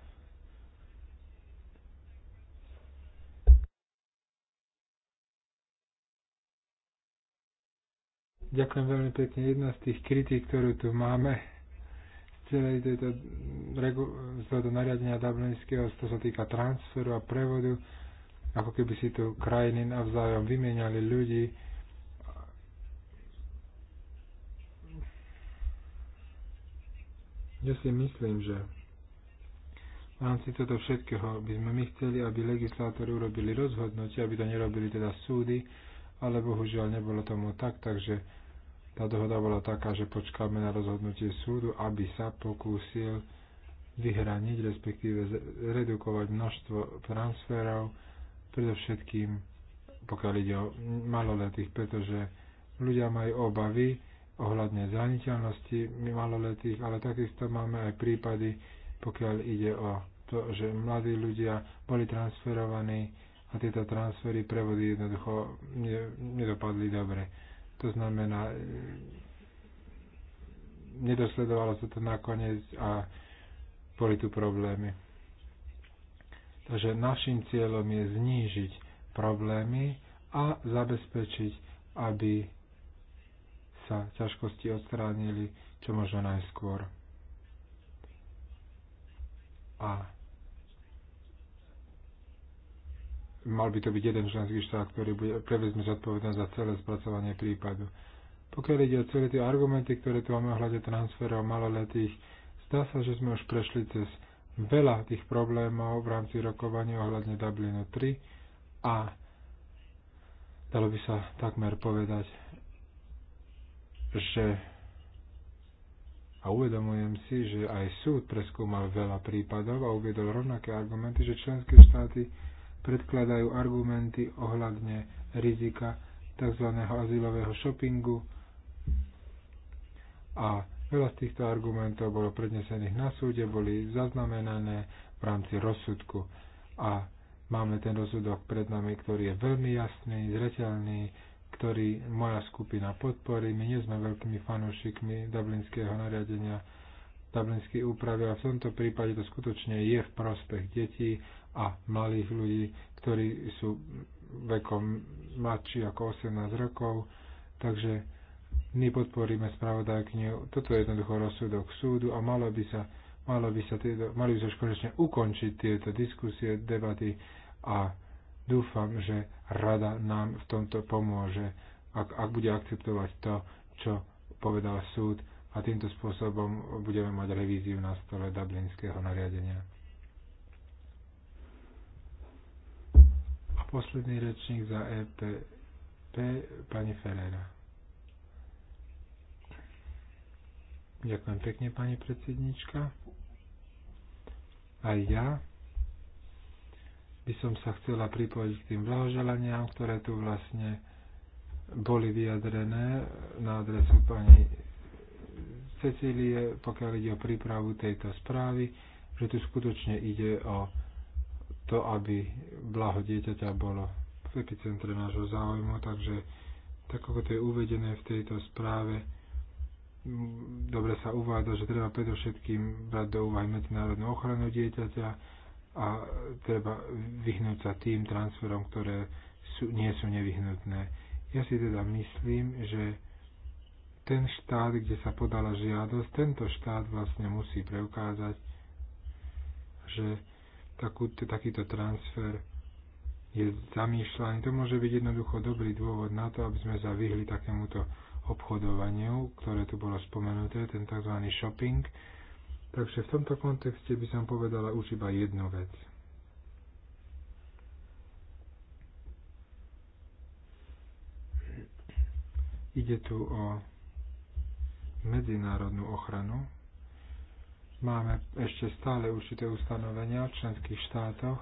Ďakujem veľmi pekne. Jedna z tých kritík, ktorú tu máme z celej tejto z tohoto nariadenia dublinského, to sa týka transferu a prevodu, ako keby si tu krajiny navzájom vymieniali ľudí. Ja si myslím, že v rámci toto všetkého by sme my chceli, aby legislátori urobili rozhodnutie, aby to nerobili teda súdy, ale bohužiaľ nebolo tomu tak, takže tá dohoda bola taká, že počkáme na rozhodnutie súdu, aby sa pokúsil vyhraniť, respektíve redukovať množstvo transferov, predovšetkým pokiaľ ide o maloletých, pretože ľudia majú obavy ohľadne zraniteľnosti maloletých, ale takisto máme aj prípady, pokiaľ ide o to, že mladí ľudia boli transferovaní a tieto transfery, prevody jednoducho nedopadli dobre to znamená, e, nedosledovalo sa to nakoniec a boli tu problémy. Takže našim cieľom je znížiť problémy a zabezpečiť, aby sa ťažkosti odstránili čo možno najskôr. A mal by to byť jeden členský štát, ktorý bude, prevezme zodpovednosť za celé spracovanie prípadu. Pokiaľ ide o celé tie argumenty, ktoré tu máme ohľade transferov maloletých, zdá sa, že sme už prešli cez veľa tých problémov v rámci rokovania ohľadne Dublinu 3 a dalo by sa takmer povedať, že a uvedomujem si, že aj súd preskúmal veľa prípadov a uviedol rovnaké argumenty, že členské štáty predkladajú argumenty ohľadne rizika tzv. azylového shoppingu a veľa z týchto argumentov bolo prednesených na súde, boli zaznamenané v rámci rozsudku a máme ten rozsudok pred nami, ktorý je veľmi jasný, zreteľný, ktorý moja skupina podporí. My nie sme veľkými fanúšikmi dublinského nariadenia, dublinskej úpravy a v tomto prípade to skutočne je v prospech detí a mladých ľudí, ktorí sú vekom mladší ako 18 rokov. Takže my podporíme spravodajkňu. Toto je jednoducho rozsudok súdu a malo by sa, malo by sa tieto, mali by sa konečne ukončiť tieto diskusie, debaty a dúfam, že rada nám v tomto pomôže, ak, ak bude akceptovať to, čo povedal súd a týmto spôsobom budeme mať revíziu na stole Dublinského nariadenia. Posledný rečník za EPP, pani Ferrera. Ďakujem pekne, pani predsednička. Aj ja by som sa chcela pripojiť k tým blahoželaniam, ktoré tu vlastne boli vyjadrené na adresu pani Cecílie, pokiaľ ide o prípravu tejto správy, že tu skutočne ide o to, aby blaho dieťaťa bolo v epicentre nášho záujmu, takže tak ako to je uvedené v tejto správe, dobre sa uvádza, že treba predovšetkým brať do úvahy medzinárodnú ochranu dieťaťa a treba vyhnúť sa tým transferom, ktoré sú, nie sú nevyhnutné. Ja si teda myslím, že ten štát, kde sa podala žiadosť, tento štát vlastne musí preukázať, že takú, takýto transfer je zamýšľaný. To môže byť jednoducho dobrý dôvod na to, aby sme sa vyhli takémuto obchodovaniu, ktoré tu bolo spomenuté, ten tzv. shopping. Takže v tomto kontexte by som povedala už iba jednu vec. Ide tu o medzinárodnú ochranu Máme ešte stále určité ustanovenia v členských štátoch,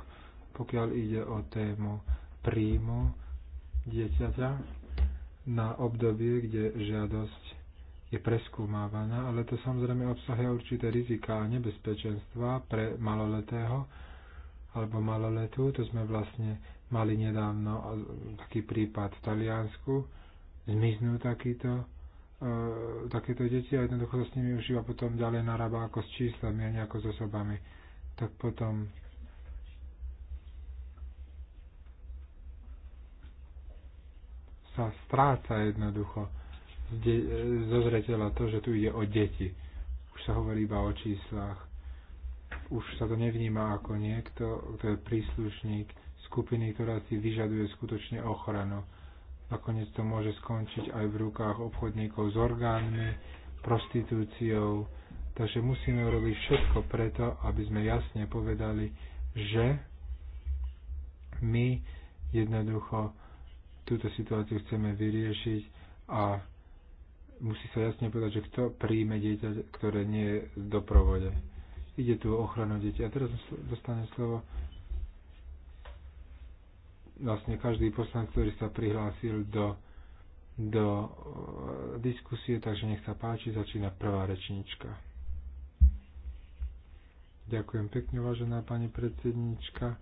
pokiaľ ide o tému príjmu dieťaťa na obdobie, kde žiadosť je preskúmávaná, ale to samozrejme obsahuje určité rizika a nebezpečenstva pre maloletého alebo maloletu, To sme vlastne mali nedávno taký prípad v Taliansku. Zmiznú takýto E, takéto deti a jednoducho sa s nimi už iba potom ďalej narába ako s číslami a nejako s osobami. Tak potom sa stráca jednoducho zo zreteľa to, že tu ide o deti. Už sa hovorí iba o číslach. Už sa to nevníma ako niekto, to je príslušník skupiny, ktorá si vyžaduje skutočne ochranu Nakoniec to môže skončiť aj v rukách obchodníkov s orgánmi, prostitúciou. Takže musíme urobiť všetko preto, aby sme jasne povedali, že my jednoducho túto situáciu chceme vyriešiť a musí sa jasne povedať, že kto príjme dieťa, ktoré nie je v doprovode. Ide tu o ochranu dieťa. A teraz dostane slovo vlastne každý poslanec, ktorý sa prihlásil do, do e, diskusie, takže nech sa páči, začína prvá rečníčka. Ďakujem pekne, vážená pani predsednička.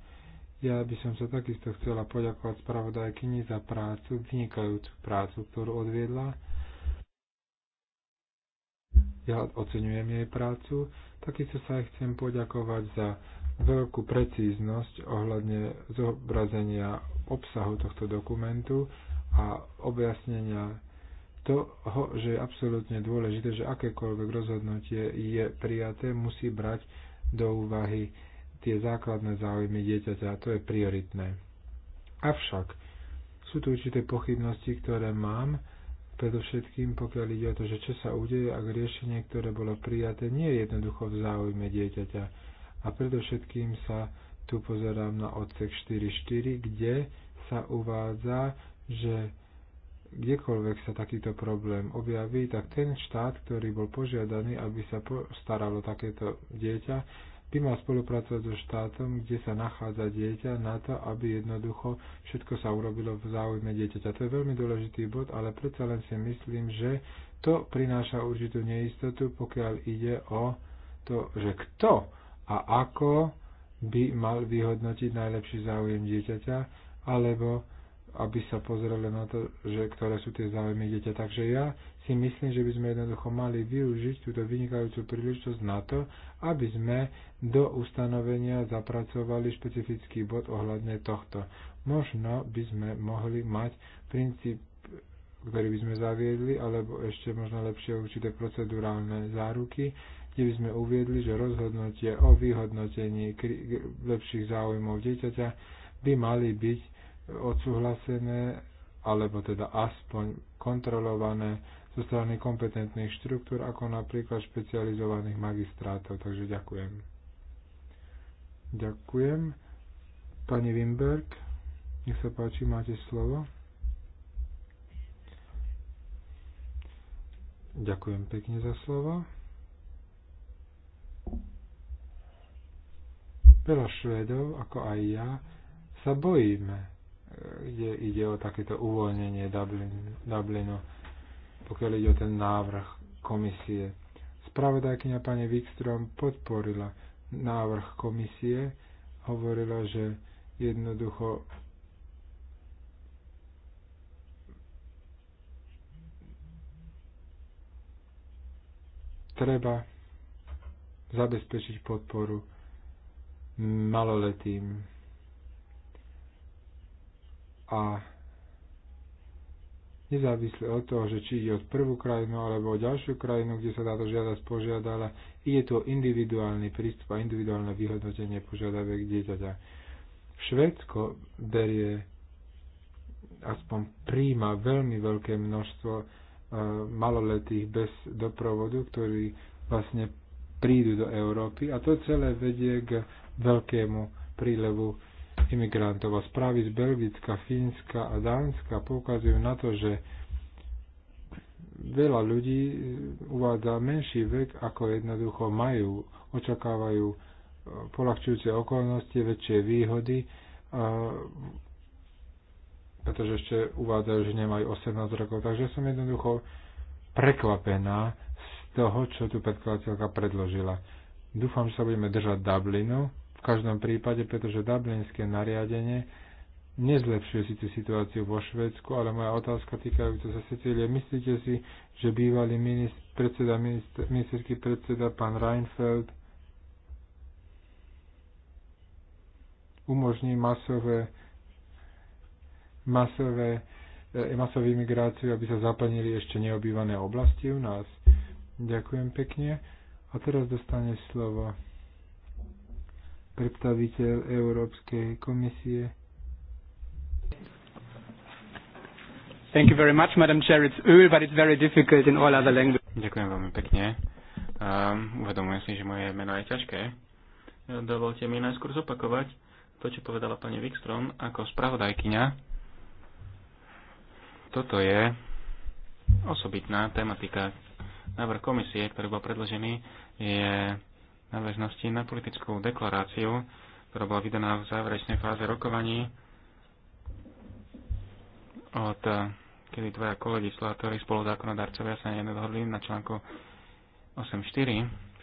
Ja by som sa takisto chcela poďakovať spravodajkyni za prácu, vynikajúcu prácu, ktorú odviedla. Ja oceňujem jej prácu. Takisto sa aj chcem poďakovať za veľkú precíznosť ohľadne zobrazenia obsahu tohto dokumentu a objasnenia toho, že je absolútne dôležité, že akékoľvek rozhodnutie je prijaté, musí brať do úvahy tie základné záujmy dieťaťa. a To je prioritné. Avšak sú tu určité pochybnosti, ktoré mám, predovšetkým pokiaľ ide o to, že čo sa udeje, ak riešenie, ktoré bolo prijaté, nie je jednoducho v záujme dieťaťa a predovšetkým sa tu pozerám na odsek 4.4, kde sa uvádza, že kdekoľvek sa takýto problém objaví, tak ten štát, ktorý bol požiadaný, aby sa postaralo takéto dieťa, by mal spolupracovať so štátom, kde sa nachádza dieťa, na to, aby jednoducho všetko sa urobilo v záujme dieťaťa. To je veľmi dôležitý bod, ale predsa len si myslím, že to prináša určitú neistotu, pokiaľ ide o to, že kto a ako by mal vyhodnotiť najlepší záujem dieťaťa, alebo aby sa pozrelo na to, že ktoré sú tie záujmy dieťa. Takže ja si myslím, že by sme jednoducho mali využiť túto vynikajúcu príležitosť na to, aby sme do ustanovenia zapracovali špecifický bod ohľadne tohto. Možno by sme mohli mať princíp, ktorý by sme zaviedli, alebo ešte možno lepšie určité procedurálne záruky, kde by sme uviedli, že rozhodnutie o vyhodnotení lepších záujmov dieťaťa by mali byť odsúhlasené alebo teda aspoň kontrolované zo strany kompetentných štruktúr, ako napríklad špecializovaných magistrátov. Takže ďakujem. Ďakujem. Pani Wimberg, nech sa páči, máte slovo. Ďakujem pekne za slovo. Veľa Švedov, ako aj ja, sa bojíme, kde ide o takéto uvoľnenie Dublin, Dublinu, pokiaľ ide o ten návrh komisie. Spravodajkyňa pani Wikström podporila návrh komisie, hovorila, že jednoducho treba zabezpečiť podporu maloletým. A nezávisle od toho, že či ide od prvú krajinu alebo o ďalšiu krajinu, kde sa táto žiadosť požiadala, ide tu o individuálny prístup a individuálne vyhodnotenie požiadaviek dieťaťa. Švédsko berie aspoň príjma veľmi veľké množstvo e, maloletých bez doprovodu, ktorí vlastne prídu do Európy a to celé vedie k veľkému prílevu imigrantov. A správy z Belgicka, Fínska a Dánska poukazujú na to, že veľa ľudí eh, uvádza menší vek, ako jednoducho majú, očakávajú eh, polahčujúce okolnosti, väčšie výhody, pretože ešte uvádzajú, že nemajú 18 rokov. Takže som jednoducho prekvapená z toho, čo tu predkladateľka predložila. Dúfam, že sa budeme držať Dublinu, v každom prípade, pretože dublinské nariadenie nezlepšuje síce situáciu vo Švedsku, ale moja otázka týkajúca sa Sicílie. Myslíte si, že bývalý minister, predseda, minister, ministerský predseda pán Reinfeld umožní masové, masové, e, masovú imigráciu, aby sa zaplnili ešte neobývané oblasti u nás? Ďakujem pekne. A teraz dostane slovo predstaviteľ Európskej komisie. Thank you very much, Madam Chair. It's Öl, but it's very difficult in all other languages. Ďakujem veľmi pekne. Um, uvedomujem si, že moje meno je ťažké. Dovolte mi najskôr zopakovať to, čo povedala pani Wikström ako spravodajkyňa. Toto je osobitná tematika. Návrh komisie, ktorý bol predložený, je náležnosti na politickú deklaráciu, ktorá bola vydaná v záverečnej fáze rokovaní od kedy dvaja spolu spoluzákonodarcovia sa nedohodli na článku 8.4.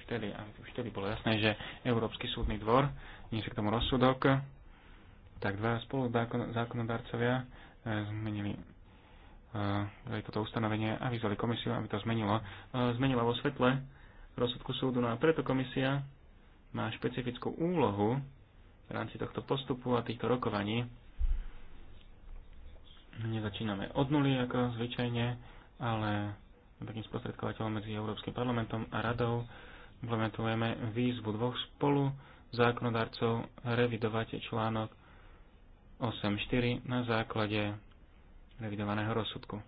Vtedy, a vtedy bolo jasné, že Európsky súdny dvor nie k tomu rozsudok, tak dva spoluzákonodarcovia eh, zmenili eh, toto ustanovenie a vyzvali komisiu, aby to zmenilo. Eh, zmenila vo svetle rozsudku súdu. No a preto komisia má špecifickú úlohu v rámci tohto postupu a týchto rokovaní. Nezačíname od nuly, ako zvyčajne, ale takým sprostredkovateľom medzi Európskym parlamentom a radou implementujeme výzvu dvoch spolu zákonodarcov revidovať článok 8.4 na základe revidovaného rozsudku.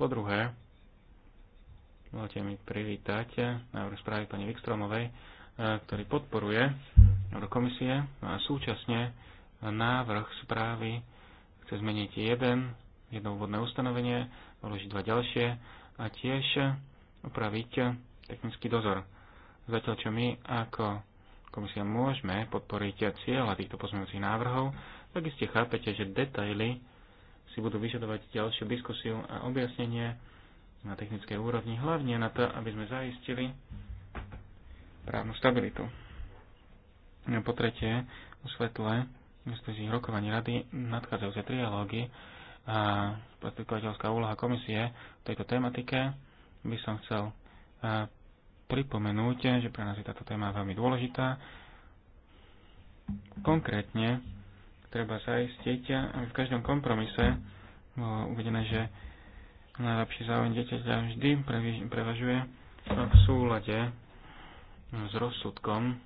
Po druhé, Dovolte mi privítať návrh správy pani Vikstromovej, eh, ktorý podporuje Eurokomisie a súčasne návrh správy chce zmeniť jeden, jedno úvodné ustanovenie, vložiť dva ďalšie a tiež upraviť technický dozor. Zatiaľ, čo my ako komisia môžeme podporiť cieľa týchto pozmeňujúcich návrhov, tak iste chápete, že detaily si budú vyžadovať ďalšiu diskusiu a objasnenie na technickej úrovni, hlavne na to, aby sme zaistili právnu stabilitu. A no, po tretie, v svetle institúcií rokovaní rady nadchádzajúce trialógy a predstavkovateľská úloha komisie v tejto tematike by som chcel e, pripomenúť, že pre nás je táto téma veľmi dôležitá. Konkrétne treba zaistiť, aby v každom kompromise bolo uvedené, že najlepší záujem dieťaťa vždy prevažuje v súlade s rozsudkom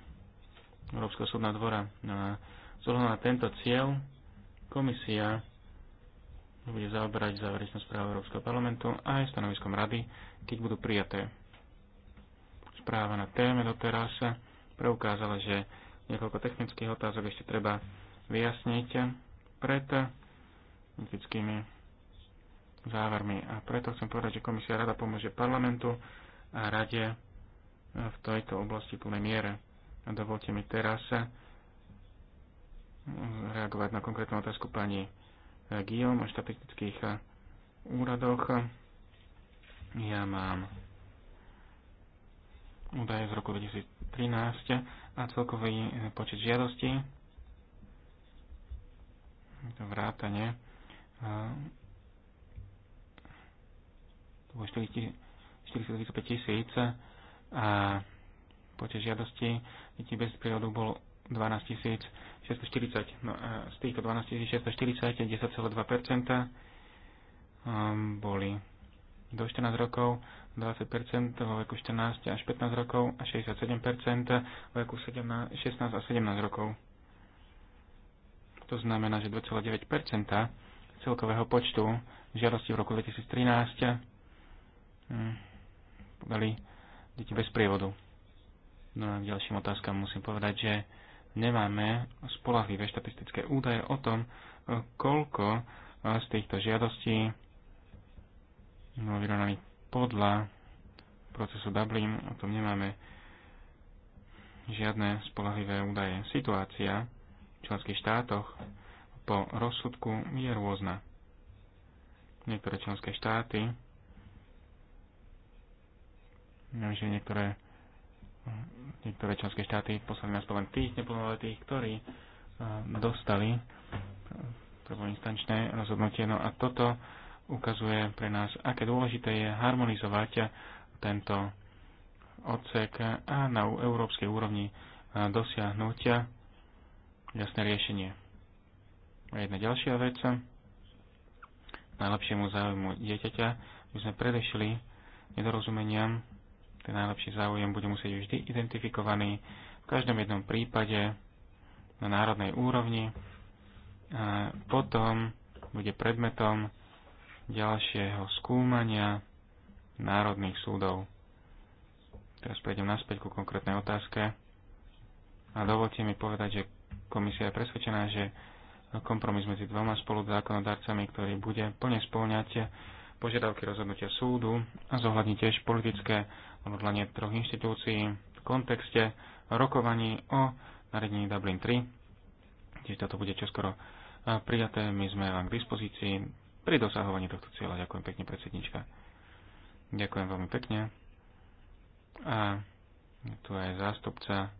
Európskeho súdna dvora. No a zohľadom na tento cieľ komisia bude zaoberať záverečnú správu Európskeho parlamentu a aj stanoviskom rady, keď budú prijaté. Správa na téme doteraz preukázala, že niekoľko technických otázok ešte treba vyjasniť pred etickými závermi. A preto chcem povedať, že komisia rada pomôže parlamentu a rade v tejto oblasti plnej miere. A dovolte mi teraz reagovať na konkrétnu otázku pani Guillaume o štatistických úradoch. Ja mám údaje z roku 2013 a celkový počet žiadostí, to vrátane bolo 435 tisíc a počet žiadosti detí bez prírodu bol 12 640. No a z týchto 12 640 10,2% boli do 14 rokov, 20% vo veku 14 až 15 rokov a 67% vo veku 17, 16 a 17 rokov. To znamená, že 2,9% celkového počtu žiadostí v roku 2013 Hm. podali deti bez prievodu. No a k ďalším otázkam musím povedať, že nemáme spolahlivé štatistické údaje o tom, koľko eh, z týchto žiadostí bolo vyrovnaných podľa procesu Dublin, o tom nemáme žiadne spolahlivé údaje. Situácia v členských štátoch po rozsudku je rôzna. Niektoré členské štáty že niektoré, niektoré členské štáty poslali na stôl len tých neplnoletých, ktorí eh, dostali eh, prvoinstančné rozhodnutie. No a toto ukazuje pre nás, aké dôležité je harmonizovať tento odsek a na európskej úrovni eh, dosiahnuť jasné riešenie. A jedna ďalšia vec, najlepšiemu záujmu dieťaťa, by sme predešli nedorozumeniam ten najlepší záujem bude musieť vždy identifikovaný v každom jednom prípade na národnej úrovni. A potom bude predmetom ďalšieho skúmania národných súdov. Teraz prejdem naspäť ku konkrétnej otázke. A dovolte mi povedať, že komisia je presvedčená, že kompromis medzi dvoma spoluzákonodarcami, ktorý bude plne spĺňať požiadavky rozhodnutia súdu a zohľadní tiež politické odhodlanie troch inštitúcií v kontexte rokovaní o nariadení Dublin 3. Čiže toto bude čoskoro e, prijaté. My sme vám k dispozícii pri dosahovaní tohto cieľa. Ďakujem pekne, predsednička. Ďakujem veľmi pekne. A tu je zástupca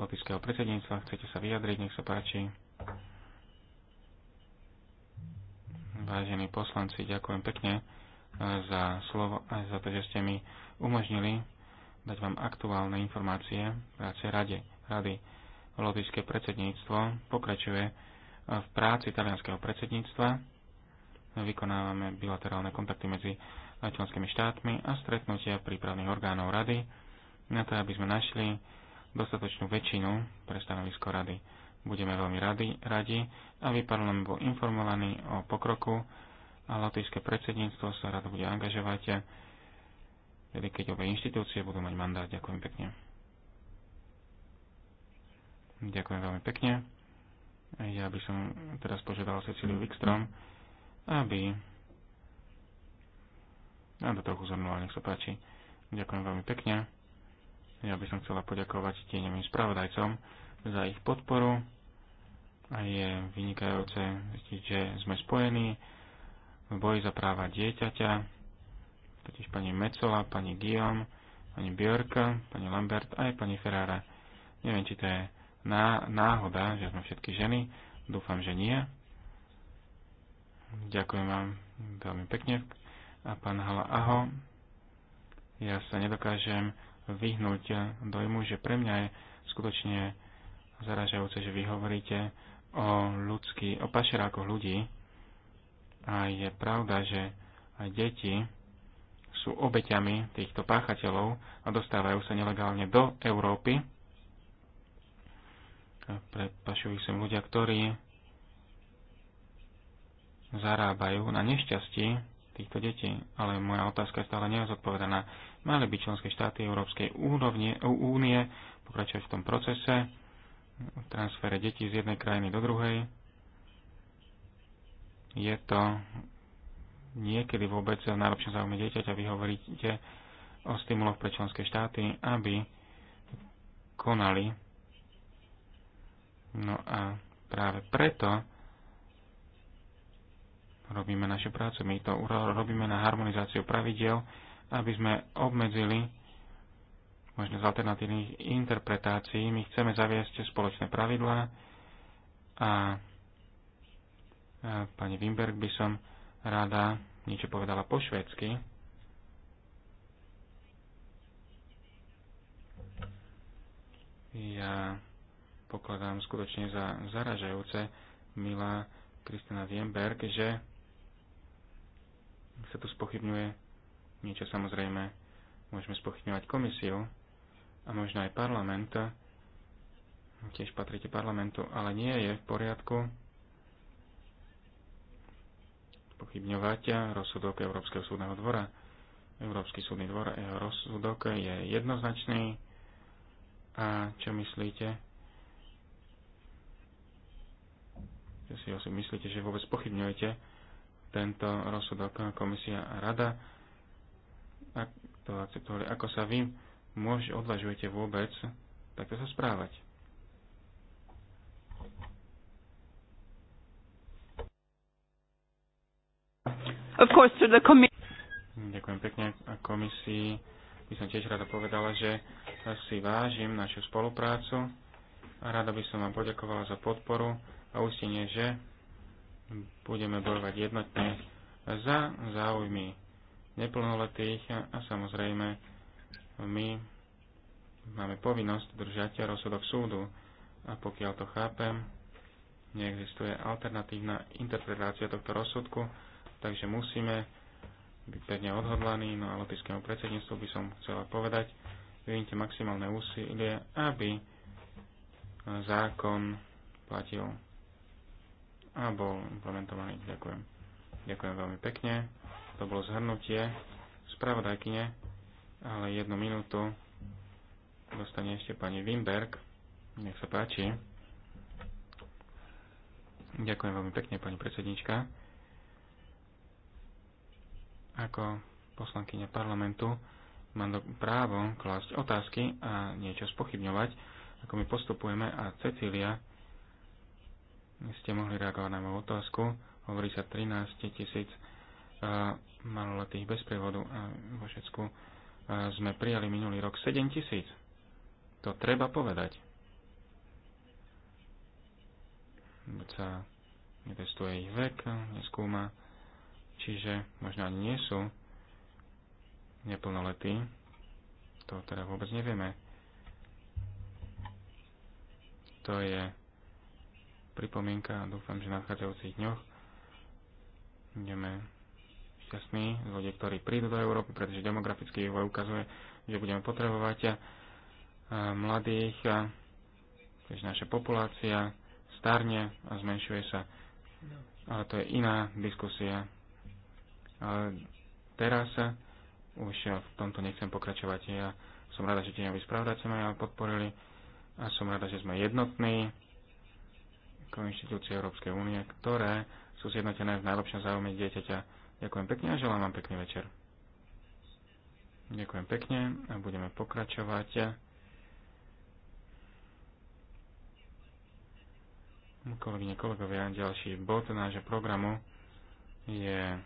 Lotyšského predsedníctva. Chcete sa vyjadriť? Nech sa páči vážení poslanci, ďakujem pekne e, za slovo a za to, že ste mi umožnili dať vám aktuálne informácie práce rade, rady. Lotyšské predsedníctvo pokračuje e, v práci italianského predsedníctva. Vykonávame bilaterálne kontakty medzi e, členskými štátmi a stretnutia prípravných orgánov rady na to, aby sme našli dostatočnú väčšinu pre stanovisko rady. Budeme veľmi radi, radi aby parlament bol informovaný o pokroku a latvijské predsedníctvo sa rado bude angažovať, tedy keď obe inštitúcie budú mať mandát. Ďakujem pekne. Ďakujem veľmi pekne. Ja by som teraz požiadal Ceciliu Wikstrom, aby Ja to trochu zhrnula, nech sa páči. Ďakujem veľmi pekne. Ja by som chcela poďakovať tieňovým spravodajcom, za ich podporu a je vynikajúce zistiť, že sme spojení v boji za práva dieťaťa, totiž pani Mecola, pani Guillaume, pani Björka, pani Lambert a aj pani Ferrara. Neviem, či to je náhoda, že sme všetky ženy, dúfam, že nie. Ďakujem vám veľmi pekne. A pán Hala, aho. Ja sa nedokážem vyhnúť dojmu, že pre mňa je skutočne zaražajúce, že vy hovoríte o ľudský, o pašerákoch ľudí a je pravda, že aj deti sú obeťami týchto páchateľov a dostávajú sa nelegálne do Európy. Prepašujú sem ľudia, ktorí zarábajú na nešťastí týchto detí, ale moja otázka je stále nezodpovedaná. Mali by členské štáty Európskej úrovne, únie pokračovať v tom procese, o transfere detí z jednej krajiny do druhej. Je to niekedy vôbec v najlepšom záujme dieťaťa vy hovoríte o stimuloch pre členské štáty, aby konali. No a práve preto robíme našu prácu. My to robíme na harmonizáciu pravidel, aby sme obmedzili z alternatívnych interpretácií. My chceme zaviesť spoločné pravidlá a pani Wimberg by som rada niečo povedala po švedsky. Ja pokladám skutočne za zaražajúce, milá Kristina Wimberg, že sa tu spochybňuje niečo samozrejme. Môžeme spochybňovať komisiu, a možno aj parlament, tiež patríte parlamentu, ale nie je v poriadku pochybňovať rozsudok Európskeho súdneho dvora. Európsky súdny dvor, jeho rozsudok je jednoznačný. A čo myslíte? Čo si osi myslíte, že vôbec pochybňujete tento rozsudok komisia a rada? A to akceptovali, ako sa vy môž, odvažujete vôbec takto sa správať. Of course, to the Ďakujem pekne komisii. By som tiež rada povedala, že si vážim našu spoluprácu a rada by som vám poďakovala za podporu a ústenie, že budeme bojovať jednotne za záujmy neplnoletých a samozrejme my máme povinnosť držať rozsudok súdu a pokiaľ to chápem, neexistuje alternatívna interpretácia tohto rozsudku, takže musíme byť pevne odhodlaní, no a lotickému predsedníctvu by som chcela povedať, vyvinite maximálne úsilie, aby zákon platil a bol implementovaný. Ďakujem. Ďakujem veľmi pekne. To bolo zhrnutie spravodajkyne ale jednu minútu dostane ešte pani Wimberg. Nech sa páči. Ďakujem veľmi pekne, pani predsednička. Ako poslankyňa parlamentu mám právo klásť otázky a niečo spochybňovať, ako my postupujeme a Cecília, ste mohli reagovať na moju otázku, hovorí sa 13 tisíc eh, maloletých bez prevodu a vo všetku sme prijali minulý rok 7 tisíc. To treba povedať. Buď sa netestuje ich vek, neskúma, čiže možno ani nie sú neplnoletí. To teda vôbec nevieme. To je pripomienka a dúfam, že v nadchádzajúcich dňoch budeme šťastní z ľudí, ktorí prídu do Európy, pretože demografický vývoj ukazuje, že budeme potrebovať eh, mladých, keďže eh, naša populácia starne a zmenšuje sa. Ale to je iná diskusia. Ale teraz eh, už v tomto nechcem pokračovať. Ja som rada, že tieňoví spravodajce ma podporili a som rada, že sme jednotní ako inštitúcie Európskej únie, ktoré sú zjednotené v najlepšom záujme dieťaťa Ďakujem pekne a želám vám pekný večer. Ďakujem pekne a budeme pokračovať. Kolegyne, kolegovia, ďalší bod nášho programu je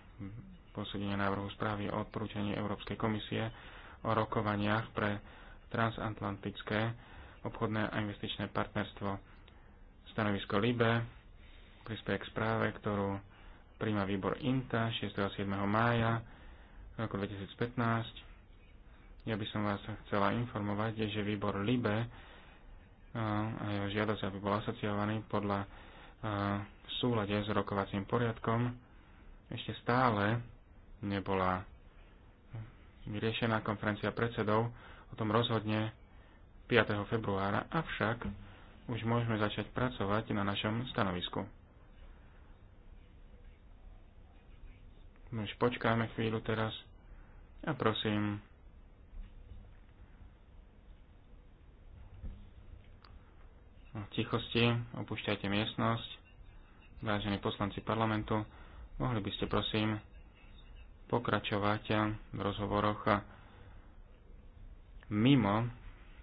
posúdenie návrhu správy o odporúčaní Európskej komisie o rokovaniach pre transatlantické obchodné a investičné partnerstvo. Stanovisko LIBE prispieje k správe, ktorú príjma výbor INTA 6. a 7. mája roku 2015. Ja by som vás chcela informovať, že výbor LIBE a jeho žiadosť, aby bol asociovaný podľa súlade s rokovacím poriadkom ešte stále nebola vyriešená konferencia predsedov o tom rozhodne 5. februára, avšak už môžeme začať pracovať na našom stanovisku. Než počkáme chvíľu teraz a prosím. V tichosti opúšťajte miestnosť. Vážení poslanci parlamentu, mohli by ste prosím pokračovať v rozhovoroch mimo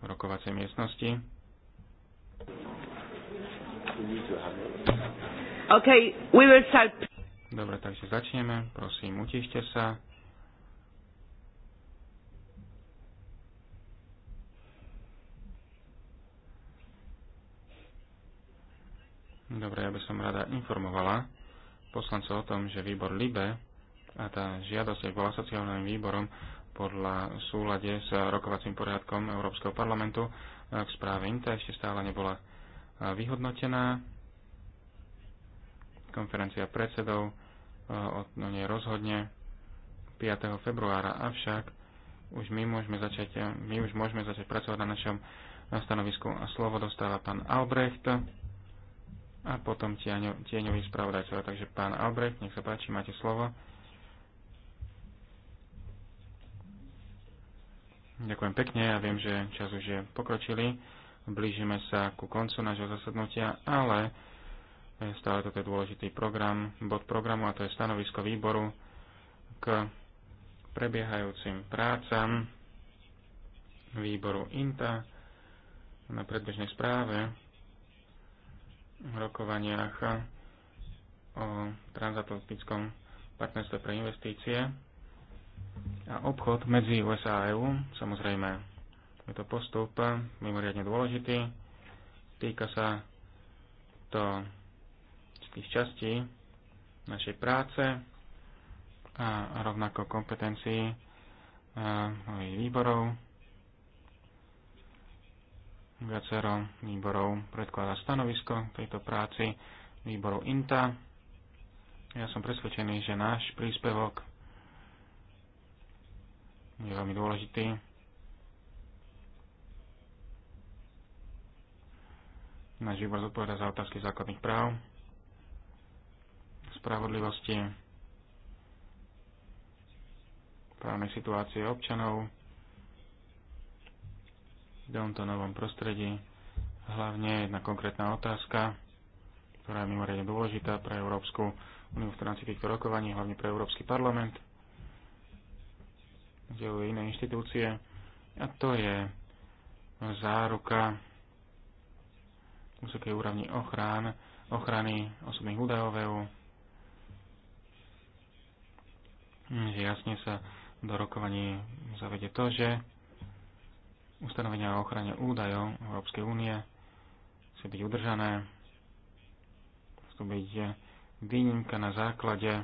rokovacej miestnosti. Okay, we will start. Dobre, takže začneme. Prosím, utište sa. Dobre, ja by som rada informovala poslancov o tom, že výbor LIBE a tá žiadosť bola sociálnym výborom podľa súlade s rokovacím poriadkom Európskeho parlamentu k správe INTA ešte stále nebola vyhodnotená. Konferencia predsedov o nej no rozhodne 5. februára, avšak už my môžeme začať, e, my už môžeme začať pracovať na našom stanovisku. A slovo dostáva pán Albrecht a potom tieňový spravodajcov. Takže pán Albrecht, nech sa páči, máte slovo. Ďakujem pekne, ja viem, že čas už je pokročili, blížime sa ku koncu nášho zasadnutia, ale Stále toto je dôležitý program, bod programu a to je stanovisko výboru k prebiehajúcim prácam výboru INTA na predbežnej správe v rokovaniach o transatlantickom partnerstve pre investície a obchod medzi USA a EU. Samozrejme, je to postup mimoriadne dôležitý. Týka sa to všetkých častí našej práce a rovnako kompetencií eh, mojich výborov. Viacero výborov predkladá stanovisko tejto práci výboru INTA. Ja som presvedčený, že náš príspevok je veľmi dôležitý. Náš výbor zodpoveda za otázky základných práv spravodlivosti, právnej situácie občanov v tomto novom prostredí. Hlavne jedna konkrétna otázka, ktorá je mimoriadne dôležitá pre Európsku úniu v rámci týchto rokovaní, hlavne pre Európsky parlament, kde iné inštitúcie. A to je záruka vysokej úrovni ochrán, ochrany osobných údajov EU že jasne sa do rokovaní zavede to, že ustanovenia o ochrane údajov Európskej únie chcú byť udržané, chcú byť výnimka na základe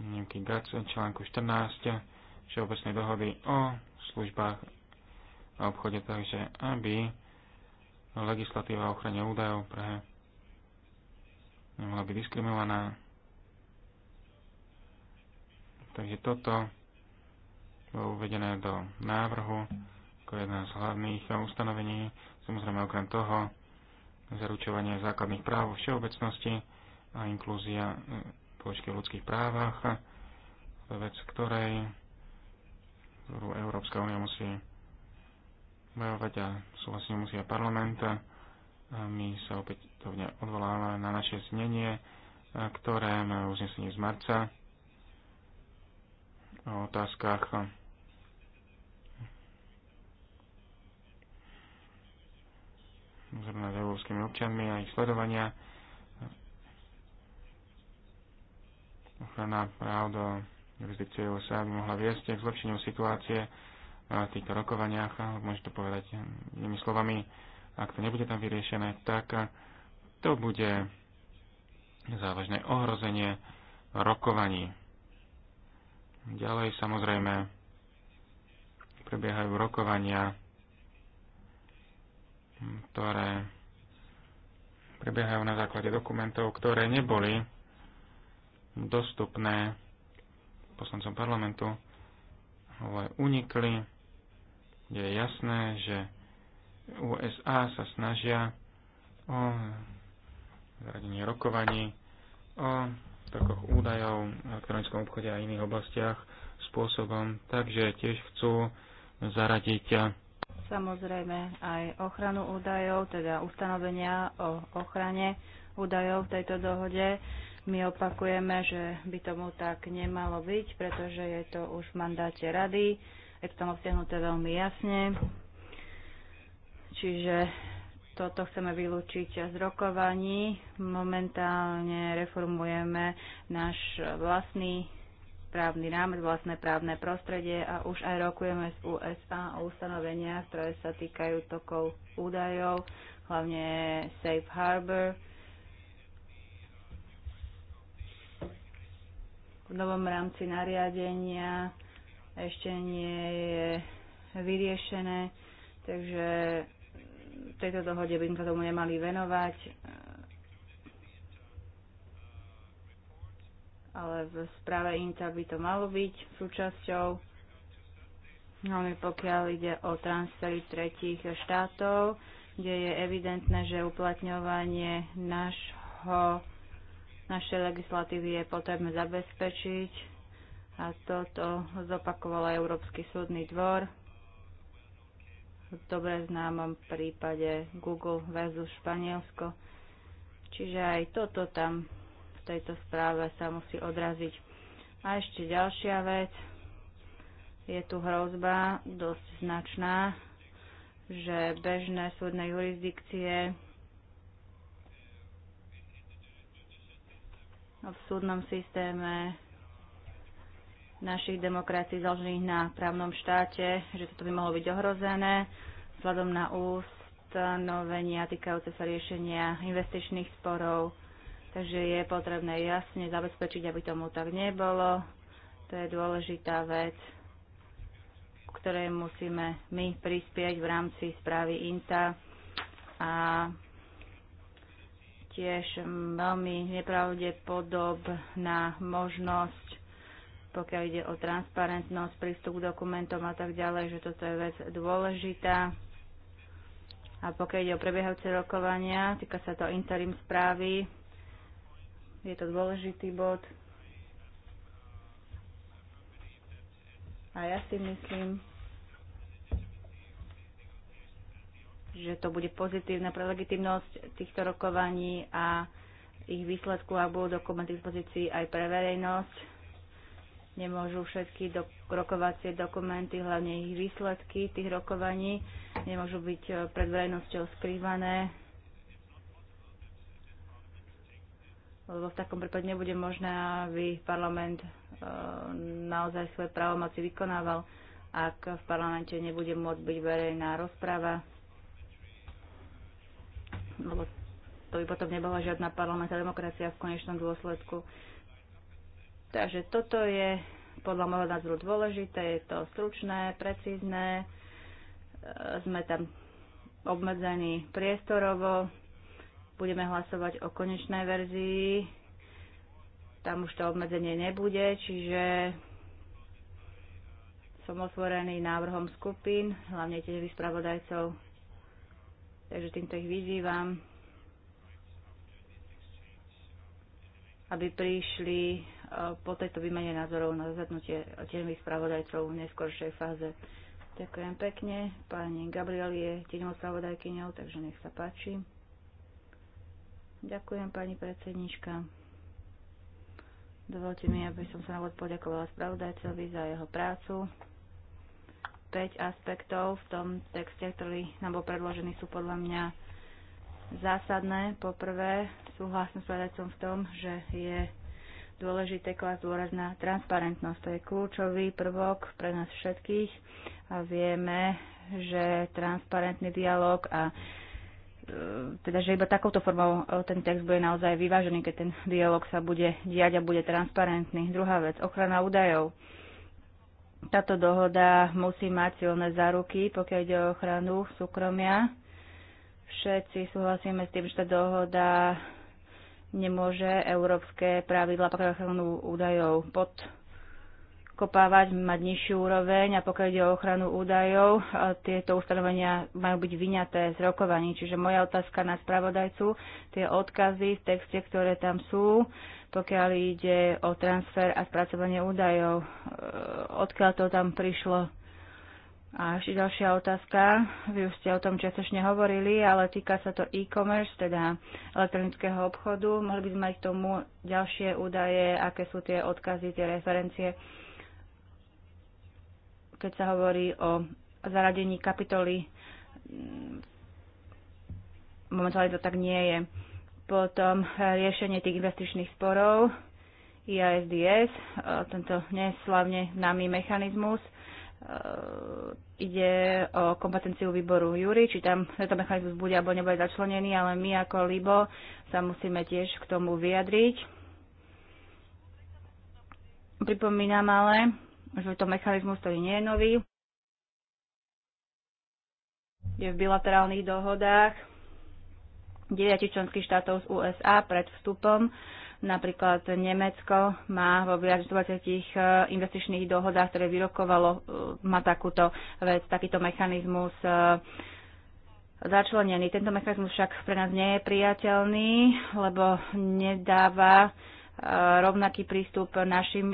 nejaký GAC článku 14 Všeobecnej dohody o službách a obchode, takže aby legislatíva o ochrane údajov pre nemohla byť diskriminovaná Takže toto bolo uvedené do návrhu ako jedna z hlavných ustanovení, samozrejme okrem toho zaručovanie základných práv vo všeobecnosti a inklúzia eh, položky v ľudských právach, vec, ktorej ktorú Európska únia musí bojovať a súhlasne musí aj parlament. A my sa opätovne odvolávame na naše znenie, eh, ktoré máme uznesenie z marca o otázkach zrovna s európskymi občanmi a ich sledovania, ochrana práv do jurisdikcie USA by mohla viesť k zlepšeniu situácie v týchto rokovaniach, môžete to povedať inými slovami, ak to nebude tam vyriešené, tak to bude závažné ohrozenie rokovaní. Ďalej samozrejme prebiehajú rokovania, ktoré prebiehajú na základe dokumentov, ktoré neboli dostupné poslancom parlamentu, ale unikli. Je jasné, že USA sa snažia o zaradenie rokovaní, o tokoch údajov, elektronickom obchode a iných oblastiach spôsobom, takže tiež chcú zaradiť eh, samozrejme aj ochranu údajov, teda ustanovenia o ochrane údajov v tejto dohode. My opakujeme, že by tomu tak nemalo byť, pretože je to už v mandáte rady, je to tam obsiahnuté veľmi jasne. Čiže toto chceme vylúčiť z rokovaní. Momentálne reformujeme náš vlastný právny rámec, vlastné právne prostredie a už aj rokujeme z USA o ustanovenia, ktoré sa týkajú tokov údajov, hlavne Safe Harbor. V novom rámci nariadenia ešte nie je vyriešené, takže v tejto dohode by sme sa tomu nemali venovať, ale v správe INTA by to malo byť súčasťou, hlavne pokiaľ ide o transfery tretich štátov, kde je evidentné, že uplatňovanie našho, našej legislatívy je potrebné zabezpečiť. A toto zopakoval aj Európsky súdny dvor dobre známom prípade Google versus Španielsko. Čiže aj toto tam v tejto správe sa musí odraziť. A ešte ďalšia vec. Je tu hrozba dosť značná, že bežné súdne jurisdikcie v súdnom systéme našich demokracií založených na právnom štáte, že toto by mohlo byť ohrozené vzhľadom na ustanovenia týkajúce sa riešenia investičných sporov. Takže je potrebné jasne zabezpečiť, aby tomu tak nebolo. To je dôležitá vec, ktorej musíme my prispieť v rámci správy INTA. A tiež veľmi nepravdepodobná možnosť pokiaľ ide o transparentnosť, prístup k dokumentom a tak ďalej, že toto je vec dôležitá. A pokiaľ ide o prebiehajúce rokovania, týka sa to interim správy, je to dôležitý bod. A ja si myslím, že to bude pozitívne pre legitimnosť týchto rokovaní a ich výsledku a budú dokumenty k dispozícii aj pre verejnosť nemôžu všetky do, rokovacie dokumenty, hlavne ich výsledky tých rokovaní, nemôžu byť e, pred verejnosťou skrývané, lebo v takom prípade nebude možné, aby parlament e, naozaj svoje právomoci vykonával, ak v parlamente nebude môcť byť verejná rozpráva, lebo to by potom nebola žiadna parlamentná demokracia v konečnom dôsledku. Takže toto je podľa môjho názoru dôležité, je to stručné, precízne, e, sme tam obmedzení priestorovo, budeme hlasovať o konečnej verzii, tam už to obmedzenie nebude, čiže som otvorený návrhom skupín, hlavne tiež vyspravodajcov, takže týmto ich vyzývam, aby prišli Eh, po tejto výmene názorov na zasadnutie tieňových spravodajcov v neskôršej fáze. Ďakujem pekne. Pani Gabriel je tieňovou spravodajkyňou, takže nech sa páči. Ďakujem, pani predsednička. Dovolte mi, aby som sa na poďakovala spravodajcovi za jeho prácu. 5 aspektov v tom texte, ktorý nám bol predložený, sú podľa mňa zásadné. Poprvé, súhlasím s v tom, že je dôležité klásť dôraz na transparentnosť. To je kľúčový prvok pre nás všetkých a vieme, že transparentný dialog a e, teda, že iba takouto formou e, ten text bude naozaj vyvážený, keď ten dialog sa bude diať a bude transparentný. Druhá vec, ochrana údajov. Táto dohoda musí mať silné záruky, pokiaľ ide o ochranu súkromia. Všetci súhlasíme s tým, že tá dohoda nemôže európske pravidla pre ochranu údajov podkopávať, mať nižšiu úroveň a pokiaľ ide o ochranu údajov, e, tieto ustanovenia majú byť vyňaté z rokovaní. Čiže moja otázka na spravodajcu, tie odkazy v texte, ktoré tam sú, pokiaľ ide o transfer a spracovanie údajov, e, odkiaľ to tam prišlo a ešte ďalšia otázka. Vy už ste o tom čiastočne hovorili, ale týka sa to e-commerce, teda elektronického obchodu. Mohli by sme mať k tomu ďalšie údaje, aké sú tie odkazy, tie referencie, keď sa hovorí o zaradení kapitoly. Mm, momentálne to tak nie je. Potom riešenie tých investičných sporov, IASDS, e, tento neslavne známy mechanizmus – E, ide o kompetenciu výboru Júri, či tam tento mechanizmus bude alebo nebude začlenený, ale my ako LIBO sa musíme tiež k tomu vyjadriť. Pripomínam ale, že to mechanizmus, ktorý nie je nový, je v bilaterálnych dohodách 9 členských štátov z USA pred vstupom Napríklad Nemecko má vo viac 20 e, investičných dohodách, ktoré vyrokovalo, e, má takúto vec, takýto mechanizmus e, začlenený. Tento mechanizmus však pre nás nie je priateľný, lebo nedáva rovnaký prístup našim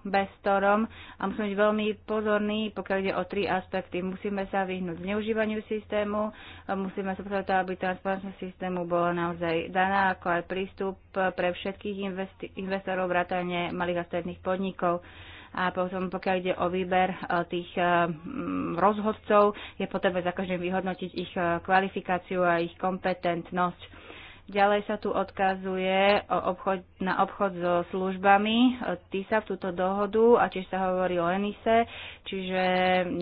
investorom a musíme byť veľmi pozorní, pokiaľ ide o tri aspekty. Musíme sa vyhnúť zneužívaniu systému, musíme sa pozrieť, aby transparentnosť systému bola naozaj daná, ako aj prístup pre všetkých investorov vrátane malých a stredných podnikov a potom pokiaľ ide o výber e, tých e, rozhodcov, je potrebné za každým vyhodnotiť ich e, kvalifikáciu a ich kompetentnosť. Ďalej sa tu odkazuje o obchod, na obchod so službami TISA v túto dohodu a tiež sa hovorí o ENISE, čiže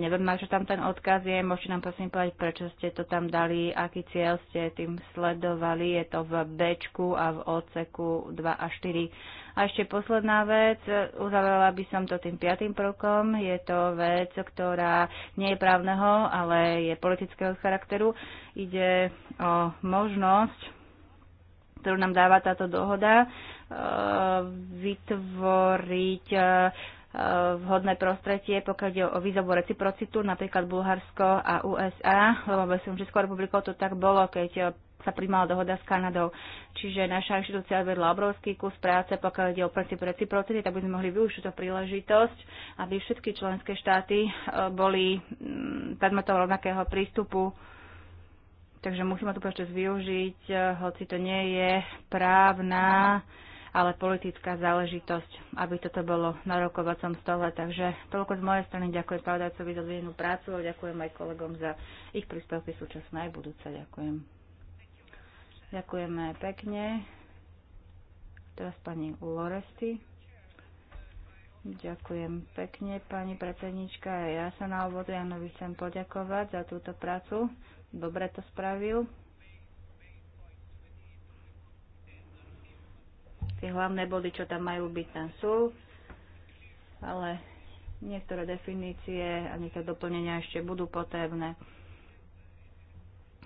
neviem, čo tam ten odkaz je, môžete nám prosím povedať, prečo ste to tam dali, aký cieľ ste tým sledovali, je to v B a v oceku 2 a 4. A ešte posledná vec, uzavrela by som to tým piatým prvkom, je to vec, ktorá nie je právneho, ale je politického charakteru. Ide o možnosť ktorú nám dáva táto dohoda, e, vytvoriť e, e, vhodné prostredie, pokiaľ ide o výzobu reciprocitu, napríklad Bulharsko a USA, lebo som Českou republikou to tak bolo, keď sa príjmala dohoda s Kanadou. Čiže naša inštitúcia vedla obrovský kus práce, pokiaľ ide o princíp reciprocity, tak by sme mohli využiť túto príležitosť, aby všetky členské štáty boli mm, predmetom rovnakého prístupu Takže musíme tu proces využiť, eh, hoci to nie je právna, ale politická záležitosť, aby toto bolo na rokovacom stole. Takže toľko z mojej strany. Ďakujem pravdácovi za zvedenú prácu a ďakujem aj kolegom za ich príspevky súčasné aj budúce. Ďakujem. Ďakujeme pekne. Teraz pani Loresty. Ďakujem pekne, pani predsednička. Ja sa na obodu Janovi chcem poďakovať za túto prácu, dobre to spravil. Tie hlavné body, čo tam majú byť, tam sú, ale niektoré definície a niektoré doplnenia ešte budú potrebné.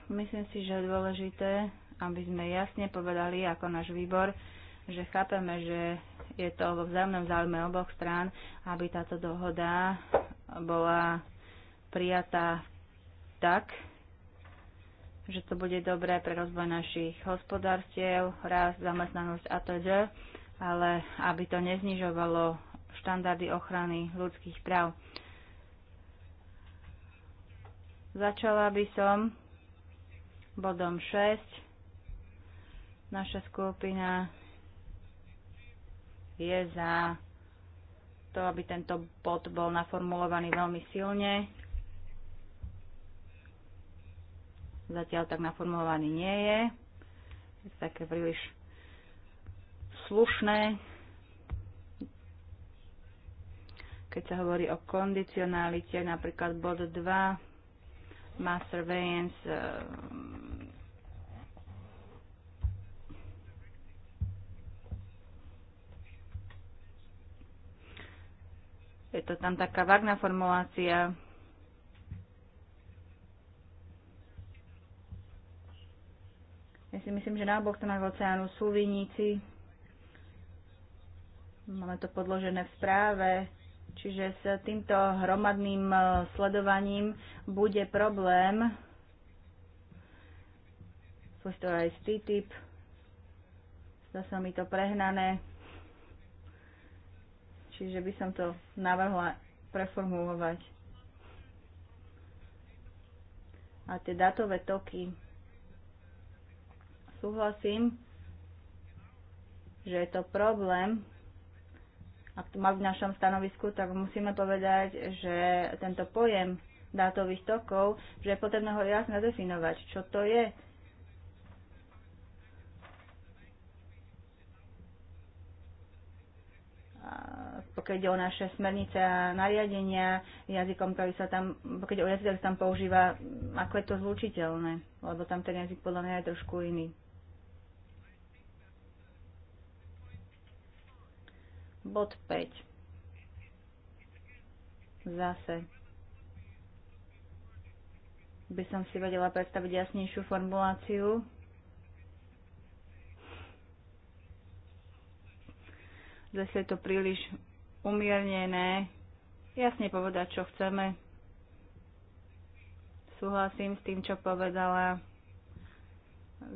Myslím si, že je dôležité, aby sme jasne povedali ako náš výbor, že chápeme, že je to vo vzájomnom záujme oboch strán, aby táto dohoda bola prijatá tak, že to bude dobré pre rozvoj našich hospodárstiev, rast, zamestnanosť a td., ale aby to neznižovalo štandardy ochrany ľudských práv. Začala by som bodom 6. Naša skupina je za to, aby tento bod bol naformulovaný veľmi silne, zatiaľ tak naformulovaný nie je. Je to také príliš slušné, keď sa hovorí o kondicionalite, napríklad bod 2, má surveillance Je to tam taká vágna formulácia, Ja si myslím, že na oboch stranách oceánu sú viníci. Máme to podložené v správe. Čiže s týmto hromadným e, sledovaním bude problém. Súvisí to aj s TTIP. mi to prehnané. Čiže by som to navrhla preformulovať. A tie datové toky súhlasím, že je to problém, ak to má v našom stanovisku, tak musíme povedať, že tento pojem dátových tokov, že je potrebné ho jasne definovať, čo to je. pokiaľ ide o naše smernice a nariadenia jazykom, ktorý sa tam, pokiaľ o jazyk, ktorý sa tam používa, ako je to zlučiteľné, lebo tam ten jazyk podľa mňa je trošku iný. Bod 5. Zase by som si vedela predstaviť jasnejšiu formuláciu. Zase je to príliš umiernené. Jasne povedať, čo chceme. Súhlasím s tým, čo povedala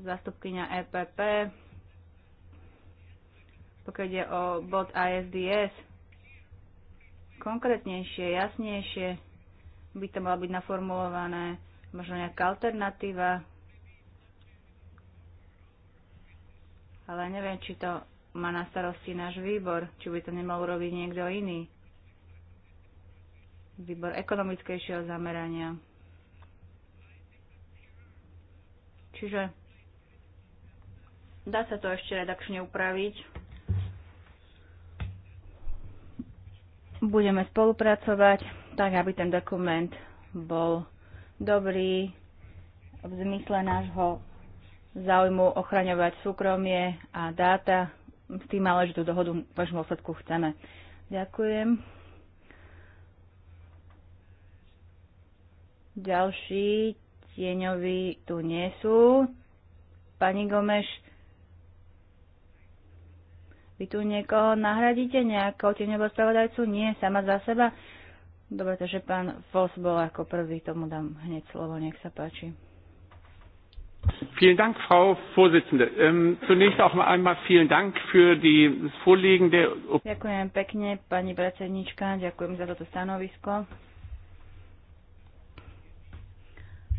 zastupkynia EPP pokiaľ ide o bod ISDS, konkrétnejšie, jasnejšie by to malo byť naformulované, možno nejaká alternatíva, ale neviem, či to má na starosti náš výbor, či by to nemal urobiť niekto iný. Výbor ekonomickejšieho zamerania. Čiže dá sa to ešte redakčne upraviť. Budeme spolupracovať tak, aby ten dokument bol dobrý v zmysle nášho záujmu ochraňovať súkromie a dáta. S tým ale, že tú dohodu v vašom dôsledku chceme. Ďakujem. Ďalší tieňoví tu nie sú. Pani Gomeš, vy tu niekoho nahradíte, nejakého tieňového spravodajcu? Nie, sama za seba? Dobre, takže pán foss bol ako prvý, tomu dám hneď slovo, nech sa páči. Vielen Dank, Frau Vorsitzende. Ähm, zunächst auch einmal vielen Dank für die vorliegende. Ďakujem pekne, pani predsednička, ďakujem za toto stanovisko.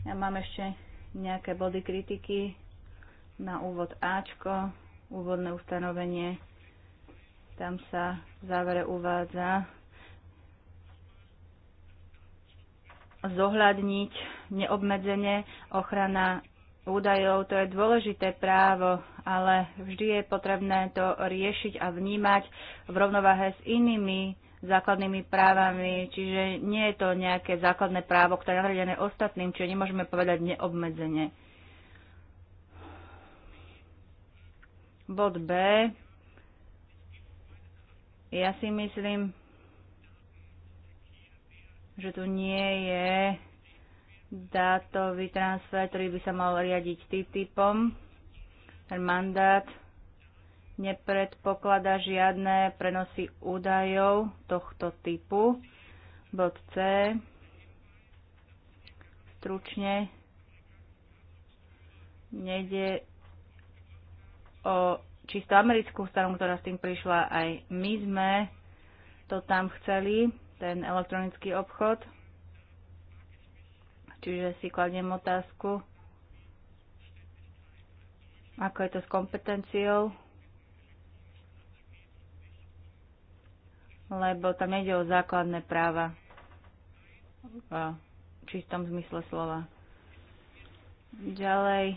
Ja mám ešte nejaké body kritiky na úvod Ačko, úvodné ustanovenie tam sa v závere uvádza zohľadniť neobmedzenie ochrana údajov, to je dôležité právo, ale vždy je potrebné to riešiť a vnímať v rovnováhe s inými základnými právami, čiže nie je to nejaké základné právo, ktoré je nadradené ostatným, čiže nemôžeme povedať neobmedzenie. Bod B. Ja si myslím, že tu nie je dátový transfer, ktorý by sa mal riadiť TTIPom. Ten mandát nepredpokladá žiadne prenosy údajov tohto typu. Bod C. Stručne. Nede o čisto americkú stranu, ktorá s tým prišla. Aj my sme to tam chceli, ten elektronický obchod. Čiže si kladiem otázku, ako je to s kompetenciou, lebo tam ide o základné práva v čistom zmysle slova. Ďalej,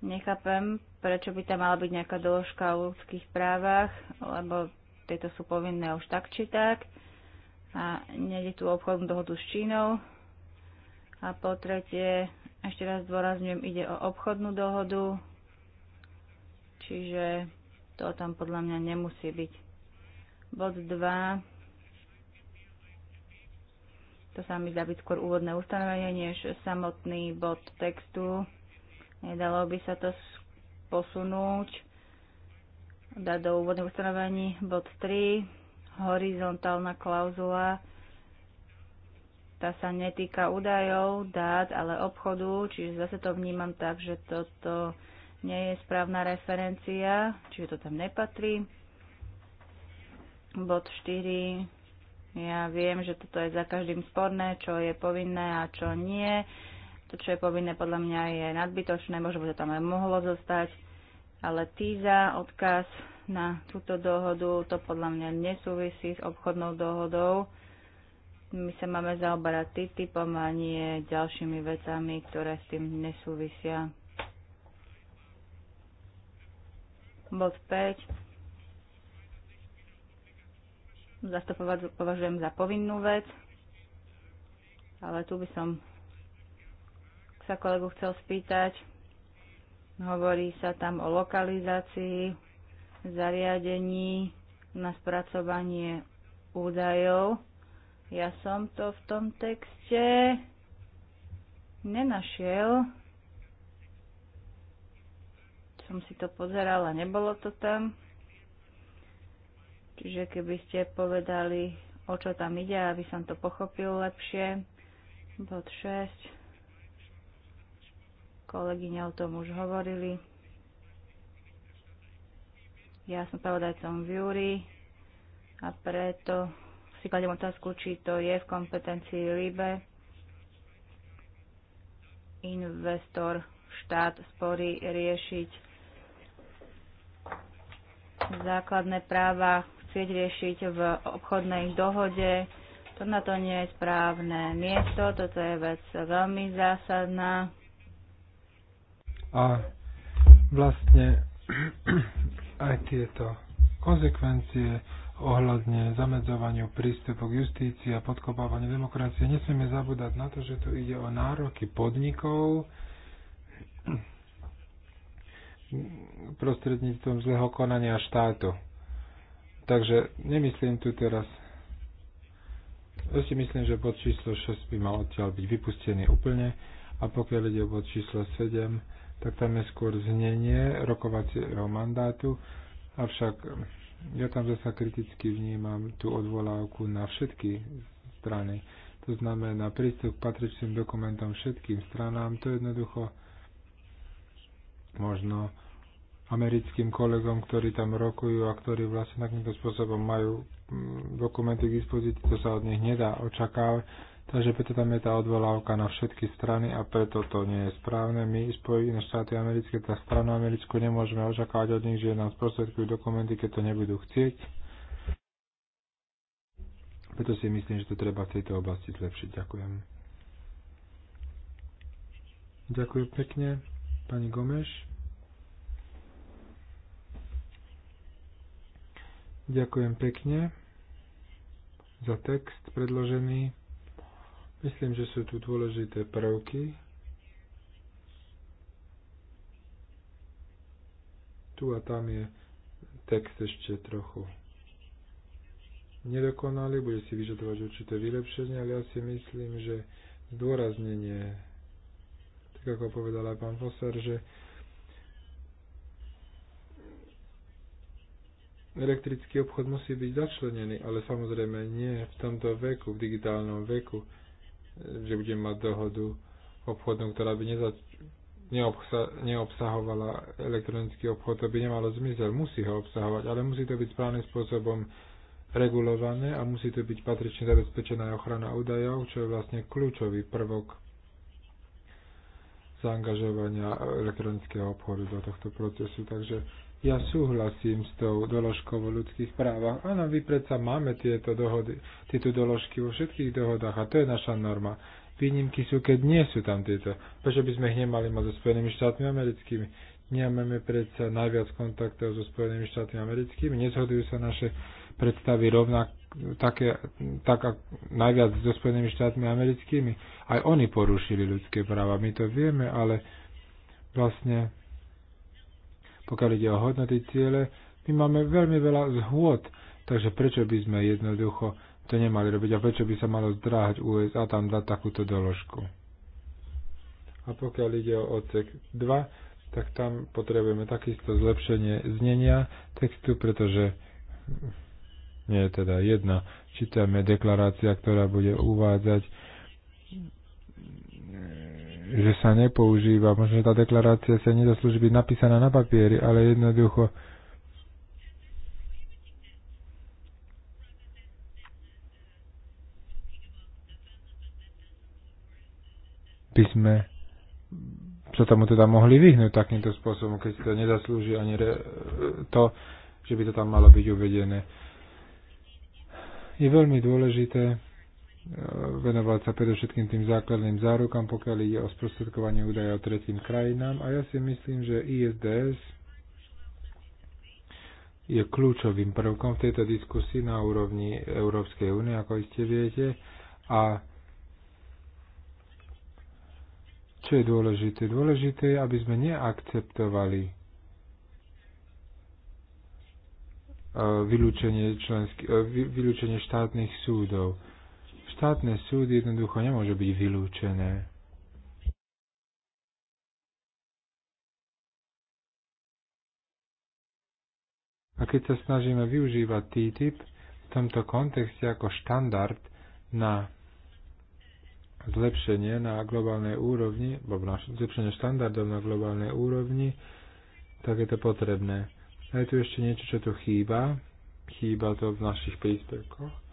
Nechápem, prečo by tam mala byť nejaká doložka o ľudských právach, lebo tieto sú povinné už tak či tak. A nejde tu obchodnú dohodu s Čínou. A po tretie, ešte raz dôrazňujem, ide o obchodnú dohodu, čiže to tam podľa mňa nemusí byť. Bod 2. To sa mi zdá byť skôr úvodné ustanovenie, než samotný bod textu Nedalo by sa to posunúť, dať do úvodných ustanovení bod 3, horizontálna klauzula, tá sa netýka údajov, dát, ale obchodu, čiže zase to vnímam tak, že toto nie je správna referencia, čiže to tam nepatrí. Bod 4. Ja viem, že toto je za každým sporné, čo je povinné a čo nie. To, čo je povinné, podľa mňa je nadbytočné, možno by to tam aj mohlo zostať. Ale TISA, odkaz na túto dohodu, to podľa mňa nesúvisí s obchodnou dohodou. My sa máme zaoberať TTIPom a nie ďalšími vecami, ktoré s tým nesúvisia. Bod 5. Zastupovať považujem za povinnú vec, ale tu by som sa kolegu chcel spýtať. Hovorí sa tam o lokalizácii zariadení na spracovanie údajov. Ja som to v tom texte nenašiel. Som si to pozerala, nebolo to tam. Čiže keby ste povedali, o čo tam ide, aby som to pochopil lepšie. Bod 6. Kolegyne o tom už hovorili. Ja som pravodajcom v Júri a preto si kladiem otázku, či to je v kompetencii LIBE. Investor, štát spory riešiť základné práva, chcieť riešiť v obchodnej dohode. To na to nie je správne miesto, toto je vec veľmi zásadná a vlastne aj tieto konsekvencie ohľadne zamedzovaniu prístupu k justícii a podkopávaniu demokracie. Nesmieme zabúdať na to, že tu ide o nároky podnikov prostredníctvom zlého konania štátu. Takže nemyslím tu teraz ja si myslím, že bod číslo 6 by mal odtiaľ byť vypustený úplne a pokiaľ ide o bod číslo 7, tak tam je skôr znenie rokovacieho mandátu, avšak ja tam zase kriticky vnímam tú odvolávku na všetky strany. To znamená prístup k patričným dokumentom všetkým stranám. To jednoducho možno americkým kolegom, ktorí tam rokujú a ktorí vlastne takýmto spôsobom majú mm, dokumenty k dispozícii, to sa od nich nedá očakávať. Takže preto tam je tá odvolávka na všetky strany a preto to nie je správne. My, Spojené štáty americké, tá stranu americkú nemôžeme očakávať od nich, že nám sprostredkujú dokumenty, keď to nebudú chcieť. Preto si myslím, že to treba v tejto oblasti zlepšiť. Ďakujem. Ďakujem pekne, pani Gomeš. Ďakujem pekne za text predložený. Myslím, že sú tu dôležité prvky. Tu a tam je text ešte trochu nedokonalý, bude si vyžadovať určité vylepšenie, ale ja si myslím, že zdôraznenie, tak ako povedal aj pán Fosar, že elektrický obchod musí byť začlenený, ale samozrejme nie v tomto veku, v digitálnom veku že budeme mať dohodu obchodnú, ktorá by neza- neobsa- neobsahovala elektronický obchod, to by nemalo zmysel. Musí ho obsahovať, ale musí to byť správnym spôsobom regulované a musí to byť patrične zabezpečená ochrana údajov, čo je vlastne kľúčový prvok zaangažovania elektronického obchodu do tohto procesu. Takže ja súhlasím s tou doložkou o ľudských právach. Áno, my predsa máme tieto dohody, tieto doložky vo všetkých dohodách a to je naša norma. Výnimky sú, keď nie sú tam tieto. Prečo by sme ich nemali mať so Spojenými štátmi americkými? Nemáme predsa najviac kontaktov so Spojenými štátmi americkými, nezhodujú sa naše predstavy rovnak, také, tak najviac so Spojenými štátmi americkými. Aj oni porušili ľudské práva, my to vieme, ale vlastne pokiaľ ide o hodnoty ciele, my máme veľmi veľa zhôd, takže prečo by sme jednoducho to nemali robiť a prečo by sa malo zdráhať USA tam dať takúto doložku. A pokiaľ ide o odsek 2, tak tam potrebujeme takisto zlepšenie znenia textu, pretože nie je teda jedna. Čítame deklarácia, ktorá bude uvádzať že sa nepoužíva. Možno, že tá deklarácia sa nezaslúži byť napísaná na papieri, ale jednoducho by sme sa tomu teda mohli vyhnúť takýmto spôsobom, keď si to nezaslúži ani re, to, že by to tam malo byť uvedené. Je veľmi dôležité, venovať sa predovšetkým tým základným zárukám, pokiaľ ide o sprostredkovanie údajov tretím krajinám. A ja si myslím, že ISDS je kľúčovým prvkom v tejto diskusii na úrovni Európskej únie, ako iste viete. A čo je dôležité? Dôležité je, aby sme neakceptovali e, vylúčenie, členský, e, vylúčenie štátnych súdov štátne súdy jednoducho nemôžu byť vylúčené. A keď sa snažíme využívať TTIP v tomto kontexte ako štandard na zlepšenie na globálnej úrovni, alebo na zlepšenie štandardov na globálnej úrovni, tak je to potrebné. A je tu ešte niečo, čo tu chýba. Chýba to v našich príspevkoch.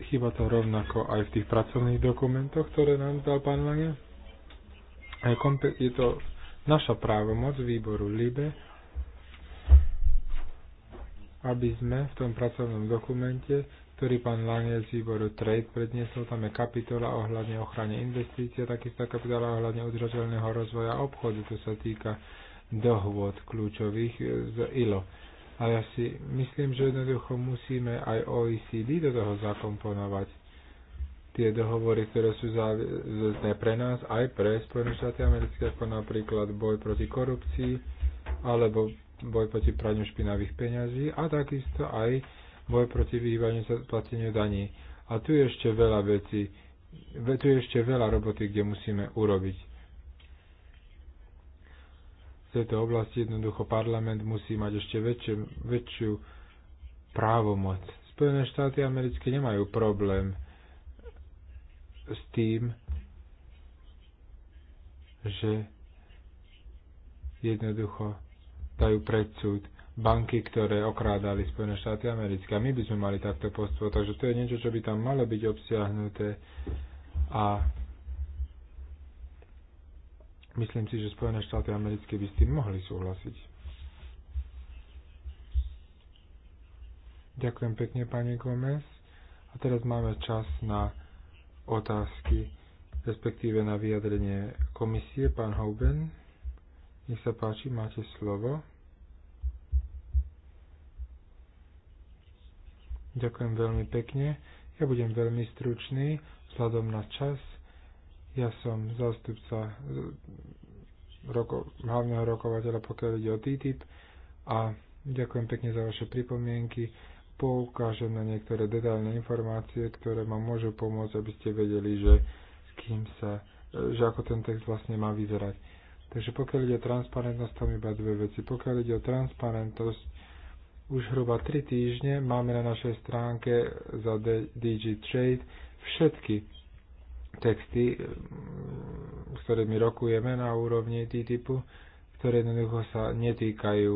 Chyba to rovnako aj v tých pracovných dokumentoch, ktoré nám dal pán Lange. E, je to naša právomoc výboru LIBE, aby sme v tom pracovnom dokumente, ktorý pán Lange z výboru Trade predniesol, tam je kapitola ohľadne ochrane investície, takisto kapitola ohľadne udržateľného rozvoja obchodu, to sa týka dohôd kľúčových e, z ILO. A ja si myslím, že jednoducho musíme aj OECD do toho zakomponovať tie dohovory, ktoré sú závisné pre nás, aj pre Spojené štáty americké, ako napríklad boj proti korupcii, alebo boj proti praniu špinavých peňazí a takisto aj boj proti vyhýbaniu sa plateniu daní. A tu je ešte veľa vecí, tu je ešte veľa roboty, kde musíme urobiť tejto oblasti jednoducho parlament musí mať ešte väčšie, väčšiu právomoc. Spojené štáty americké nemajú problém s tým, že jednoducho dajú predsud banky, ktoré okrádali Spojené štáty americké. A my by sme mali takto postupovať, takže to je niečo, čo by tam malo byť obsiahnuté. A Myslím si, že Spojené štáty americké by s tým mohli súhlasiť. Ďakujem pekne, pani Gomez. A teraz máme čas na otázky, respektíve na vyjadrenie komisie. Pán Houben, nech sa páči, máte slovo. Ďakujem veľmi pekne. Ja budem veľmi stručný, vzhľadom na čas. Ja som zástupca eh, roko, hlavného rokovateľa, pokiaľ ide o TTIP a ďakujem pekne za vaše pripomienky. Poukážem na niektoré detailné informácie, ktoré vám môžu pomôcť, aby ste vedeli, že kým sa, eh, že ako ten text vlastne má vyzerať. Takže pokiaľ ide o transparentnosť, tam iba dve veci. Pokiaľ ide o transparentnosť, už hruba 3 týždne máme na našej stránke za DG Trade všetky texty, eh, s ktorými rokujeme na úrovni TTIPu, ktoré jednoducho sa netýkajú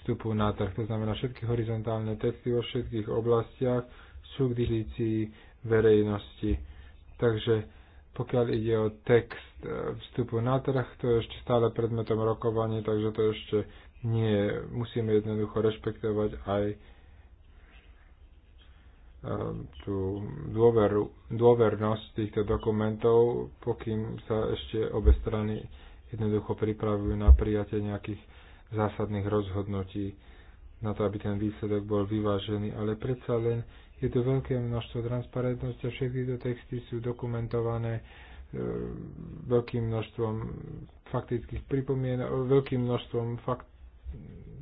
vstupu na trh. To znamená, všetky horizontálne texty vo všetkých oblastiach sú k dispozícii verejnosti. Takže pokiaľ ide o text eh, vstupu na trh, to je ešte stále predmetom rokovania, takže to ešte nie. Musíme jednoducho rešpektovať aj Ehm, tú dôveru, dôvernosť týchto dokumentov, pokým sa ešte obe strany jednoducho pripravujú na prijatie nejakých zásadných rozhodnutí na to, aby ten výsledok bol vyvážený, ale predsa len je to veľké množstvo transparentnosti a všetky tieto texty sú dokumentované e, veľkým množstvom faktických pripomien, veľkým množstvom fakt,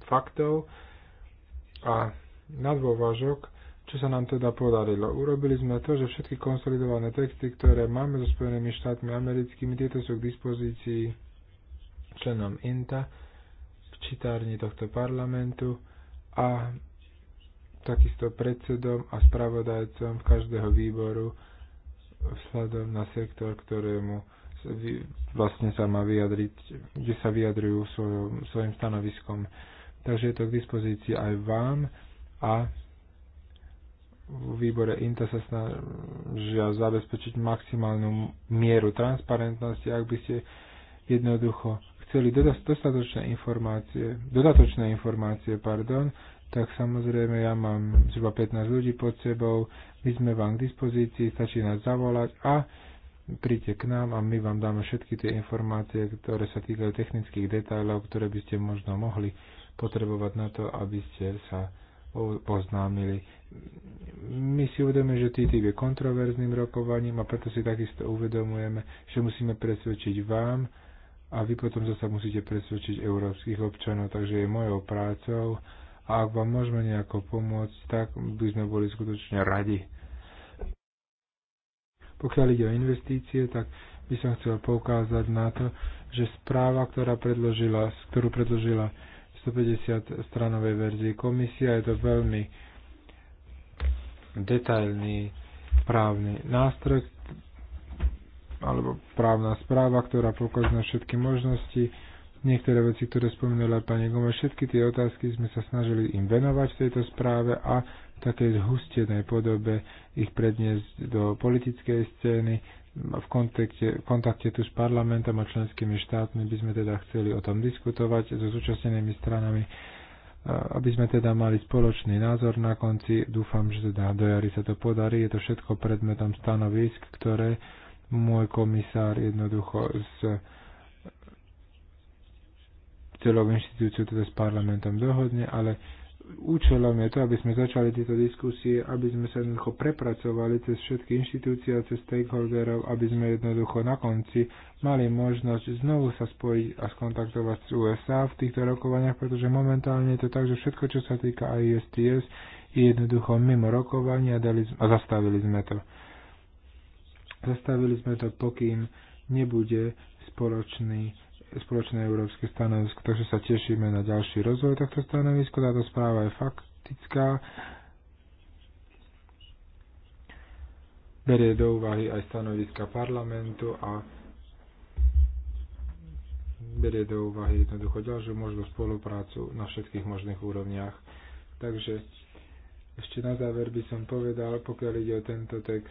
faktov a na dôvažok čo sa nám teda podarilo? Urobili sme to, že všetky konsolidované texty, ktoré máme so Spojenými štátmi americkými, tieto sú k dispozícii členom INTA v čitárni tohto parlamentu a takisto predsedom a spravodajcom každého výboru vzhľadom na sektor, ktorému vlastne sa má vyjadriť, kde sa vyjadrujú svojom, svojim stanoviskom. Takže je to k dispozícii aj vám a v výbore INTA sa snažia zabezpečiť maximálnu mieru transparentnosti, ak by ste jednoducho chceli dostatočné informácie, dodatočné informácie, pardon, tak samozrejme ja mám zhruba 15 ľudí pod sebou, my sme vám k dispozícii, stačí nás zavolať a príďte k nám a my vám dáme všetky tie informácie, ktoré sa týkajú technických detajlov, ktoré by ste možno mohli potrebovať na to, aby ste sa poznámili. My si uvedomujeme, že TTIP je kontroverzným rokovaním a preto si takisto uvedomujeme, že musíme presvedčiť vám a vy potom zase musíte presvedčiť európskych občanov, takže je mojou prácou a ak vám môžeme nejako pomôcť, tak by sme boli skutočne radi. Pokiaľ ide o investície, tak by som chcel poukázať na to, že správa, ktorá predložila, ktorú predložila 150 stranovej verzii komisia. Je to veľmi detailný právny nástroj alebo právna správa, ktorá pokazuje na všetky možnosti. Niektoré veci, ktoré spomínala pani Gome, všetky tie otázky sme sa snažili im venovať v tejto správe a v takej zhustenej podobe ich predniesť do politickej scény, v kontakte, v kontakte tu s parlamentom a členskými štátmi by sme teda chceli o tom diskutovať so zúčastnenými stranami, aby sme teda mali spoločný názor na konci. Dúfam, že teda do jary sa to podarí. Je to všetko predmetom stanovisk, ktoré môj komisár jednoducho z celou inštitúciou, teda s parlamentom dohodne, ale účelom je to, aby sme začali tieto diskusie, aby sme sa jednoducho prepracovali cez všetky inštitúcie a cez stakeholderov, aby sme jednoducho na konci mali možnosť znovu sa spojiť a skontaktovať s USA v týchto rokovaniach, pretože momentálne je to tak, že všetko, čo sa týka ISTS, je jednoducho mimo rokovania dali, a zastavili sme to. Zastavili sme to, pokým nebude spoločný spoločné európske stanovisko, takže sa tešíme na ďalší rozvoj tohto stanovisko. Táto správa je faktická. Berie do úvahy aj stanoviska parlamentu a berie do úvahy jednoducho ďalšiu možnú spoluprácu na všetkých možných úrovniach. Takže ešte na záver by som povedal, pokiaľ ide o tento text,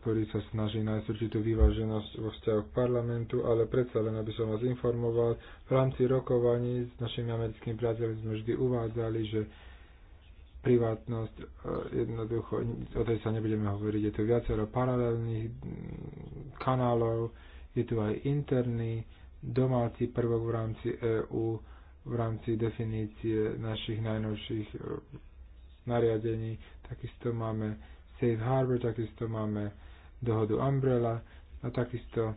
ktorý sa snaží nájsť určitú vyváženosť vo vzťahu k parlamentu, ale predsa len, aby som vás informoval, v rámci rokovaní s našimi americkými priateľmi sme vždy uvádzali, že privátnosť e, jednoducho, o tej sa nebudeme hovoriť, je tu viacero paralelných mm, kanálov, je tu aj interný domáci prvok v rámci EÚ, v rámci definície našich najnovších e, nariadení, takisto máme Safe Harbor, takisto máme dohodu Umbrella a takisto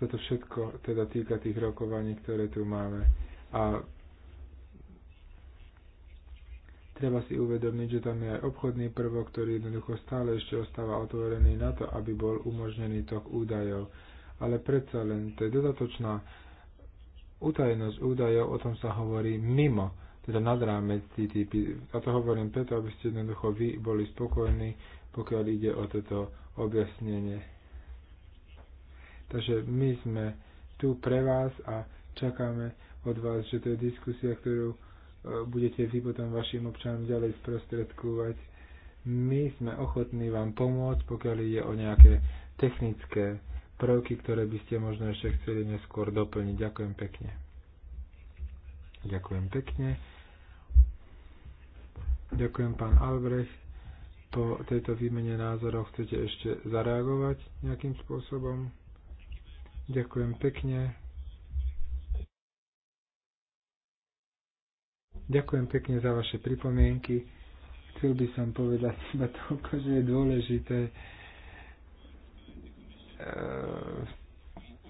sa to všetko teda týka tých rokovaní, ktoré tu máme. A treba si uvedomiť, že tam je aj obchodný prvok, ktorý jednoducho stále ešte ostáva otvorený na to, aby bol umožnený tok údajov. Ale predsa len to je dodatočná utajenosť údajov, o tom sa hovorí mimo teda nad rámec TTIP. A to hovorím preto, aby ste jednoducho vy boli spokojní, pokiaľ ide o toto objasnenie. Takže my sme tu pre vás a čakáme od vás, že to je diskusia, ktorú e, budete vy potom vašim občanom ďalej sprostredkovať. My sme ochotní vám pomôcť, pokiaľ ide o nejaké technické prvky, ktoré by ste možno ešte chceli neskôr doplniť. Ďakujem pekne. Ďakujem pekne. Ďakujem, pán Albrecht. Po tejto výmene názorov chcete ešte zareagovať nejakým spôsobom? Ďakujem pekne. Ďakujem pekne za vaše pripomienky. Chcel by som povedať iba toľko, že je dôležité eh,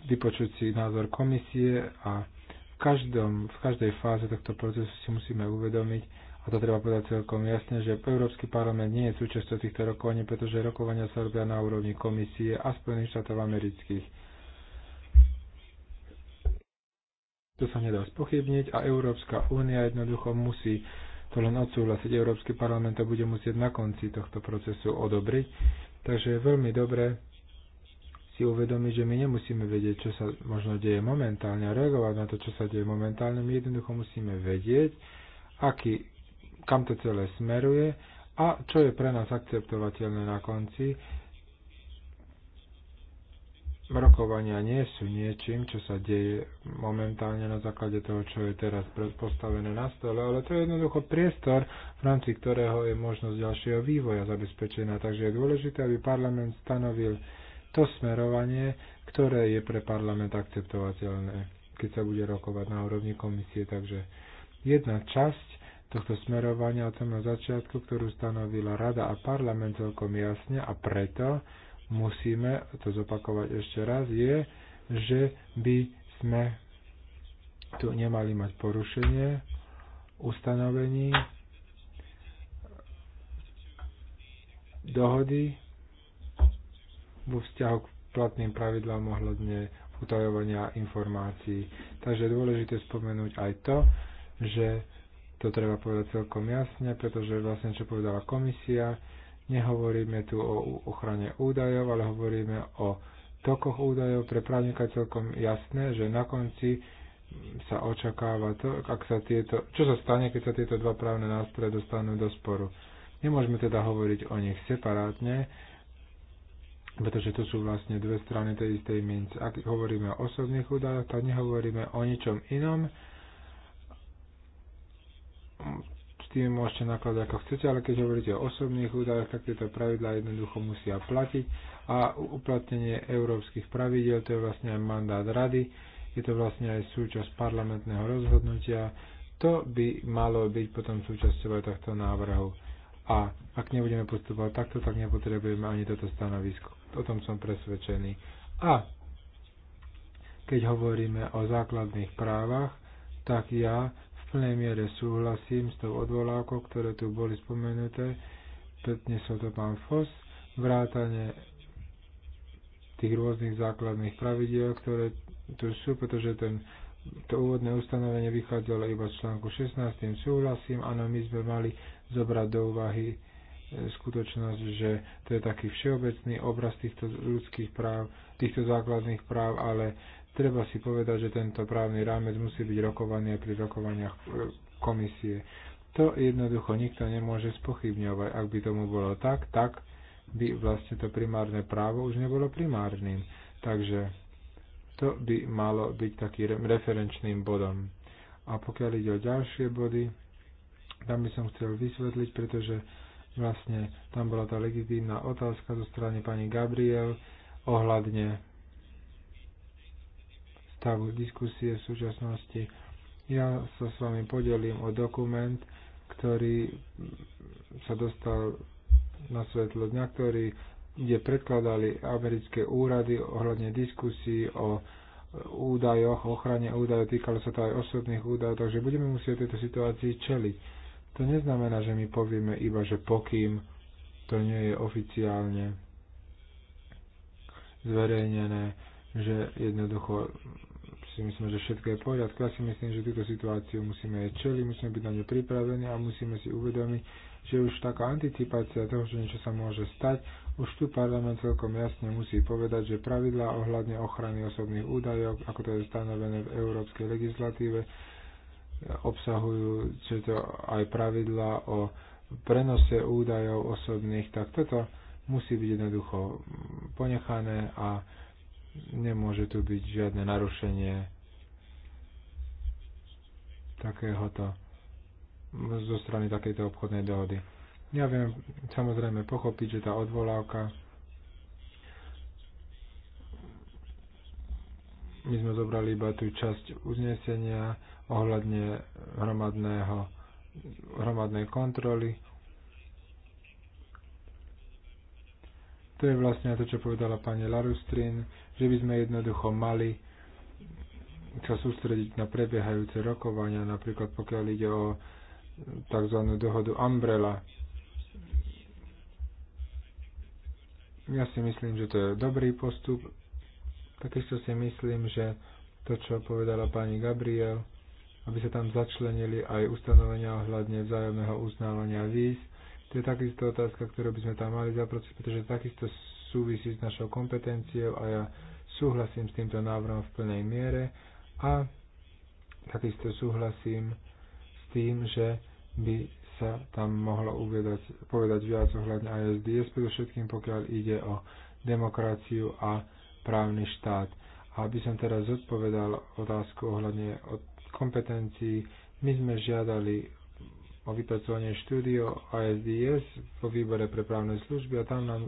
vypočuť si názor komisie a v, každom, v každej fáze tohto procesu si musíme uvedomiť, a to treba povedať celkom jasne, že Európsky parlament nie je súčasťou týchto rokovaní, pretože rokovania sa robia na úrovni komisie a Spojených štátov amerických. To sa nedá spochybniť a Európska únia jednoducho musí to len odsúhlasiť. Európsky parlament to bude musieť na konci tohto procesu odobriť. Takže je veľmi dobré si uvedomiť, že my nemusíme vedieť, čo sa možno deje momentálne a reagovať na to, čo sa deje momentálne. My jednoducho musíme vedieť, aký kam to celé smeruje a čo je pre nás akceptovateľné na konci. Rokovania nie sú niečím, čo sa deje momentálne na základe toho, čo je teraz postavené na stole, ale to je jednoducho priestor, v rámci ktorého je možnosť ďalšieho vývoja zabezpečená. Takže je dôležité, aby parlament stanovil to smerovanie, ktoré je pre parlament akceptovateľné, keď sa bude rokovať na úrovni komisie. Takže jedna časť tohto smerovania od samého začiatku, ktorú stanovila Rada a parlament celkom jasne a preto musíme to zopakovať ešte raz, je, že by sme tu nemali mať porušenie ustanovení dohody vo vzťahu k platným pravidlám ohľadne utajovania informácií. Takže je dôležité spomenúť aj to, že to treba povedať celkom jasne, pretože vlastne čo povedala komisia, nehovoríme tu o ochrane údajov, ale hovoríme o tokoch údajov. Pre právnika celkom jasné, že na konci sa očakáva to, ak sa tieto, čo sa stane, keď sa tieto dva právne nástroje dostanú do sporu. Nemôžeme teda hovoriť o nich separátne, pretože to sú vlastne dve strany tej istej mince. Ak hovoríme o osobných údajoch, tak nehovoríme o ničom inom, s tým môžete nakladať ako chcete, ale keď hovoríte o osobných údajoch, tak tieto pravidlá jednoducho musia platiť a uplatnenie európskych pravidel, to je vlastne aj mandát rady, je to vlastne aj súčasť parlamentného rozhodnutia, to by malo byť potom súčasťou aj tohto návrhu. A ak nebudeme postupovať takto, tak nepotrebujeme ani toto stanovisko. O tom som presvedčený. A keď hovoríme o základných právach, tak ja plnej miere súhlasím s tou odvolávkou, ktoré tu boli spomenuté. Prednesol to pán Fos, vrátane tých rôznych základných pravidiel, ktoré tu sú, pretože ten, to úvodné ustanovenie vychádzalo iba z článku 16, tým súhlasím. Áno, my sme mali zobrať do úvahy e, skutočnosť, že to je taký všeobecný obraz týchto ľudských práv, týchto základných práv, ale Treba si povedať, že tento právny rámec musí byť rokovaný pri rokovaniach komisie. To jednoducho nikto nemôže spochybňovať. Ak by tomu bolo tak, tak by vlastne to primárne právo už nebolo primárnym. Takže to by malo byť takým referenčným bodom. A pokiaľ ide o ďalšie body, tam by som chcel vysvetliť, pretože vlastne tam bola tá legitímna otázka zo strany pani Gabriel ohľadne stavu diskusie v súčasnosti. Ja sa s vami podelím o dokument, ktorý sa dostal na svetlo dňa, ktorý, kde predkladali americké úrady ohľadne diskusí o údajoch, ochrane údajov, týkalo sa to aj osobných údajov, takže budeme musieť tejto situácii čeliť. To neznamená, že my povieme iba, že pokým to nie je oficiálne zverejnené, že jednoducho si myslím, že všetko je v poriadku. Ja si myslím, že túto situáciu musíme aj čeliť, musíme byť na ňu pripravení a musíme si uvedomiť, že už taká anticipácia toho, že niečo sa môže stať, už tu parlament celkom jasne musí povedať, že pravidlá ohľadne ochrany osobných údajov, ako to je stanovené v európskej legislatíve, obsahujú že to aj pravidlá o prenose údajov osobných, tak toto musí byť jednoducho ponechané a Nemôže tu byť žiadne narušenie takéhoto zo strany takejto obchodnej dohody. Ja viem samozrejme pochopiť, že tá odvolávka my sme zobrali iba tú časť uznesenia ohľadne hromadného, hromadnej kontroly, To je vlastne to, čo povedala pani Larustrin, že by sme jednoducho mali sa sústrediť na prebiehajúce rokovania, napríklad pokiaľ ide o tzv. dohodu Umbrella. Ja si myslím, že to je dobrý postup. Takisto si myslím, že to, čo povedala pani Gabriel, aby sa tam začlenili aj ustanovenia ohľadne vzájomného uznávania víz, to je takisto otázka, ktorú by sme tam mali zaprosiť, pretože takisto súvisí s našou kompetenciou a ja súhlasím s týmto návrhom v plnej miere a takisto súhlasím s tým, že by sa tam mohlo uvedať, povedať viac ohľadne ISDS, predovšetkým pokiaľ ide o demokraciu a právny štát. A aby som teraz zodpovedal otázku ohľadne od kompetencií, my sme žiadali o vypracovanie štúdio ASDS vo výbore pre právne služby a tam nám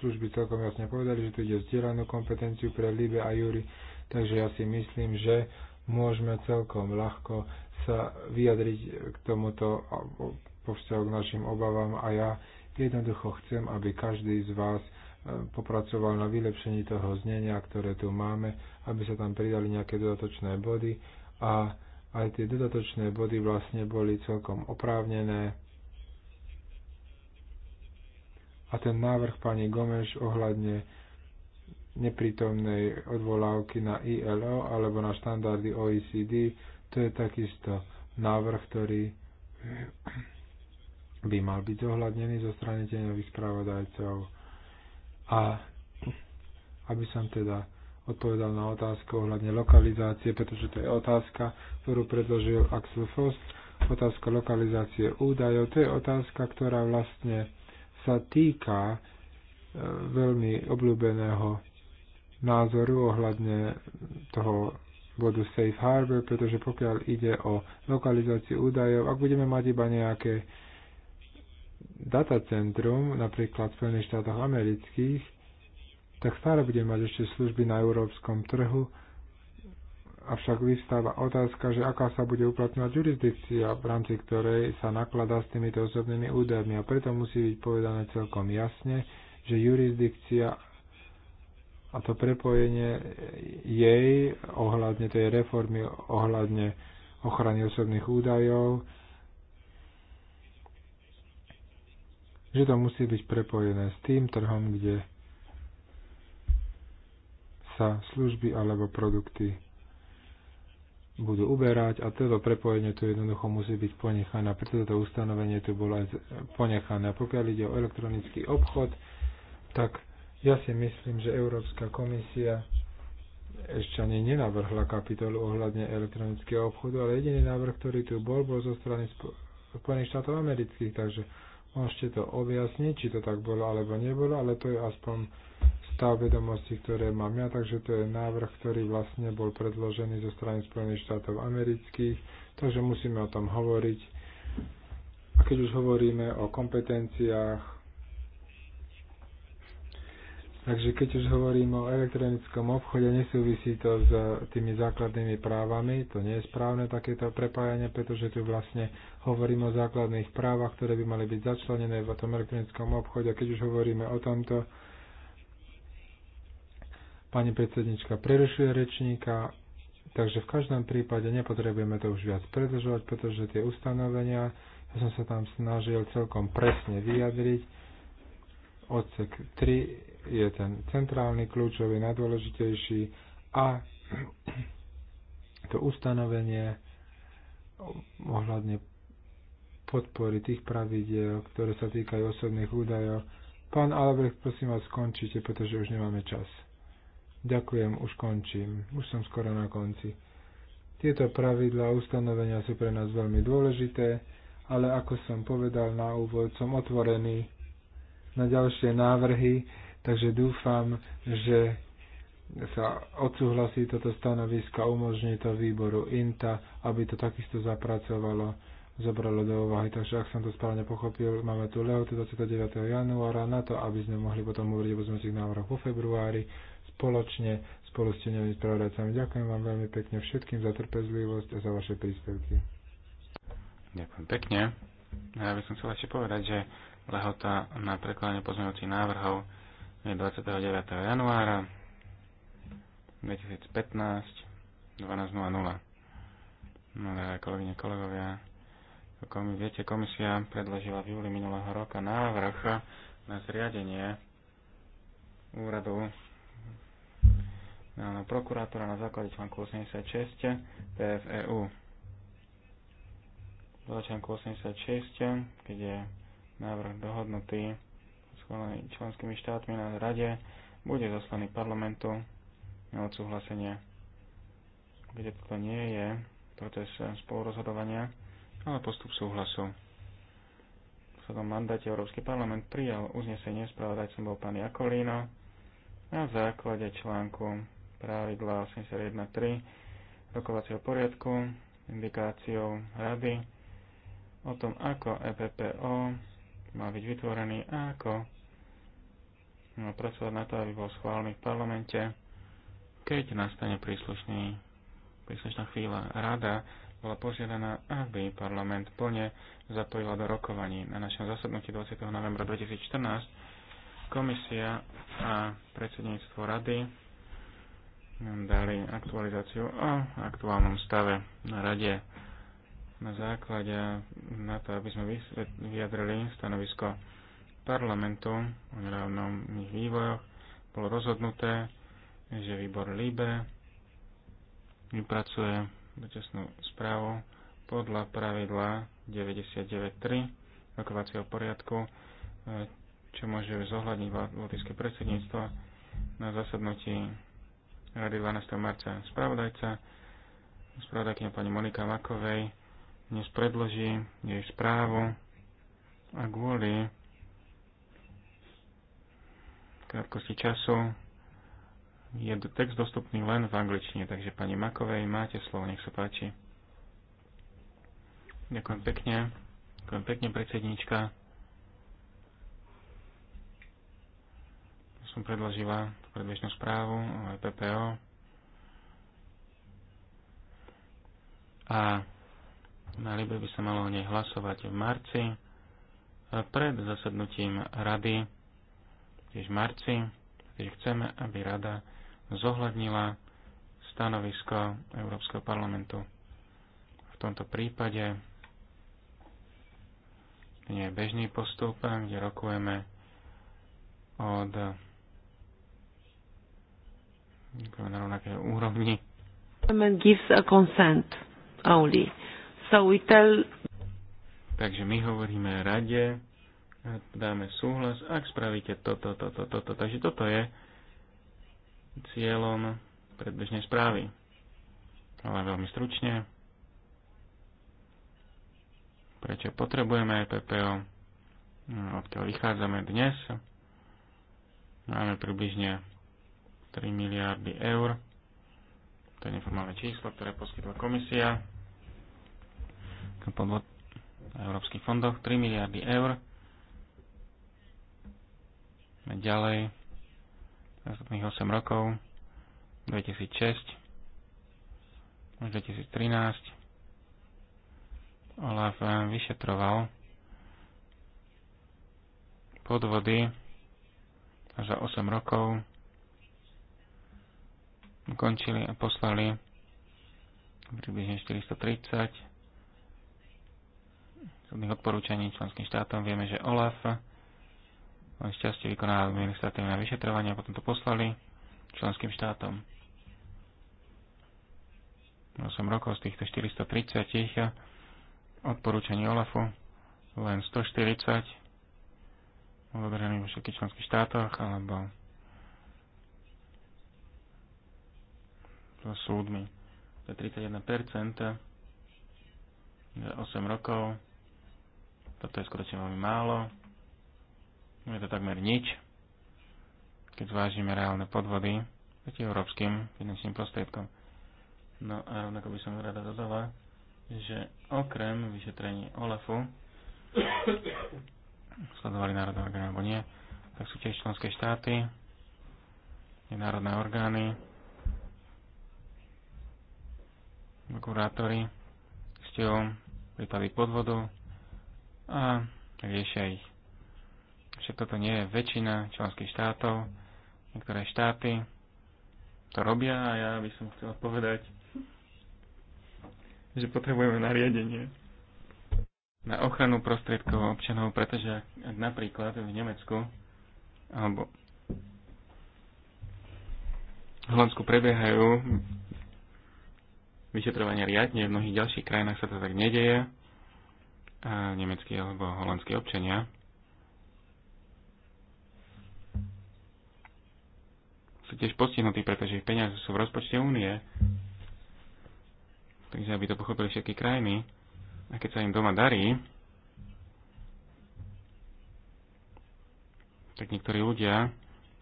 služby celkom jasne povedali, že tu ide o vzdielanú kompetenciu pre Libe a Júri, takže ja si myslím, že môžeme celkom ľahko sa vyjadriť k tomuto po k našim obavám a ja jednoducho chcem, aby každý z vás e, popracoval na vylepšení toho znenia, ktoré tu máme, aby sa tam pridali nejaké dodatočné body a aj tie dodatočné body vlastne boli celkom oprávnené. A ten návrh pani Gomeš ohľadne neprítomnej odvolávky na ILO alebo na štandardy OECD, to je takisto návrh, ktorý by mal byť zohľadnený zo strany tieňových spravodajcov. A aby som teda odpovedal na otázku ohľadne lokalizácie, pretože to je otázka, ktorú predložil Axel Frost. Otázka lokalizácie údajov, to je otázka, ktorá vlastne sa týka e, veľmi obľúbeného názoru ohľadne toho bodu Safe Harbor, pretože pokiaľ ide o lokalizáciu údajov, ak budeme mať iba nejaké datacentrum, napríklad v Spojených štátoch amerických, tak stále budeme mať ešte služby na európskom trhu, avšak vystáva otázka, že aká sa bude uplatňovať jurisdikcia, v rámci ktorej sa nakladá s týmito osobnými údajmi. A preto musí byť povedané celkom jasne, že jurisdikcia a to prepojenie jej ohľadne tej reformy, ohľadne ochrany osobných údajov, že to musí byť prepojené s tým trhom, kde sa služby alebo produkty budú uberať a toto prepojenie tu jednoducho musí byť ponechané. Preto toto ustanovenie tu bolo aj ponechané. A pokiaľ ide o elektronický obchod, tak ja si myslím, že Európska komisia ešte ani nenavrhla kapitolu ohľadne elektronického obchodu, ale jediný návrh, ktorý tu bol, bol zo strany Spojených štátov amerických, takže môžete to objasniť, či to tak bolo alebo nebolo, ale to je aspoň tá vedomosti, ktoré mám ja, takže to je návrh, ktorý vlastne bol predložený zo strany Spojených štátov amerických, takže musíme o tom hovoriť. A keď už hovoríme o kompetenciách, takže keď už hovoríme o elektronickom obchode, nesúvisí to s tými základnými právami, to nie je správne takéto prepájanie, pretože tu vlastne hovoríme o základných právach, ktoré by mali byť začlenené v tom elektronickom obchode. A keď už hovoríme o tomto, Pani predsednička prerušuje rečníka, takže v každom prípade nepotrebujeme to už viac predlžovať, pretože tie ustanovenia, ja som sa tam snažil celkom presne vyjadriť. Odsek 3 je ten centrálny, kľúčový, najdôležitejší a to ustanovenie ohľadne podpory tých pravidel, ktoré sa týkajú osobných údajov. Pán Albrecht, prosím vás, skončite, pretože už nemáme čas. Ďakujem, už končím. Už som skoro na konci. Tieto pravidlá a ustanovenia sú pre nás veľmi dôležité, ale ako som povedal na úvod, som otvorený na ďalšie návrhy, takže dúfam, že sa odsúhlasí toto stanovisko a umožní to výboru INTA, aby to takisto zapracovalo, zobralo do úvahy. Takže ak som to správne pochopil, máme tu lehotu 29. januára na to, aby sme mohli potom hovoriť o pozmeňujúcich návrhoch vo februári spoločne spolu s tenými spravodajcami. Ďakujem vám veľmi pekne všetkým za trpezlivosť a za vaše príspevky. Ďakujem pekne. Ja by som chcel ešte povedať, že lehota na prekladanie pozmeňujúcich návrhov je 29. januára 2015 12.00. No kolegyne, kolegovia, ako my viete, komisia predložila v júli minulého roka návrh na zriadenie úradu prokurátora na základe článku 86 PFEU. Podľa článku 86, keď je návrh dohodnutý s členskými štátmi na rade, bude zaslaný parlamentu na odsúhlasenie. Kde toto nie je proces spolurozhodovania, ale postup súhlasu. V svojom mandáte Európsky parlament prijal uznesenie spravodajcom bol pán Jakolíno na základe článku pravidla 81.3 rokovacieho poriadku, indikáciou rady o tom, ako EPPO má byť vytvorený a ako má pracovať na to, aby bol schválený v parlamente, keď nastane príslušný, príslušná chvíľa. Rada bola požiadaná, aby parlament plne zapojila do rokovaní. Na našom zasadnutí 20. novembra 2014 komisia a predsedníctvo rady nám dali aktualizáciu o aktuálnom stave na rade na základe na to, aby sme vyjadrili stanovisko parlamentu o nedávnomých vývojoch. Bolo rozhodnuté, že výbor LIBE vypracuje dočasnú správu podľa pravidla 99.3 rokovacieho poriadku, čo môže zohľadniť lotické predsedníctvo na zasadnutí rady 12. marca. Spravodajca, spravodajkynia pani Monika Makovej, dnes predloží jej správu a kvôli krátkosti času je text dostupný len v angličtine, takže pani Makovej, máte slovo, nech sa páči. Ďakujem pekne. Ďakujem pekne, predsednička. Som predložila predbežnú správu o EPPO. A na Libre by sa malo o nej hlasovať v marci pred zasadnutím rady tiež v marci, keď chceme, aby rada zohľadnila stanovisko Európskeho parlamentu. V tomto prípade nie je bežný postup, kde rokujeme od na úrovni. Gives a consent only. So we tell... Takže my hovoríme rade, dáme súhlas, ak spravíte toto, toto, toto. Takže toto je cieľom predbežnej správy. Ale veľmi stručne. Prečo potrebujeme e PPO? No, odkiaľ vychádzame dnes? Máme približne 3 miliardy eur. To je neformálne číslo, ktoré poskytla komisia podvod na európskych fondoch 3 miliardy eur. A ďalej nastupných 8 rokov 2006 až 2013 Olaf eh, vyšetroval podvody za 8 rokov ukončili a poslali približne 430 súdnych odporúčaní členským štátom. Vieme, že OLAF len šťastie vykonáva administratívne vyšetrovanie a potom to poslali členským štátom. 8 rokov z týchto 430 odporúčaní OLAFu len 140 bolo vo všetkých členských štátoch alebo súdmi. To je 31 8 rokov. Toto je skutočne veľmi málo. Je to takmer nič. Keď zvážime reálne podvody proti európskym finančným prostriedkom. No a rovnako by som rada dodala, že okrem vyšetrení OLAFu sledovali národné orgány alebo nie, tak sú tiež členské štáty, národné orgány, Prokurátori s ťou prípady podvodu a riešia ich. Všetko toto nie je väčšina členských štátov. Niektoré štáty to robia a ja by som chcel povedať, že potrebujeme nariadenie na ochranu prostriedkov občanov, pretože ak napríklad v Nemecku alebo v Holandsku prebiehajú vyšetrovania riadne. V mnohých ďalších krajinách sa to tak nedeje. A nemeckí alebo holandskí občania sú tiež postihnutí, pretože ich peniaze sú v rozpočte únie. Takže aby to pochopili všetky krajiny. A keď sa im doma darí, tak niektorí ľudia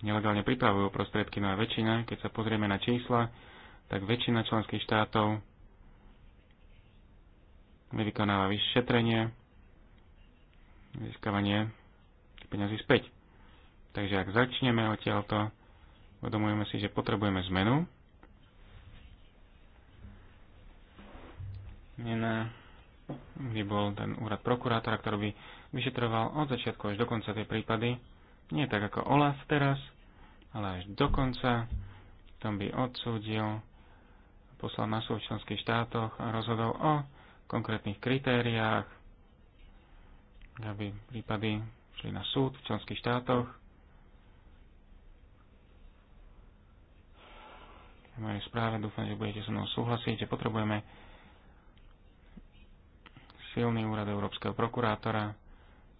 nelegálne pripravujú prostriedky, no a väčšina, keď sa pozrieme na čísla, tak väčšina členských štátov nevykonáva vyšetrenie, získavanie peňazí späť. Takže ak začneme odtiaľto, uvedomujeme si, že potrebujeme zmenu. Mena by bol ten úrad prokurátora, ktorý by vyšetroval od začiatku až do konca tie prípady. Nie tak ako Olaf teraz, ale až do konca. Tam by odsúdil poslal na v členských štátoch a rozhodol o konkrétnych kritériách, aby prípady šli na súd v členských štátoch. V mojej správe dúfam, že budete so mnou súhlasiť, že potrebujeme silný úrad Európskeho prokurátora,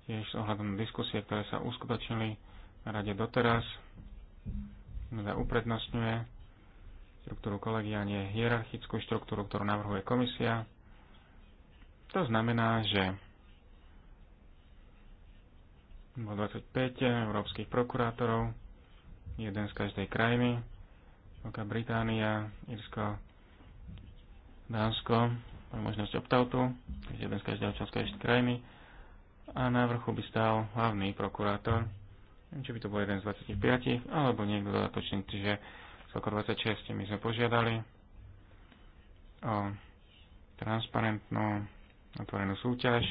tiež s ohľadom na diskusie, ktoré sa uskutočnili na rade doteraz, teda uprednostňuje štruktúru kolegia, nie hierarchickú štruktúru, ktorú navrhuje komisia. To znamená, že bo 25 európskych prokurátorov, jeden z každej krajiny, Veľká Británia, Irsko, Dánsko, možnosť optautu, jeden z každého členskej krajiny, a na vrchu by stál hlavný prokurátor, či by to bol jeden z 25, alebo niekto dodatočný, čiže 126 my sme požiadali o transparentnú otvorenú súťaž.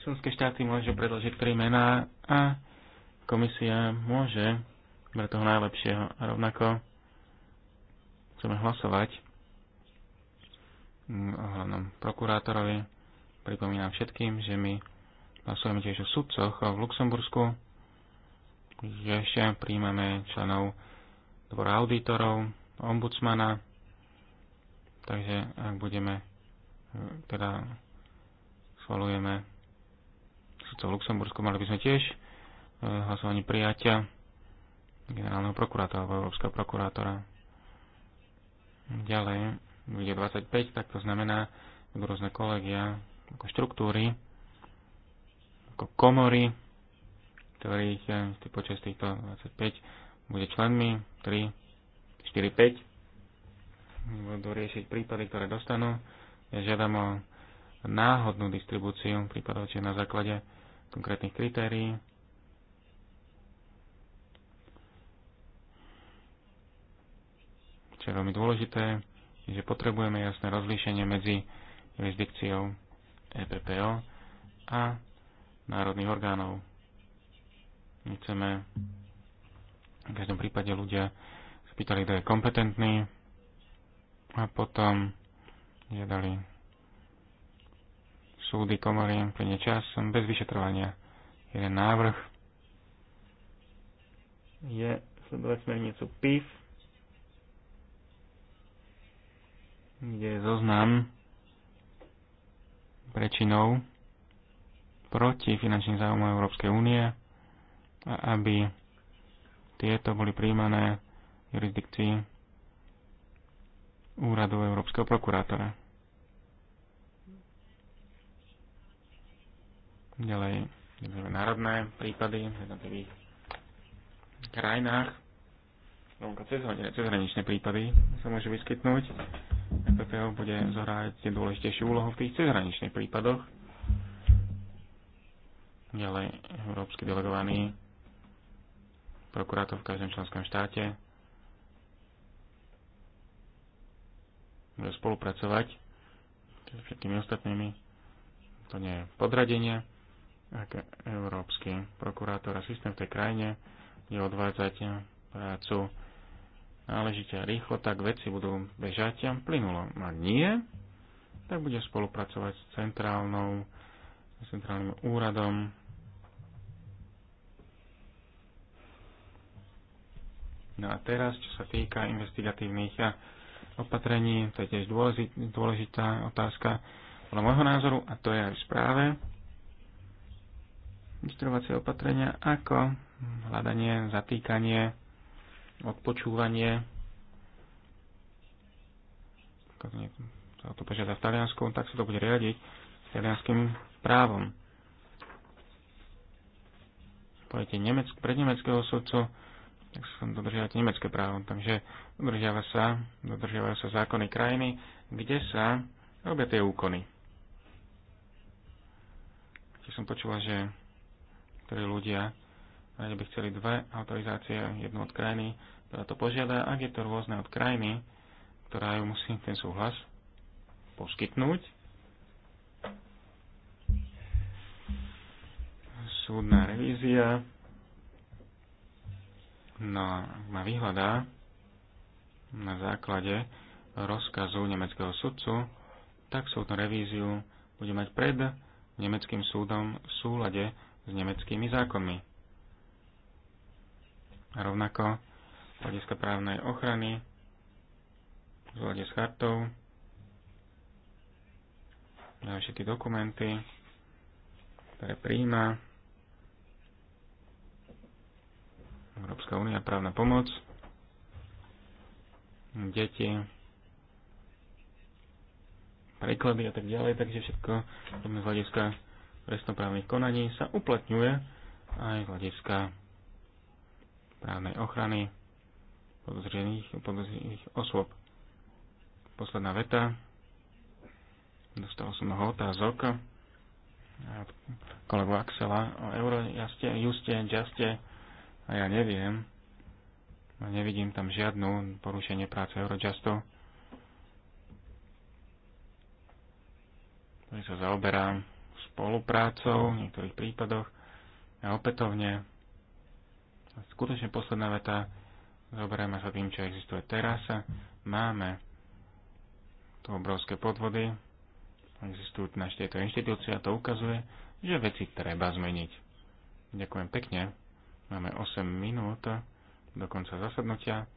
Členské štáty môžu predložiť tri mená a komisia môže pre toho najlepšieho. A rovnako chceme hlasovať mm, o hlavnom prokurátorovi. Pripomínam všetkým, že my hlasujeme tiež o sudcoch v Luxembursku že príjmeme členov dvora auditorov, ombudsmana, takže ak budeme, e, teda schvalujeme sudcov v Luxembursku, mali by sme tiež e, hlasovanie prijatia generálneho prokurátora alebo európskeho prokurátora. Ďalej, bude 25, tak to znamená, že rôzne kolegia, ako štruktúry, ako komory, ktorých eh, počas týchto 25 bude členmi 3, 4, 5 budú riešiť prípady, ktoré dostanú. Ja žiadam o náhodnú distribúciu prípadov, či na základe konkrétnych kritérií. Čo je veľmi dôležité, je, že potrebujeme jasné rozlíšenie medzi jurisdikciou EPPO a národných orgánov. Chceme v každom prípade ľudia spýtali, kto je kompetentný a potom žiadali súdy, komory, plne čas, bez vyšetrovania. Jeden návrh je sledovať smernicu PIF, kde je zoznam prečinou proti finančným záujmom Európskej únie aby tieto boli príjmané v jurisdikcii úradu Európskeho prokurátora. Ďalej, národné prípady v jednotlivých krajinách, rovnako cezhraničné prípady sa môžu vyskytnúť. EPPO bude zohrávať dôležitejšiu úlohu v tých cezhraničných prípadoch. Ďalej, európsky delegovaný prokurátor v každom členskom štáte môže spolupracovať s všetkými ostatnými. To nie je podradenie. Ak európsky prokurátor a systém v tej krajine je odvádzať prácu náležite rýchlo, tak veci budú bežať a plynulo. A nie, tak bude spolupracovať s centrálnou, s centrálnym úradom No a teraz, čo sa týka investigatívnych eh, opatrení, to je tiež dôležitá otázka podľa môjho názoru, a to je aj v správe, vyšetrovacie opatrenia ako hľadanie, zatýkanie, odpočúvanie, sa to požiada v Taliansku, tak sa to bude riadiť s talianským právom. Pojete Nemeck, pred nemeckého sudcu, tak som dodržiavať nemecké právo. Takže dodržiava sa, dodržiavajú sa zákony krajiny, kde sa robia tie úkony. Tiež som počula, že ktorí ľudia by chceli dve autorizácie, jednu od krajiny, ktorá to požiada, ak je to rôzne od krajiny, ktorá ju musí ten súhlas poskytnúť. Súdna revízia, No, ma vyhľadá na základe rozkazu nemeckého sudcu, tak súdnu revíziu bude mať pred nemeckým súdom v súlade s nemeckými zákonmi. A rovnako z hľadiska právnej ochrany, v hľade s chartou, všetky dokumenty, ktoré príjma Európska únia, právna pomoc, deti, preklady a tak ďalej, takže všetko z hľadiska trestnoprávnych konaní sa uplatňuje aj z hľadiska právnej ochrany podozrených, podozrených osôb. Posledná veta. Dostal som ho otázok kolegu Axela o Eurojaste, Juste, Juste, a ja neviem, a nevidím tam žiadnu porušenie práce Eurojustu, ktorý sa zaoberá spoluprácou v niektorých prípadoch a opätovne a skutočne posledná veta zaoberáme sa tým, čo existuje teraz máme tu obrovské podvody existujú na tieto inštitúcie a to ukazuje, že veci treba zmeniť. Ďakujem pekne. Máme 8 minút do konca zasadnutia.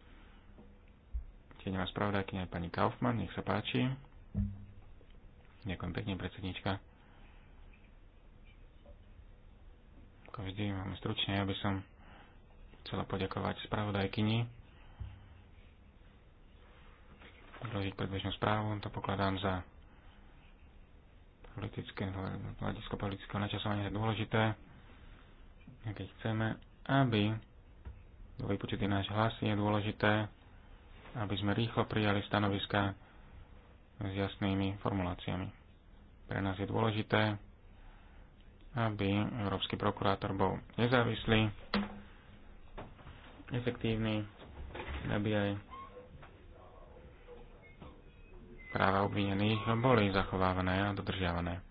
Tieňová spravodajkynia pani Kaufmann, nech sa páči. Ďakujem pekne, predsednička. Ako vždy, máme stručne, aby som chcela poďakovať spravodajkyni. Predložiť predbežnú správu, to pokladám za politické, hľadisko politického načasovania je dôležité. keď chceme aby do vypočutý náš hlas, je dôležité, aby sme rýchlo prijali stanoviska s jasnými formuláciami. Pre nás je dôležité, aby európsky prokurátor bol nezávislý, efektívny, aby aj práva obvinených boli zachovávané a dodržiavané.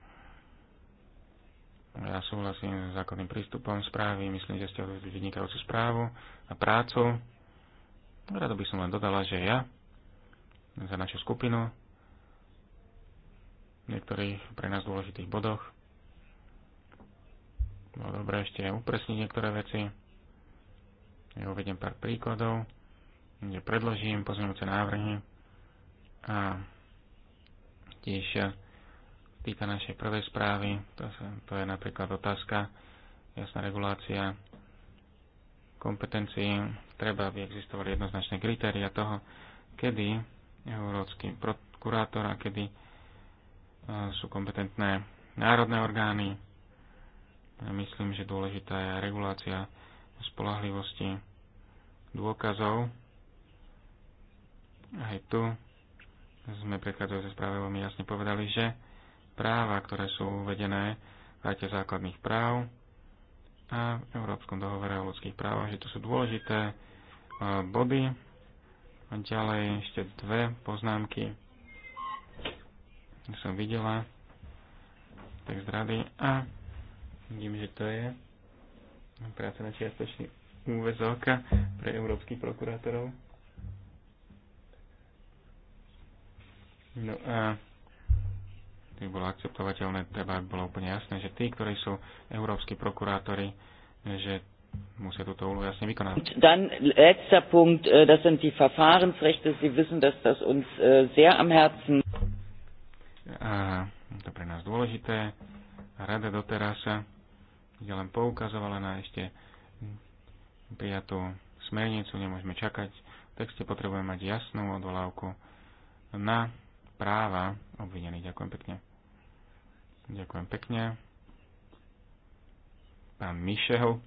Ja súhlasím s zákonným prístupom správy, myslím, že ste odvedli vynikajúcu správu a prácu. Rado by som len dodala, že ja za našu skupinu v niektorých pre nás dôležitých bodoch bolo dobré ešte upresniť niektoré veci. Ja uvediem pár príkladov, kde predložím pozmeňujúce návrhy a tiež týka našej prvej správy. To, sa, to je napríklad otázka, jasná regulácia kompetencií. Treba, aby existovali jednoznačné kritéria toho, kedy európsky prokurátor a kedy e, sú kompetentné národné orgány. Myslím, že dôležitá je regulácia spolahlivosti dôkazov. Aj tu sme prechádzajúce správe veľmi jasne povedali, že práva, ktoré sú uvedené v Rate základných práv a v Európskom dohovore o ľudských právach, že to sú dôležité e, body. A ďalej ešte dve poznámky, ktoré som videla, tak zdravý. a vidím, že to je práca na čiastočný úvezok pre európskych prokurátorov. No a tých bolo akceptovateľné, treba by bolo úplne jasné, že tí, ktorí sú európsky prokurátori, že musia túto úlohu jasne vykonávať. Dan letzter Punkt, äh, das sind die Verfahrensrechte. Sie wissen, dass das uns äh, sehr am Herzen a to pre nás dôležité. Rada terasa kde len poukazovala na ešte prijatú smernicu, nemôžeme čakať. V texte potrebujeme mať jasnú odvolávku na práva obvinený. Ďakujem pekne. Ďakujem pekne. Pán Mišeho.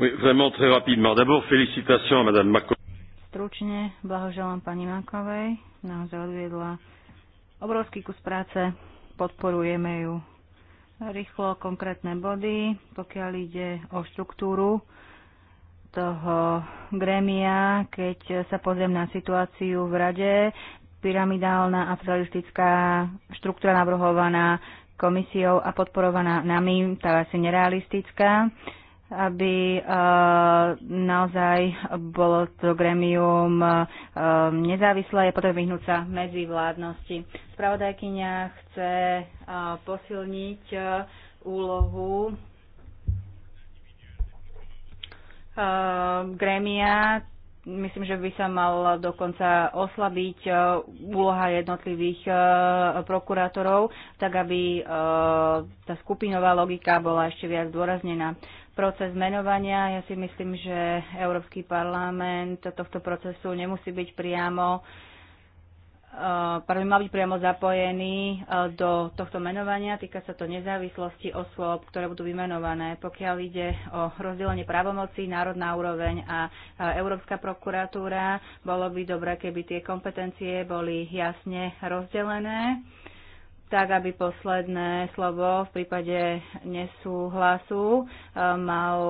Oui, vraiment très rapidement. D'abord, félicitations à Madame Mako. Stručne blahoželám pani Makovej. Naozaj odviedla obrovský kus práce. Podporujeme ju rýchlo konkrétne body, pokiaľ ide o štruktúru toho gremia, keď sa pozriem na situáciu v rade, pyramidálna a federalistická štruktúra navrhovaná komisiou a podporovaná nami, tá asi nerealistická, aby eh, naozaj bolo to gremium eh, nezávislé, je potrebné vyhnúť sa medzi vládnosti. Spravodajkynia chce eh, posilniť úlohu Ehm, grémia. Myslím, že by sa mal dokonca oslabiť e, úloha jednotlivých e, prokurátorov, tak aby e, tá skupinová logika bola ešte viac dôraznená. Proces menovania, ja si myslím, že Európsky parlament tohto procesu nemusí byť priamo uh, Eh, prvý mal byť priamo zapojený eh, do tohto menovania. Týka sa to nezávislosti osôb, ktoré budú vymenované. Pokiaľ ide o rozdelenie právomocí, národná úroveň a Európska prokuratúra, bolo by dobré, keby tie kompetencie boli jasne rozdelené tak aby posledné slovo v prípade nesúhlasu eh, mal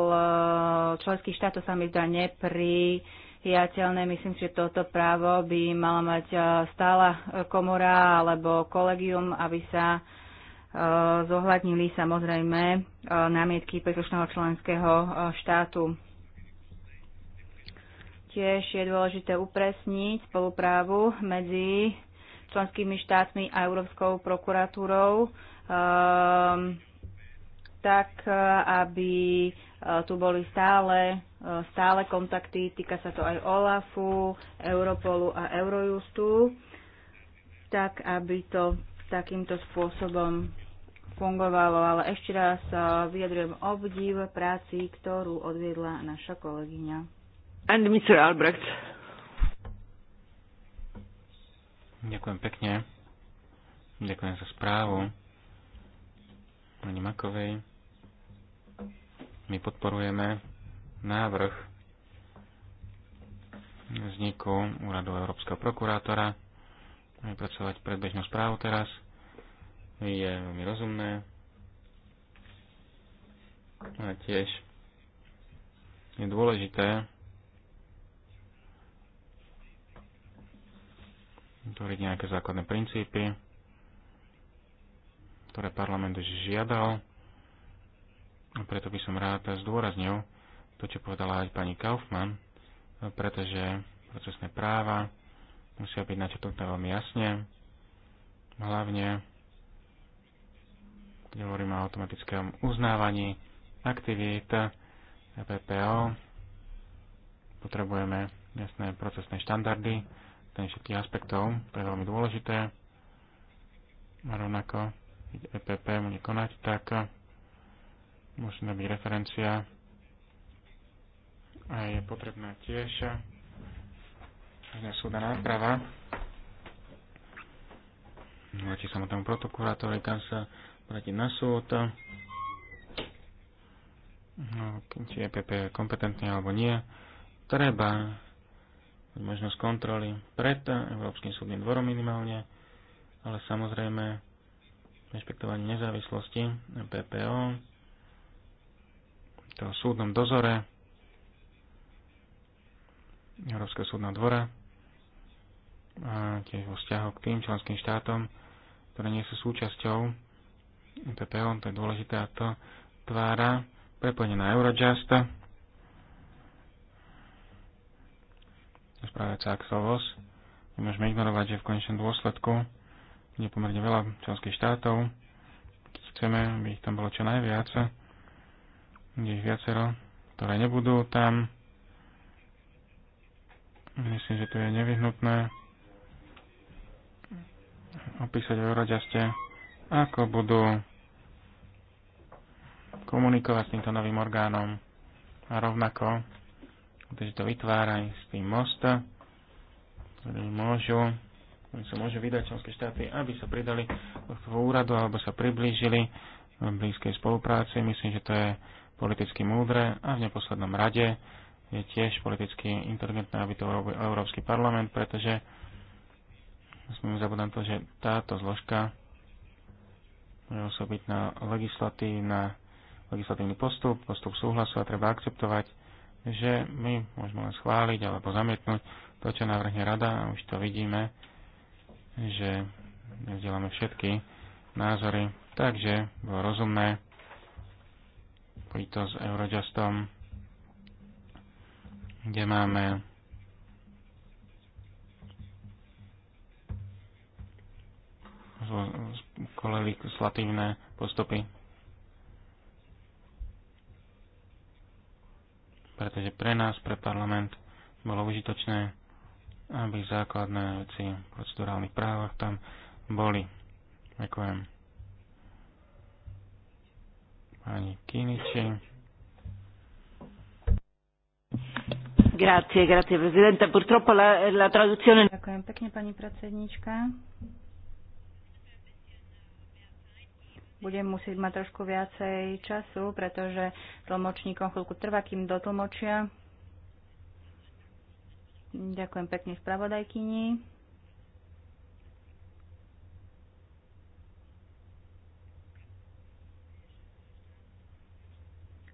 členský štát, to sa mi zdá nepri priateľné. Myslím, že toto právo by mala mať e, stála e, komora alebo kolegium, aby sa e, zohľadnili samozrejme námietky príslušného členského štátu. Tiež je dôležité upresniť spoluprávu medzi členskými štátmi a Európskou prokuratúrou ehm, tak, aby tu boli stále E, stále kontakty, týka sa to aj OLAFu, Europolu a Eurojustu, tak aby to takýmto spôsobom fungovalo. Ale ešte raz e, vyjadrujem obdiv práci, ktorú odviedla naša kolegyňa. And Mr. Albrecht. Ďakujem pekne. Ďakujem za správu. Pani Makovej. My podporujeme návrh vzniku úradu Európskeho prokurátora. pracovať predbežnú správu teraz je veľmi rozumné. A tiež je dôležité vytvoriť nejaké základné princípy, ktoré parlament už žiadal. A preto by som rád zdôraznil to, čo povedala aj pani Kaufmann, pretože procesné práva musia byť načetnuté veľmi jasne, hlavne kde hovoríme o automatickom uznávaní aktivít e PPO. Potrebujeme jasné procesné štandardy, ten všetkých aspektov, to je veľmi dôležité. A rovnako, keď EPP bude konať, tak musí byť referencia a je potrebná tiež eh, súda náprava voči tomu protokurátorovi, kam sa vrátiť na súd, no, či je PP kompetentný alebo nie, treba možnosť kontroly pred Európskym súdnym dvorom minimálne, ale samozrejme rešpektovanie nezávislosti PPO, to súdnom dozore, Európskeho súdna dvora a tiež vo vzťahu k tým členským štátom, ktoré nie sú súčasťou PPO, to je dôležité a to tvára prepojenie na Eurojust. Správajúca Axel Nemôžeme ignorovať, že v konečnom dôsledku je pomerne veľa členských štátov. Keď chceme, aby ich tam bolo čo najviac, kde ich viacero, ktoré nebudú tam Myslím, že to je nevyhnutné opísať o raďaste, ako budú komunikovať s týmto novým orgánom a rovnako, pretože to vytvára s tým most, ktorý môžu, ktorý sa môžu vydať členské štáty, aby sa pridali do toho úradu alebo sa priblížili v blízkej spolupráci. Myslím, že to je politicky múdre a v neposlednom rade je tiež politicky inteligentné, aby to robil Európsky parlament, pretože nesmieme zabúdať to, že táto zložka môže osobitná legislatívna, legislatívny postup, postup súhlasu a treba akceptovať, že my môžeme len schváliť alebo zamietnúť to, čo navrhne rada a už to vidíme, že nevzdielame všetky názory, takže bolo rozumné spojiť to s Eurojustom kde máme legislatívne postupy. Pretože pre nás, pre parlament, bolo užitočné, aby základné veci v procedurálnych právach tam boli. Ďakujem. Pani Kiniči. Grazie, grazie Presidente. Purtroppo la, la traduzione... Ďakujem pekne, pani predsednička. Budem musieť mať trošku viacej času, pretože tlmočníkom chvíľku trvá, kým dotlmočia. Ďakujem pekne spravodajkyni.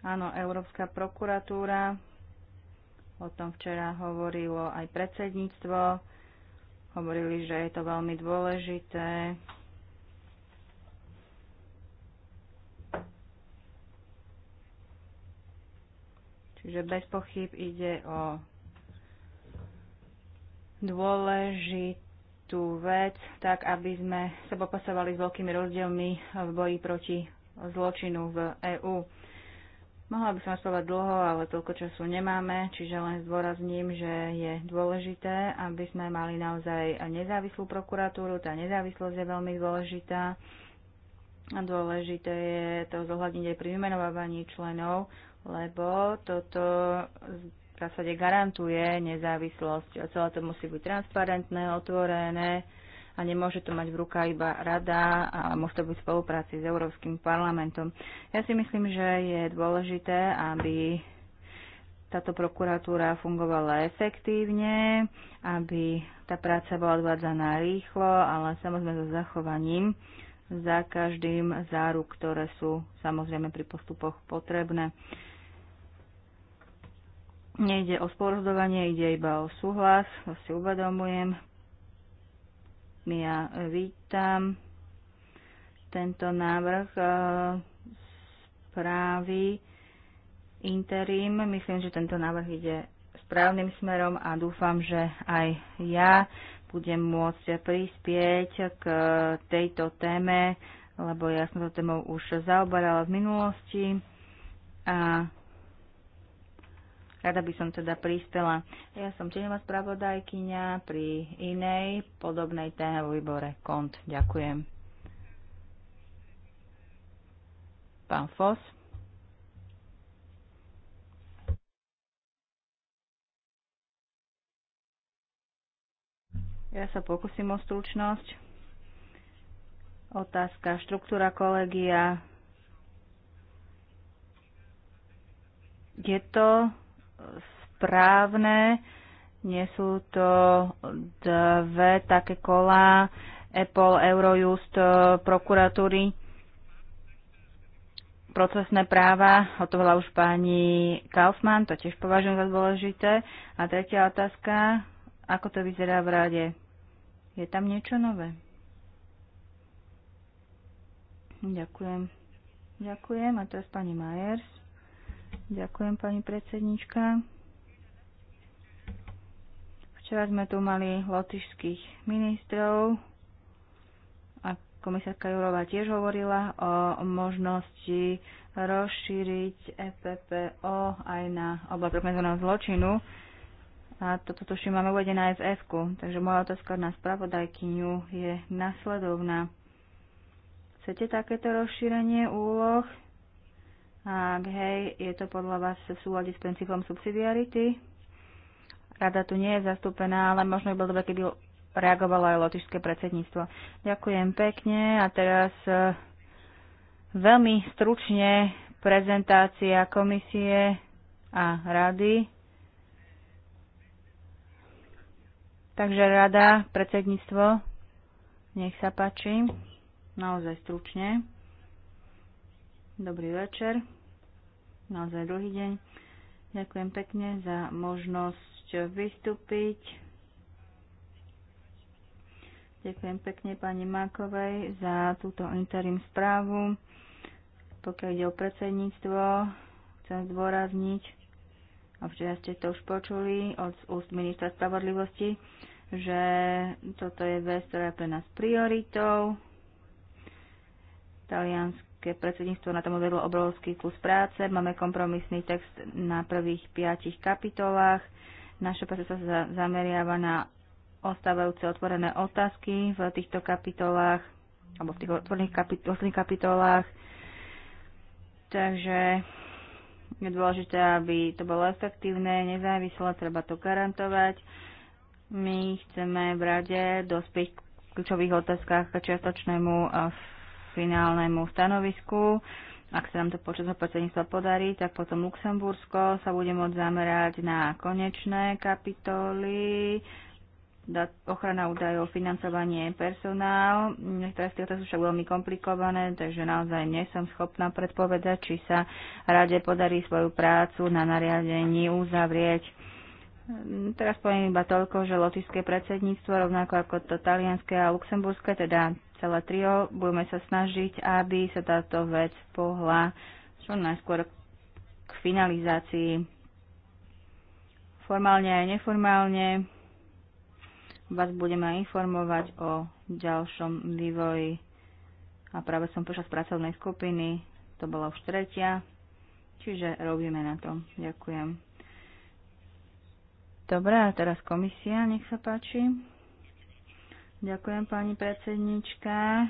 Áno, Európska prokuratúra O tom včera hovorilo aj predsedníctvo. Hovorili, že je to veľmi dôležité. Čiže bez pochyb ide o dôležitú vec, tak aby sme sa popasovali s veľkými rozdielmi v boji proti zločinu v EÚ. Mohla by som stovať dlho, ale toľko času nemáme, čiže len zdôrazním, že je dôležité, aby sme mali naozaj nezávislú prokuratúru. Tá nezávislosť je veľmi dôležitá. A dôležité je to zohľadniť aj pri vymenovávaní členov, lebo toto v zásade garantuje nezávislosť. Celé to musí byť transparentné, otvorené, a nemôže to mať v ruka iba rada a môže to byť v spolupráci s Európskym parlamentom. Ja si myslím, že je dôležité, aby táto prokuratúra fungovala efektívne, aby tá práca bola odvádzaná rýchlo, ale samozrejme so zachovaním za každým záruk, ktoré sú samozrejme pri postupoch potrebné. Nejde o sporozdovanie, ide iba o súhlas, to si uvedomujem. Ja vítam tento návrh e, správy interim. Myslím, že tento návrh ide správnym smerom a dúfam, že aj ja budem môcť prispieť k tejto téme, lebo ja som to témou už zaoberala v minulosti a Rada by som teda pristela. Ja som činná spravodajkyňa pri inej podobnej téme vo výbore KONT. Ďakujem. Pán Fos. Ja sa pokúsim o stručnosť. Otázka štruktúra kolegia. Je to správne. Nie sú to dve také kola Apple, Eurojust, e, prokuratúry, procesné práva, o to bola už pani Kaufmann, to tiež považujem za dôležité. A tretia otázka, ako to vyzerá v rade? Je tam niečo nové? Ďakujem. Ďakujem. A teraz pani Majers. Ďakujem, pani predsednička. Včera sme tu mali lotišských ministrov a komisárka Jurová tiež hovorila o možnosti rozšíriť FPPO e aj na oblasť organizovaného zločinu. A toto tuším máme uvedené aj v f -ku. Takže moja otázka na spravodajkyňu je nasledovná. Chcete takéto rozšírenie úloh? Ak hej, je to podľa vás v súlade s princípom subsidiarity? Rada tu nie je zastúpená, ale možno by bolo dobre, keby reagovalo aj lotišské predsedníctvo. Ďakujem pekne a teraz e, veľmi stručne prezentácia komisie a rady. Takže rada, predsedníctvo, nech sa páči, naozaj stručne. Dobrý večer naozaj druhý deň. Ďakujem pekne za možnosť vystúpiť. Ďakujem pekne pani Mákovej za túto interim správu. Pokiaľ ide o predsedníctvo, chcem zdôrazniť, a včera ste to už počuli od úst ministra spravodlivosti, že toto je vec, ktorá je pre nás prioritou. Taliansk Európske predsedníctvo na tom vedlo obrovský kus práce. Máme kompromisný text na prvých piatich kapitolách. Naša práca sa zameriava na ostávajúce otvorené otázky v týchto kapitolách alebo v tých otvorených kapitol, kapitolách. Takže je dôležité, aby to bolo efektívne, nezávislé, treba to garantovať. My chceme v rade dospieť v kľúčových otázkach k čiastočnému eh, finálnemu stanovisku. Ak sa nám to počas predsedníctva podarí, tak potom Luxembursko sa bude môcť zamerať na konečné kapitoly, ochrana údajov, financovanie, personál. Niektoré z týchto sú však veľmi komplikované, takže naozaj nie som schopná predpovedať, či sa rade podarí svoju prácu na nariadení uzavrieť. Teraz poviem iba toľko, že lotické predsedníctvo, rovnako ako to talianské a luxemburské, teda celé trio. Budeme sa snažiť, aby sa táto vec pohla čo najskôr k finalizácii formálne aj neformálne. Vás budeme informovať o ďalšom vývoji. A práve som prišla z pracovnej skupiny, to bola už tretia, čiže robíme na tom. Ďakujem. Dobre, a teraz komisia, nech sa páči. Ďakujem, pani predsednička.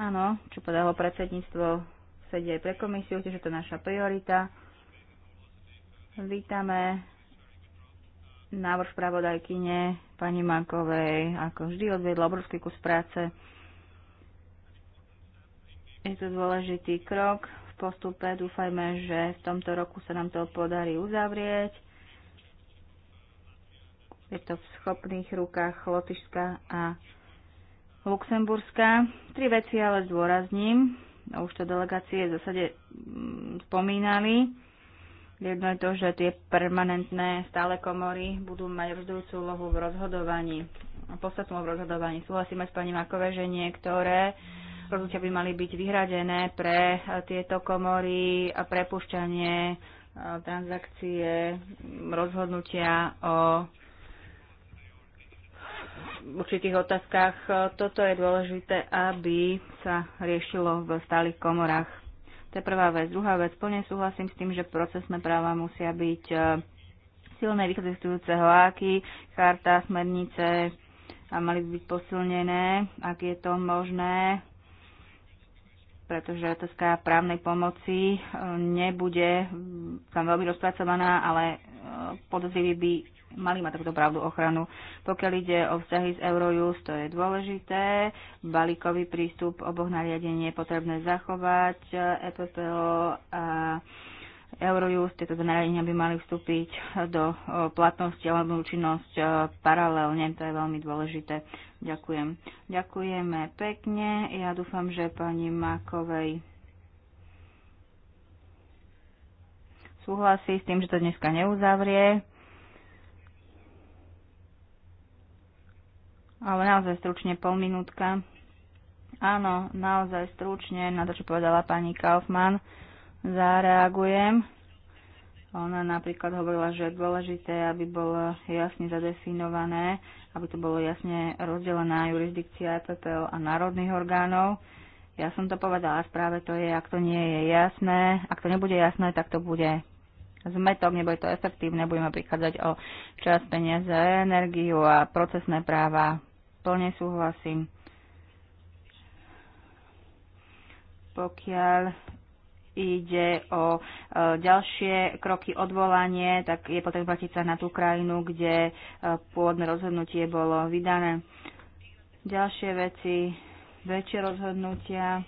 Áno, čo podalo predsedníctvo, sedí aj pre komisiu, tiež je to naša priorita. Vítame návrh spravodajkyne pani Mankovej, ako vždy odvedla obrovský kus práce. Je to dôležitý krok v postupe. Dúfajme, že v tomto roku sa nám to podarí uzavrieť je to v schopných rukách Lotyšska a Luxemburska. Tri veci ale zdôrazním. No už to delegácie v zásade mm, spomínali. Jedno je to, že tie permanentné stále komory budú mať rozhodujúcu úlohu v rozhodovaní. Podstatnú v rozhodovaní. Súhlasíme s pani Makové, že niektoré rozhodnutia by mali byť vyhradené pre eh, tieto komory a prepušťanie eh, transakcie, mm, rozhodnutia o v určitých otázkach. E, Toto je dôležité, aby sa riešilo v stálych komorách. To je prvá vec. Druhá vec, plne súhlasím s tým, že procesné práva musia byť e, silné vychádzajúceho hoáky, charta, smernice a mali by byť posilnené, ak je to možné pretože otázka právnej pomoci e, nebude tam veľmi rozpracovaná, ale podozrivý by mali mať takúto pravdu ochranu. Pokiaľ ide o vzťahy s Eurojust, to je dôležité. Balíkový prístup oboch nariadení je potrebné zachovať. EPPO e a Eurojust, tieto nariadenia by mali vstúpiť do e, platnosti alebo účinnosť e, paralelne, to je veľmi dôležité. Ďakujem. Ďakujeme pekne. Ja dúfam, že pani Makovej súhlasí s tým, že to dneska neuzavrie. ale naozaj stručne pol minútka. Áno, naozaj stručne na to, čo povedala pani Kaufmann, zareagujem. Ona napríklad hovorila, že je dôležité, aby bolo jasne zadefinované, aby to bolo jasne rozdelená jurisdikcia EPPO a národných orgánov. Ja som to povedala a správe, to je, ak to nie je jasné, ak to nebude jasné, tak to bude zmetok, nebude to efektívne, budeme prichádzať o čas peniaze, energiu a procesné práva plne súhlasím. Pokiaľ ide o e, ďalšie kroky odvolanie, tak je potrebné vrátiť sa na tú krajinu, kde e, pôvodné rozhodnutie bolo vydané. Ďalšie veci, väčšie rozhodnutia.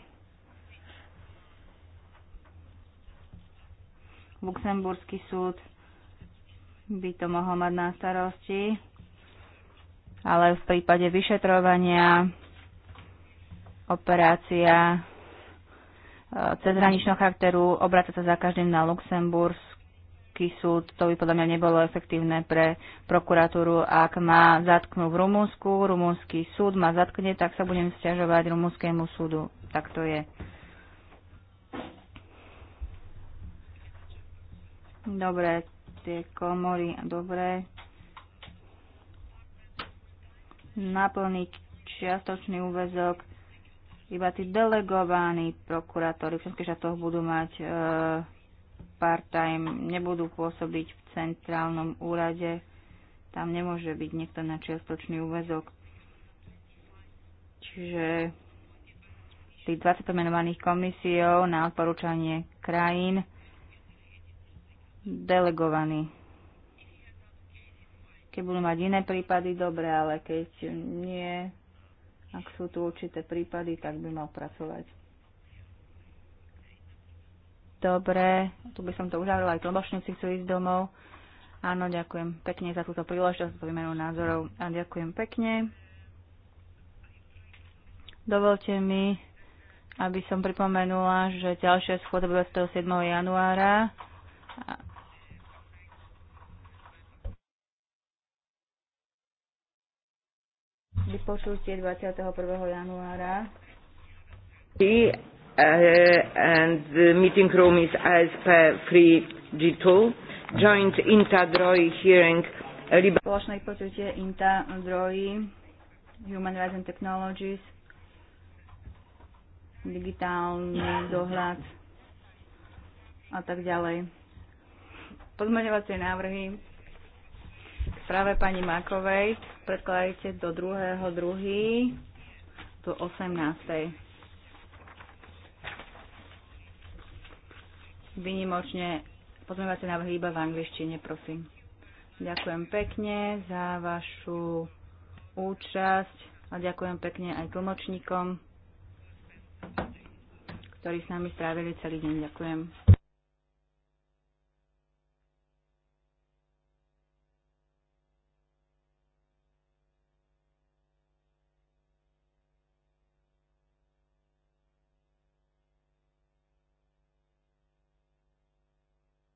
Luxemburský súd by to mohol mať na starosti ale v prípade vyšetrovania operácia e, cezhraničného charakteru obráca sa za každým na Luxemburský súd. To by podľa mňa nebolo efektívne pre prokuratúru. Ak ma zatknú v Rumúnsku, rumúnsky súd ma zatkne, tak sa budem stiažovať rumúnskému súdu. Tak to je. Dobre, tie komory, dobre, naplniť čiastočný úvezok. Iba tí delegovaní prokurátori v štátoch budú mať e, part-time, nebudú pôsobiť v centrálnom úrade. Tam nemôže byť niekto na čiastočný úvezok. Čiže tých 20 menovaných komisiou na odporúčanie krajín delegovaní keď budú mať iné prípady, dobre, ale keď nie, ak sú tu určité prípady, tak by mal pracovať. Dobre, tu by som to uzavrela, aj tlmočníci chcú ísť domov. Áno, ďakujem pekne za túto príležitosť, za výmenu názorov a ďakujem pekne. Dovolte mi, aby som pripomenula, že ďalšia schôdza 27. januára vypočutie 21. januára. Uh, and the meeting room is ASP 3G2, joint INTA DROI hearing. Eh, Spoločné počutie INTA DROI, Human Rights and Technologies, digitálny dohľad a tak ďalej. Pozmeňovacie návrhy k práve pani Makovej predkladajte do druhý, do 18. Vynimočne pozmevate návrhy iba v angličtine, prosím. Ďakujem pekne za vašu účasť a ďakujem pekne aj tlmočníkom, ktorí s nami strávili celý deň. Ďakujem.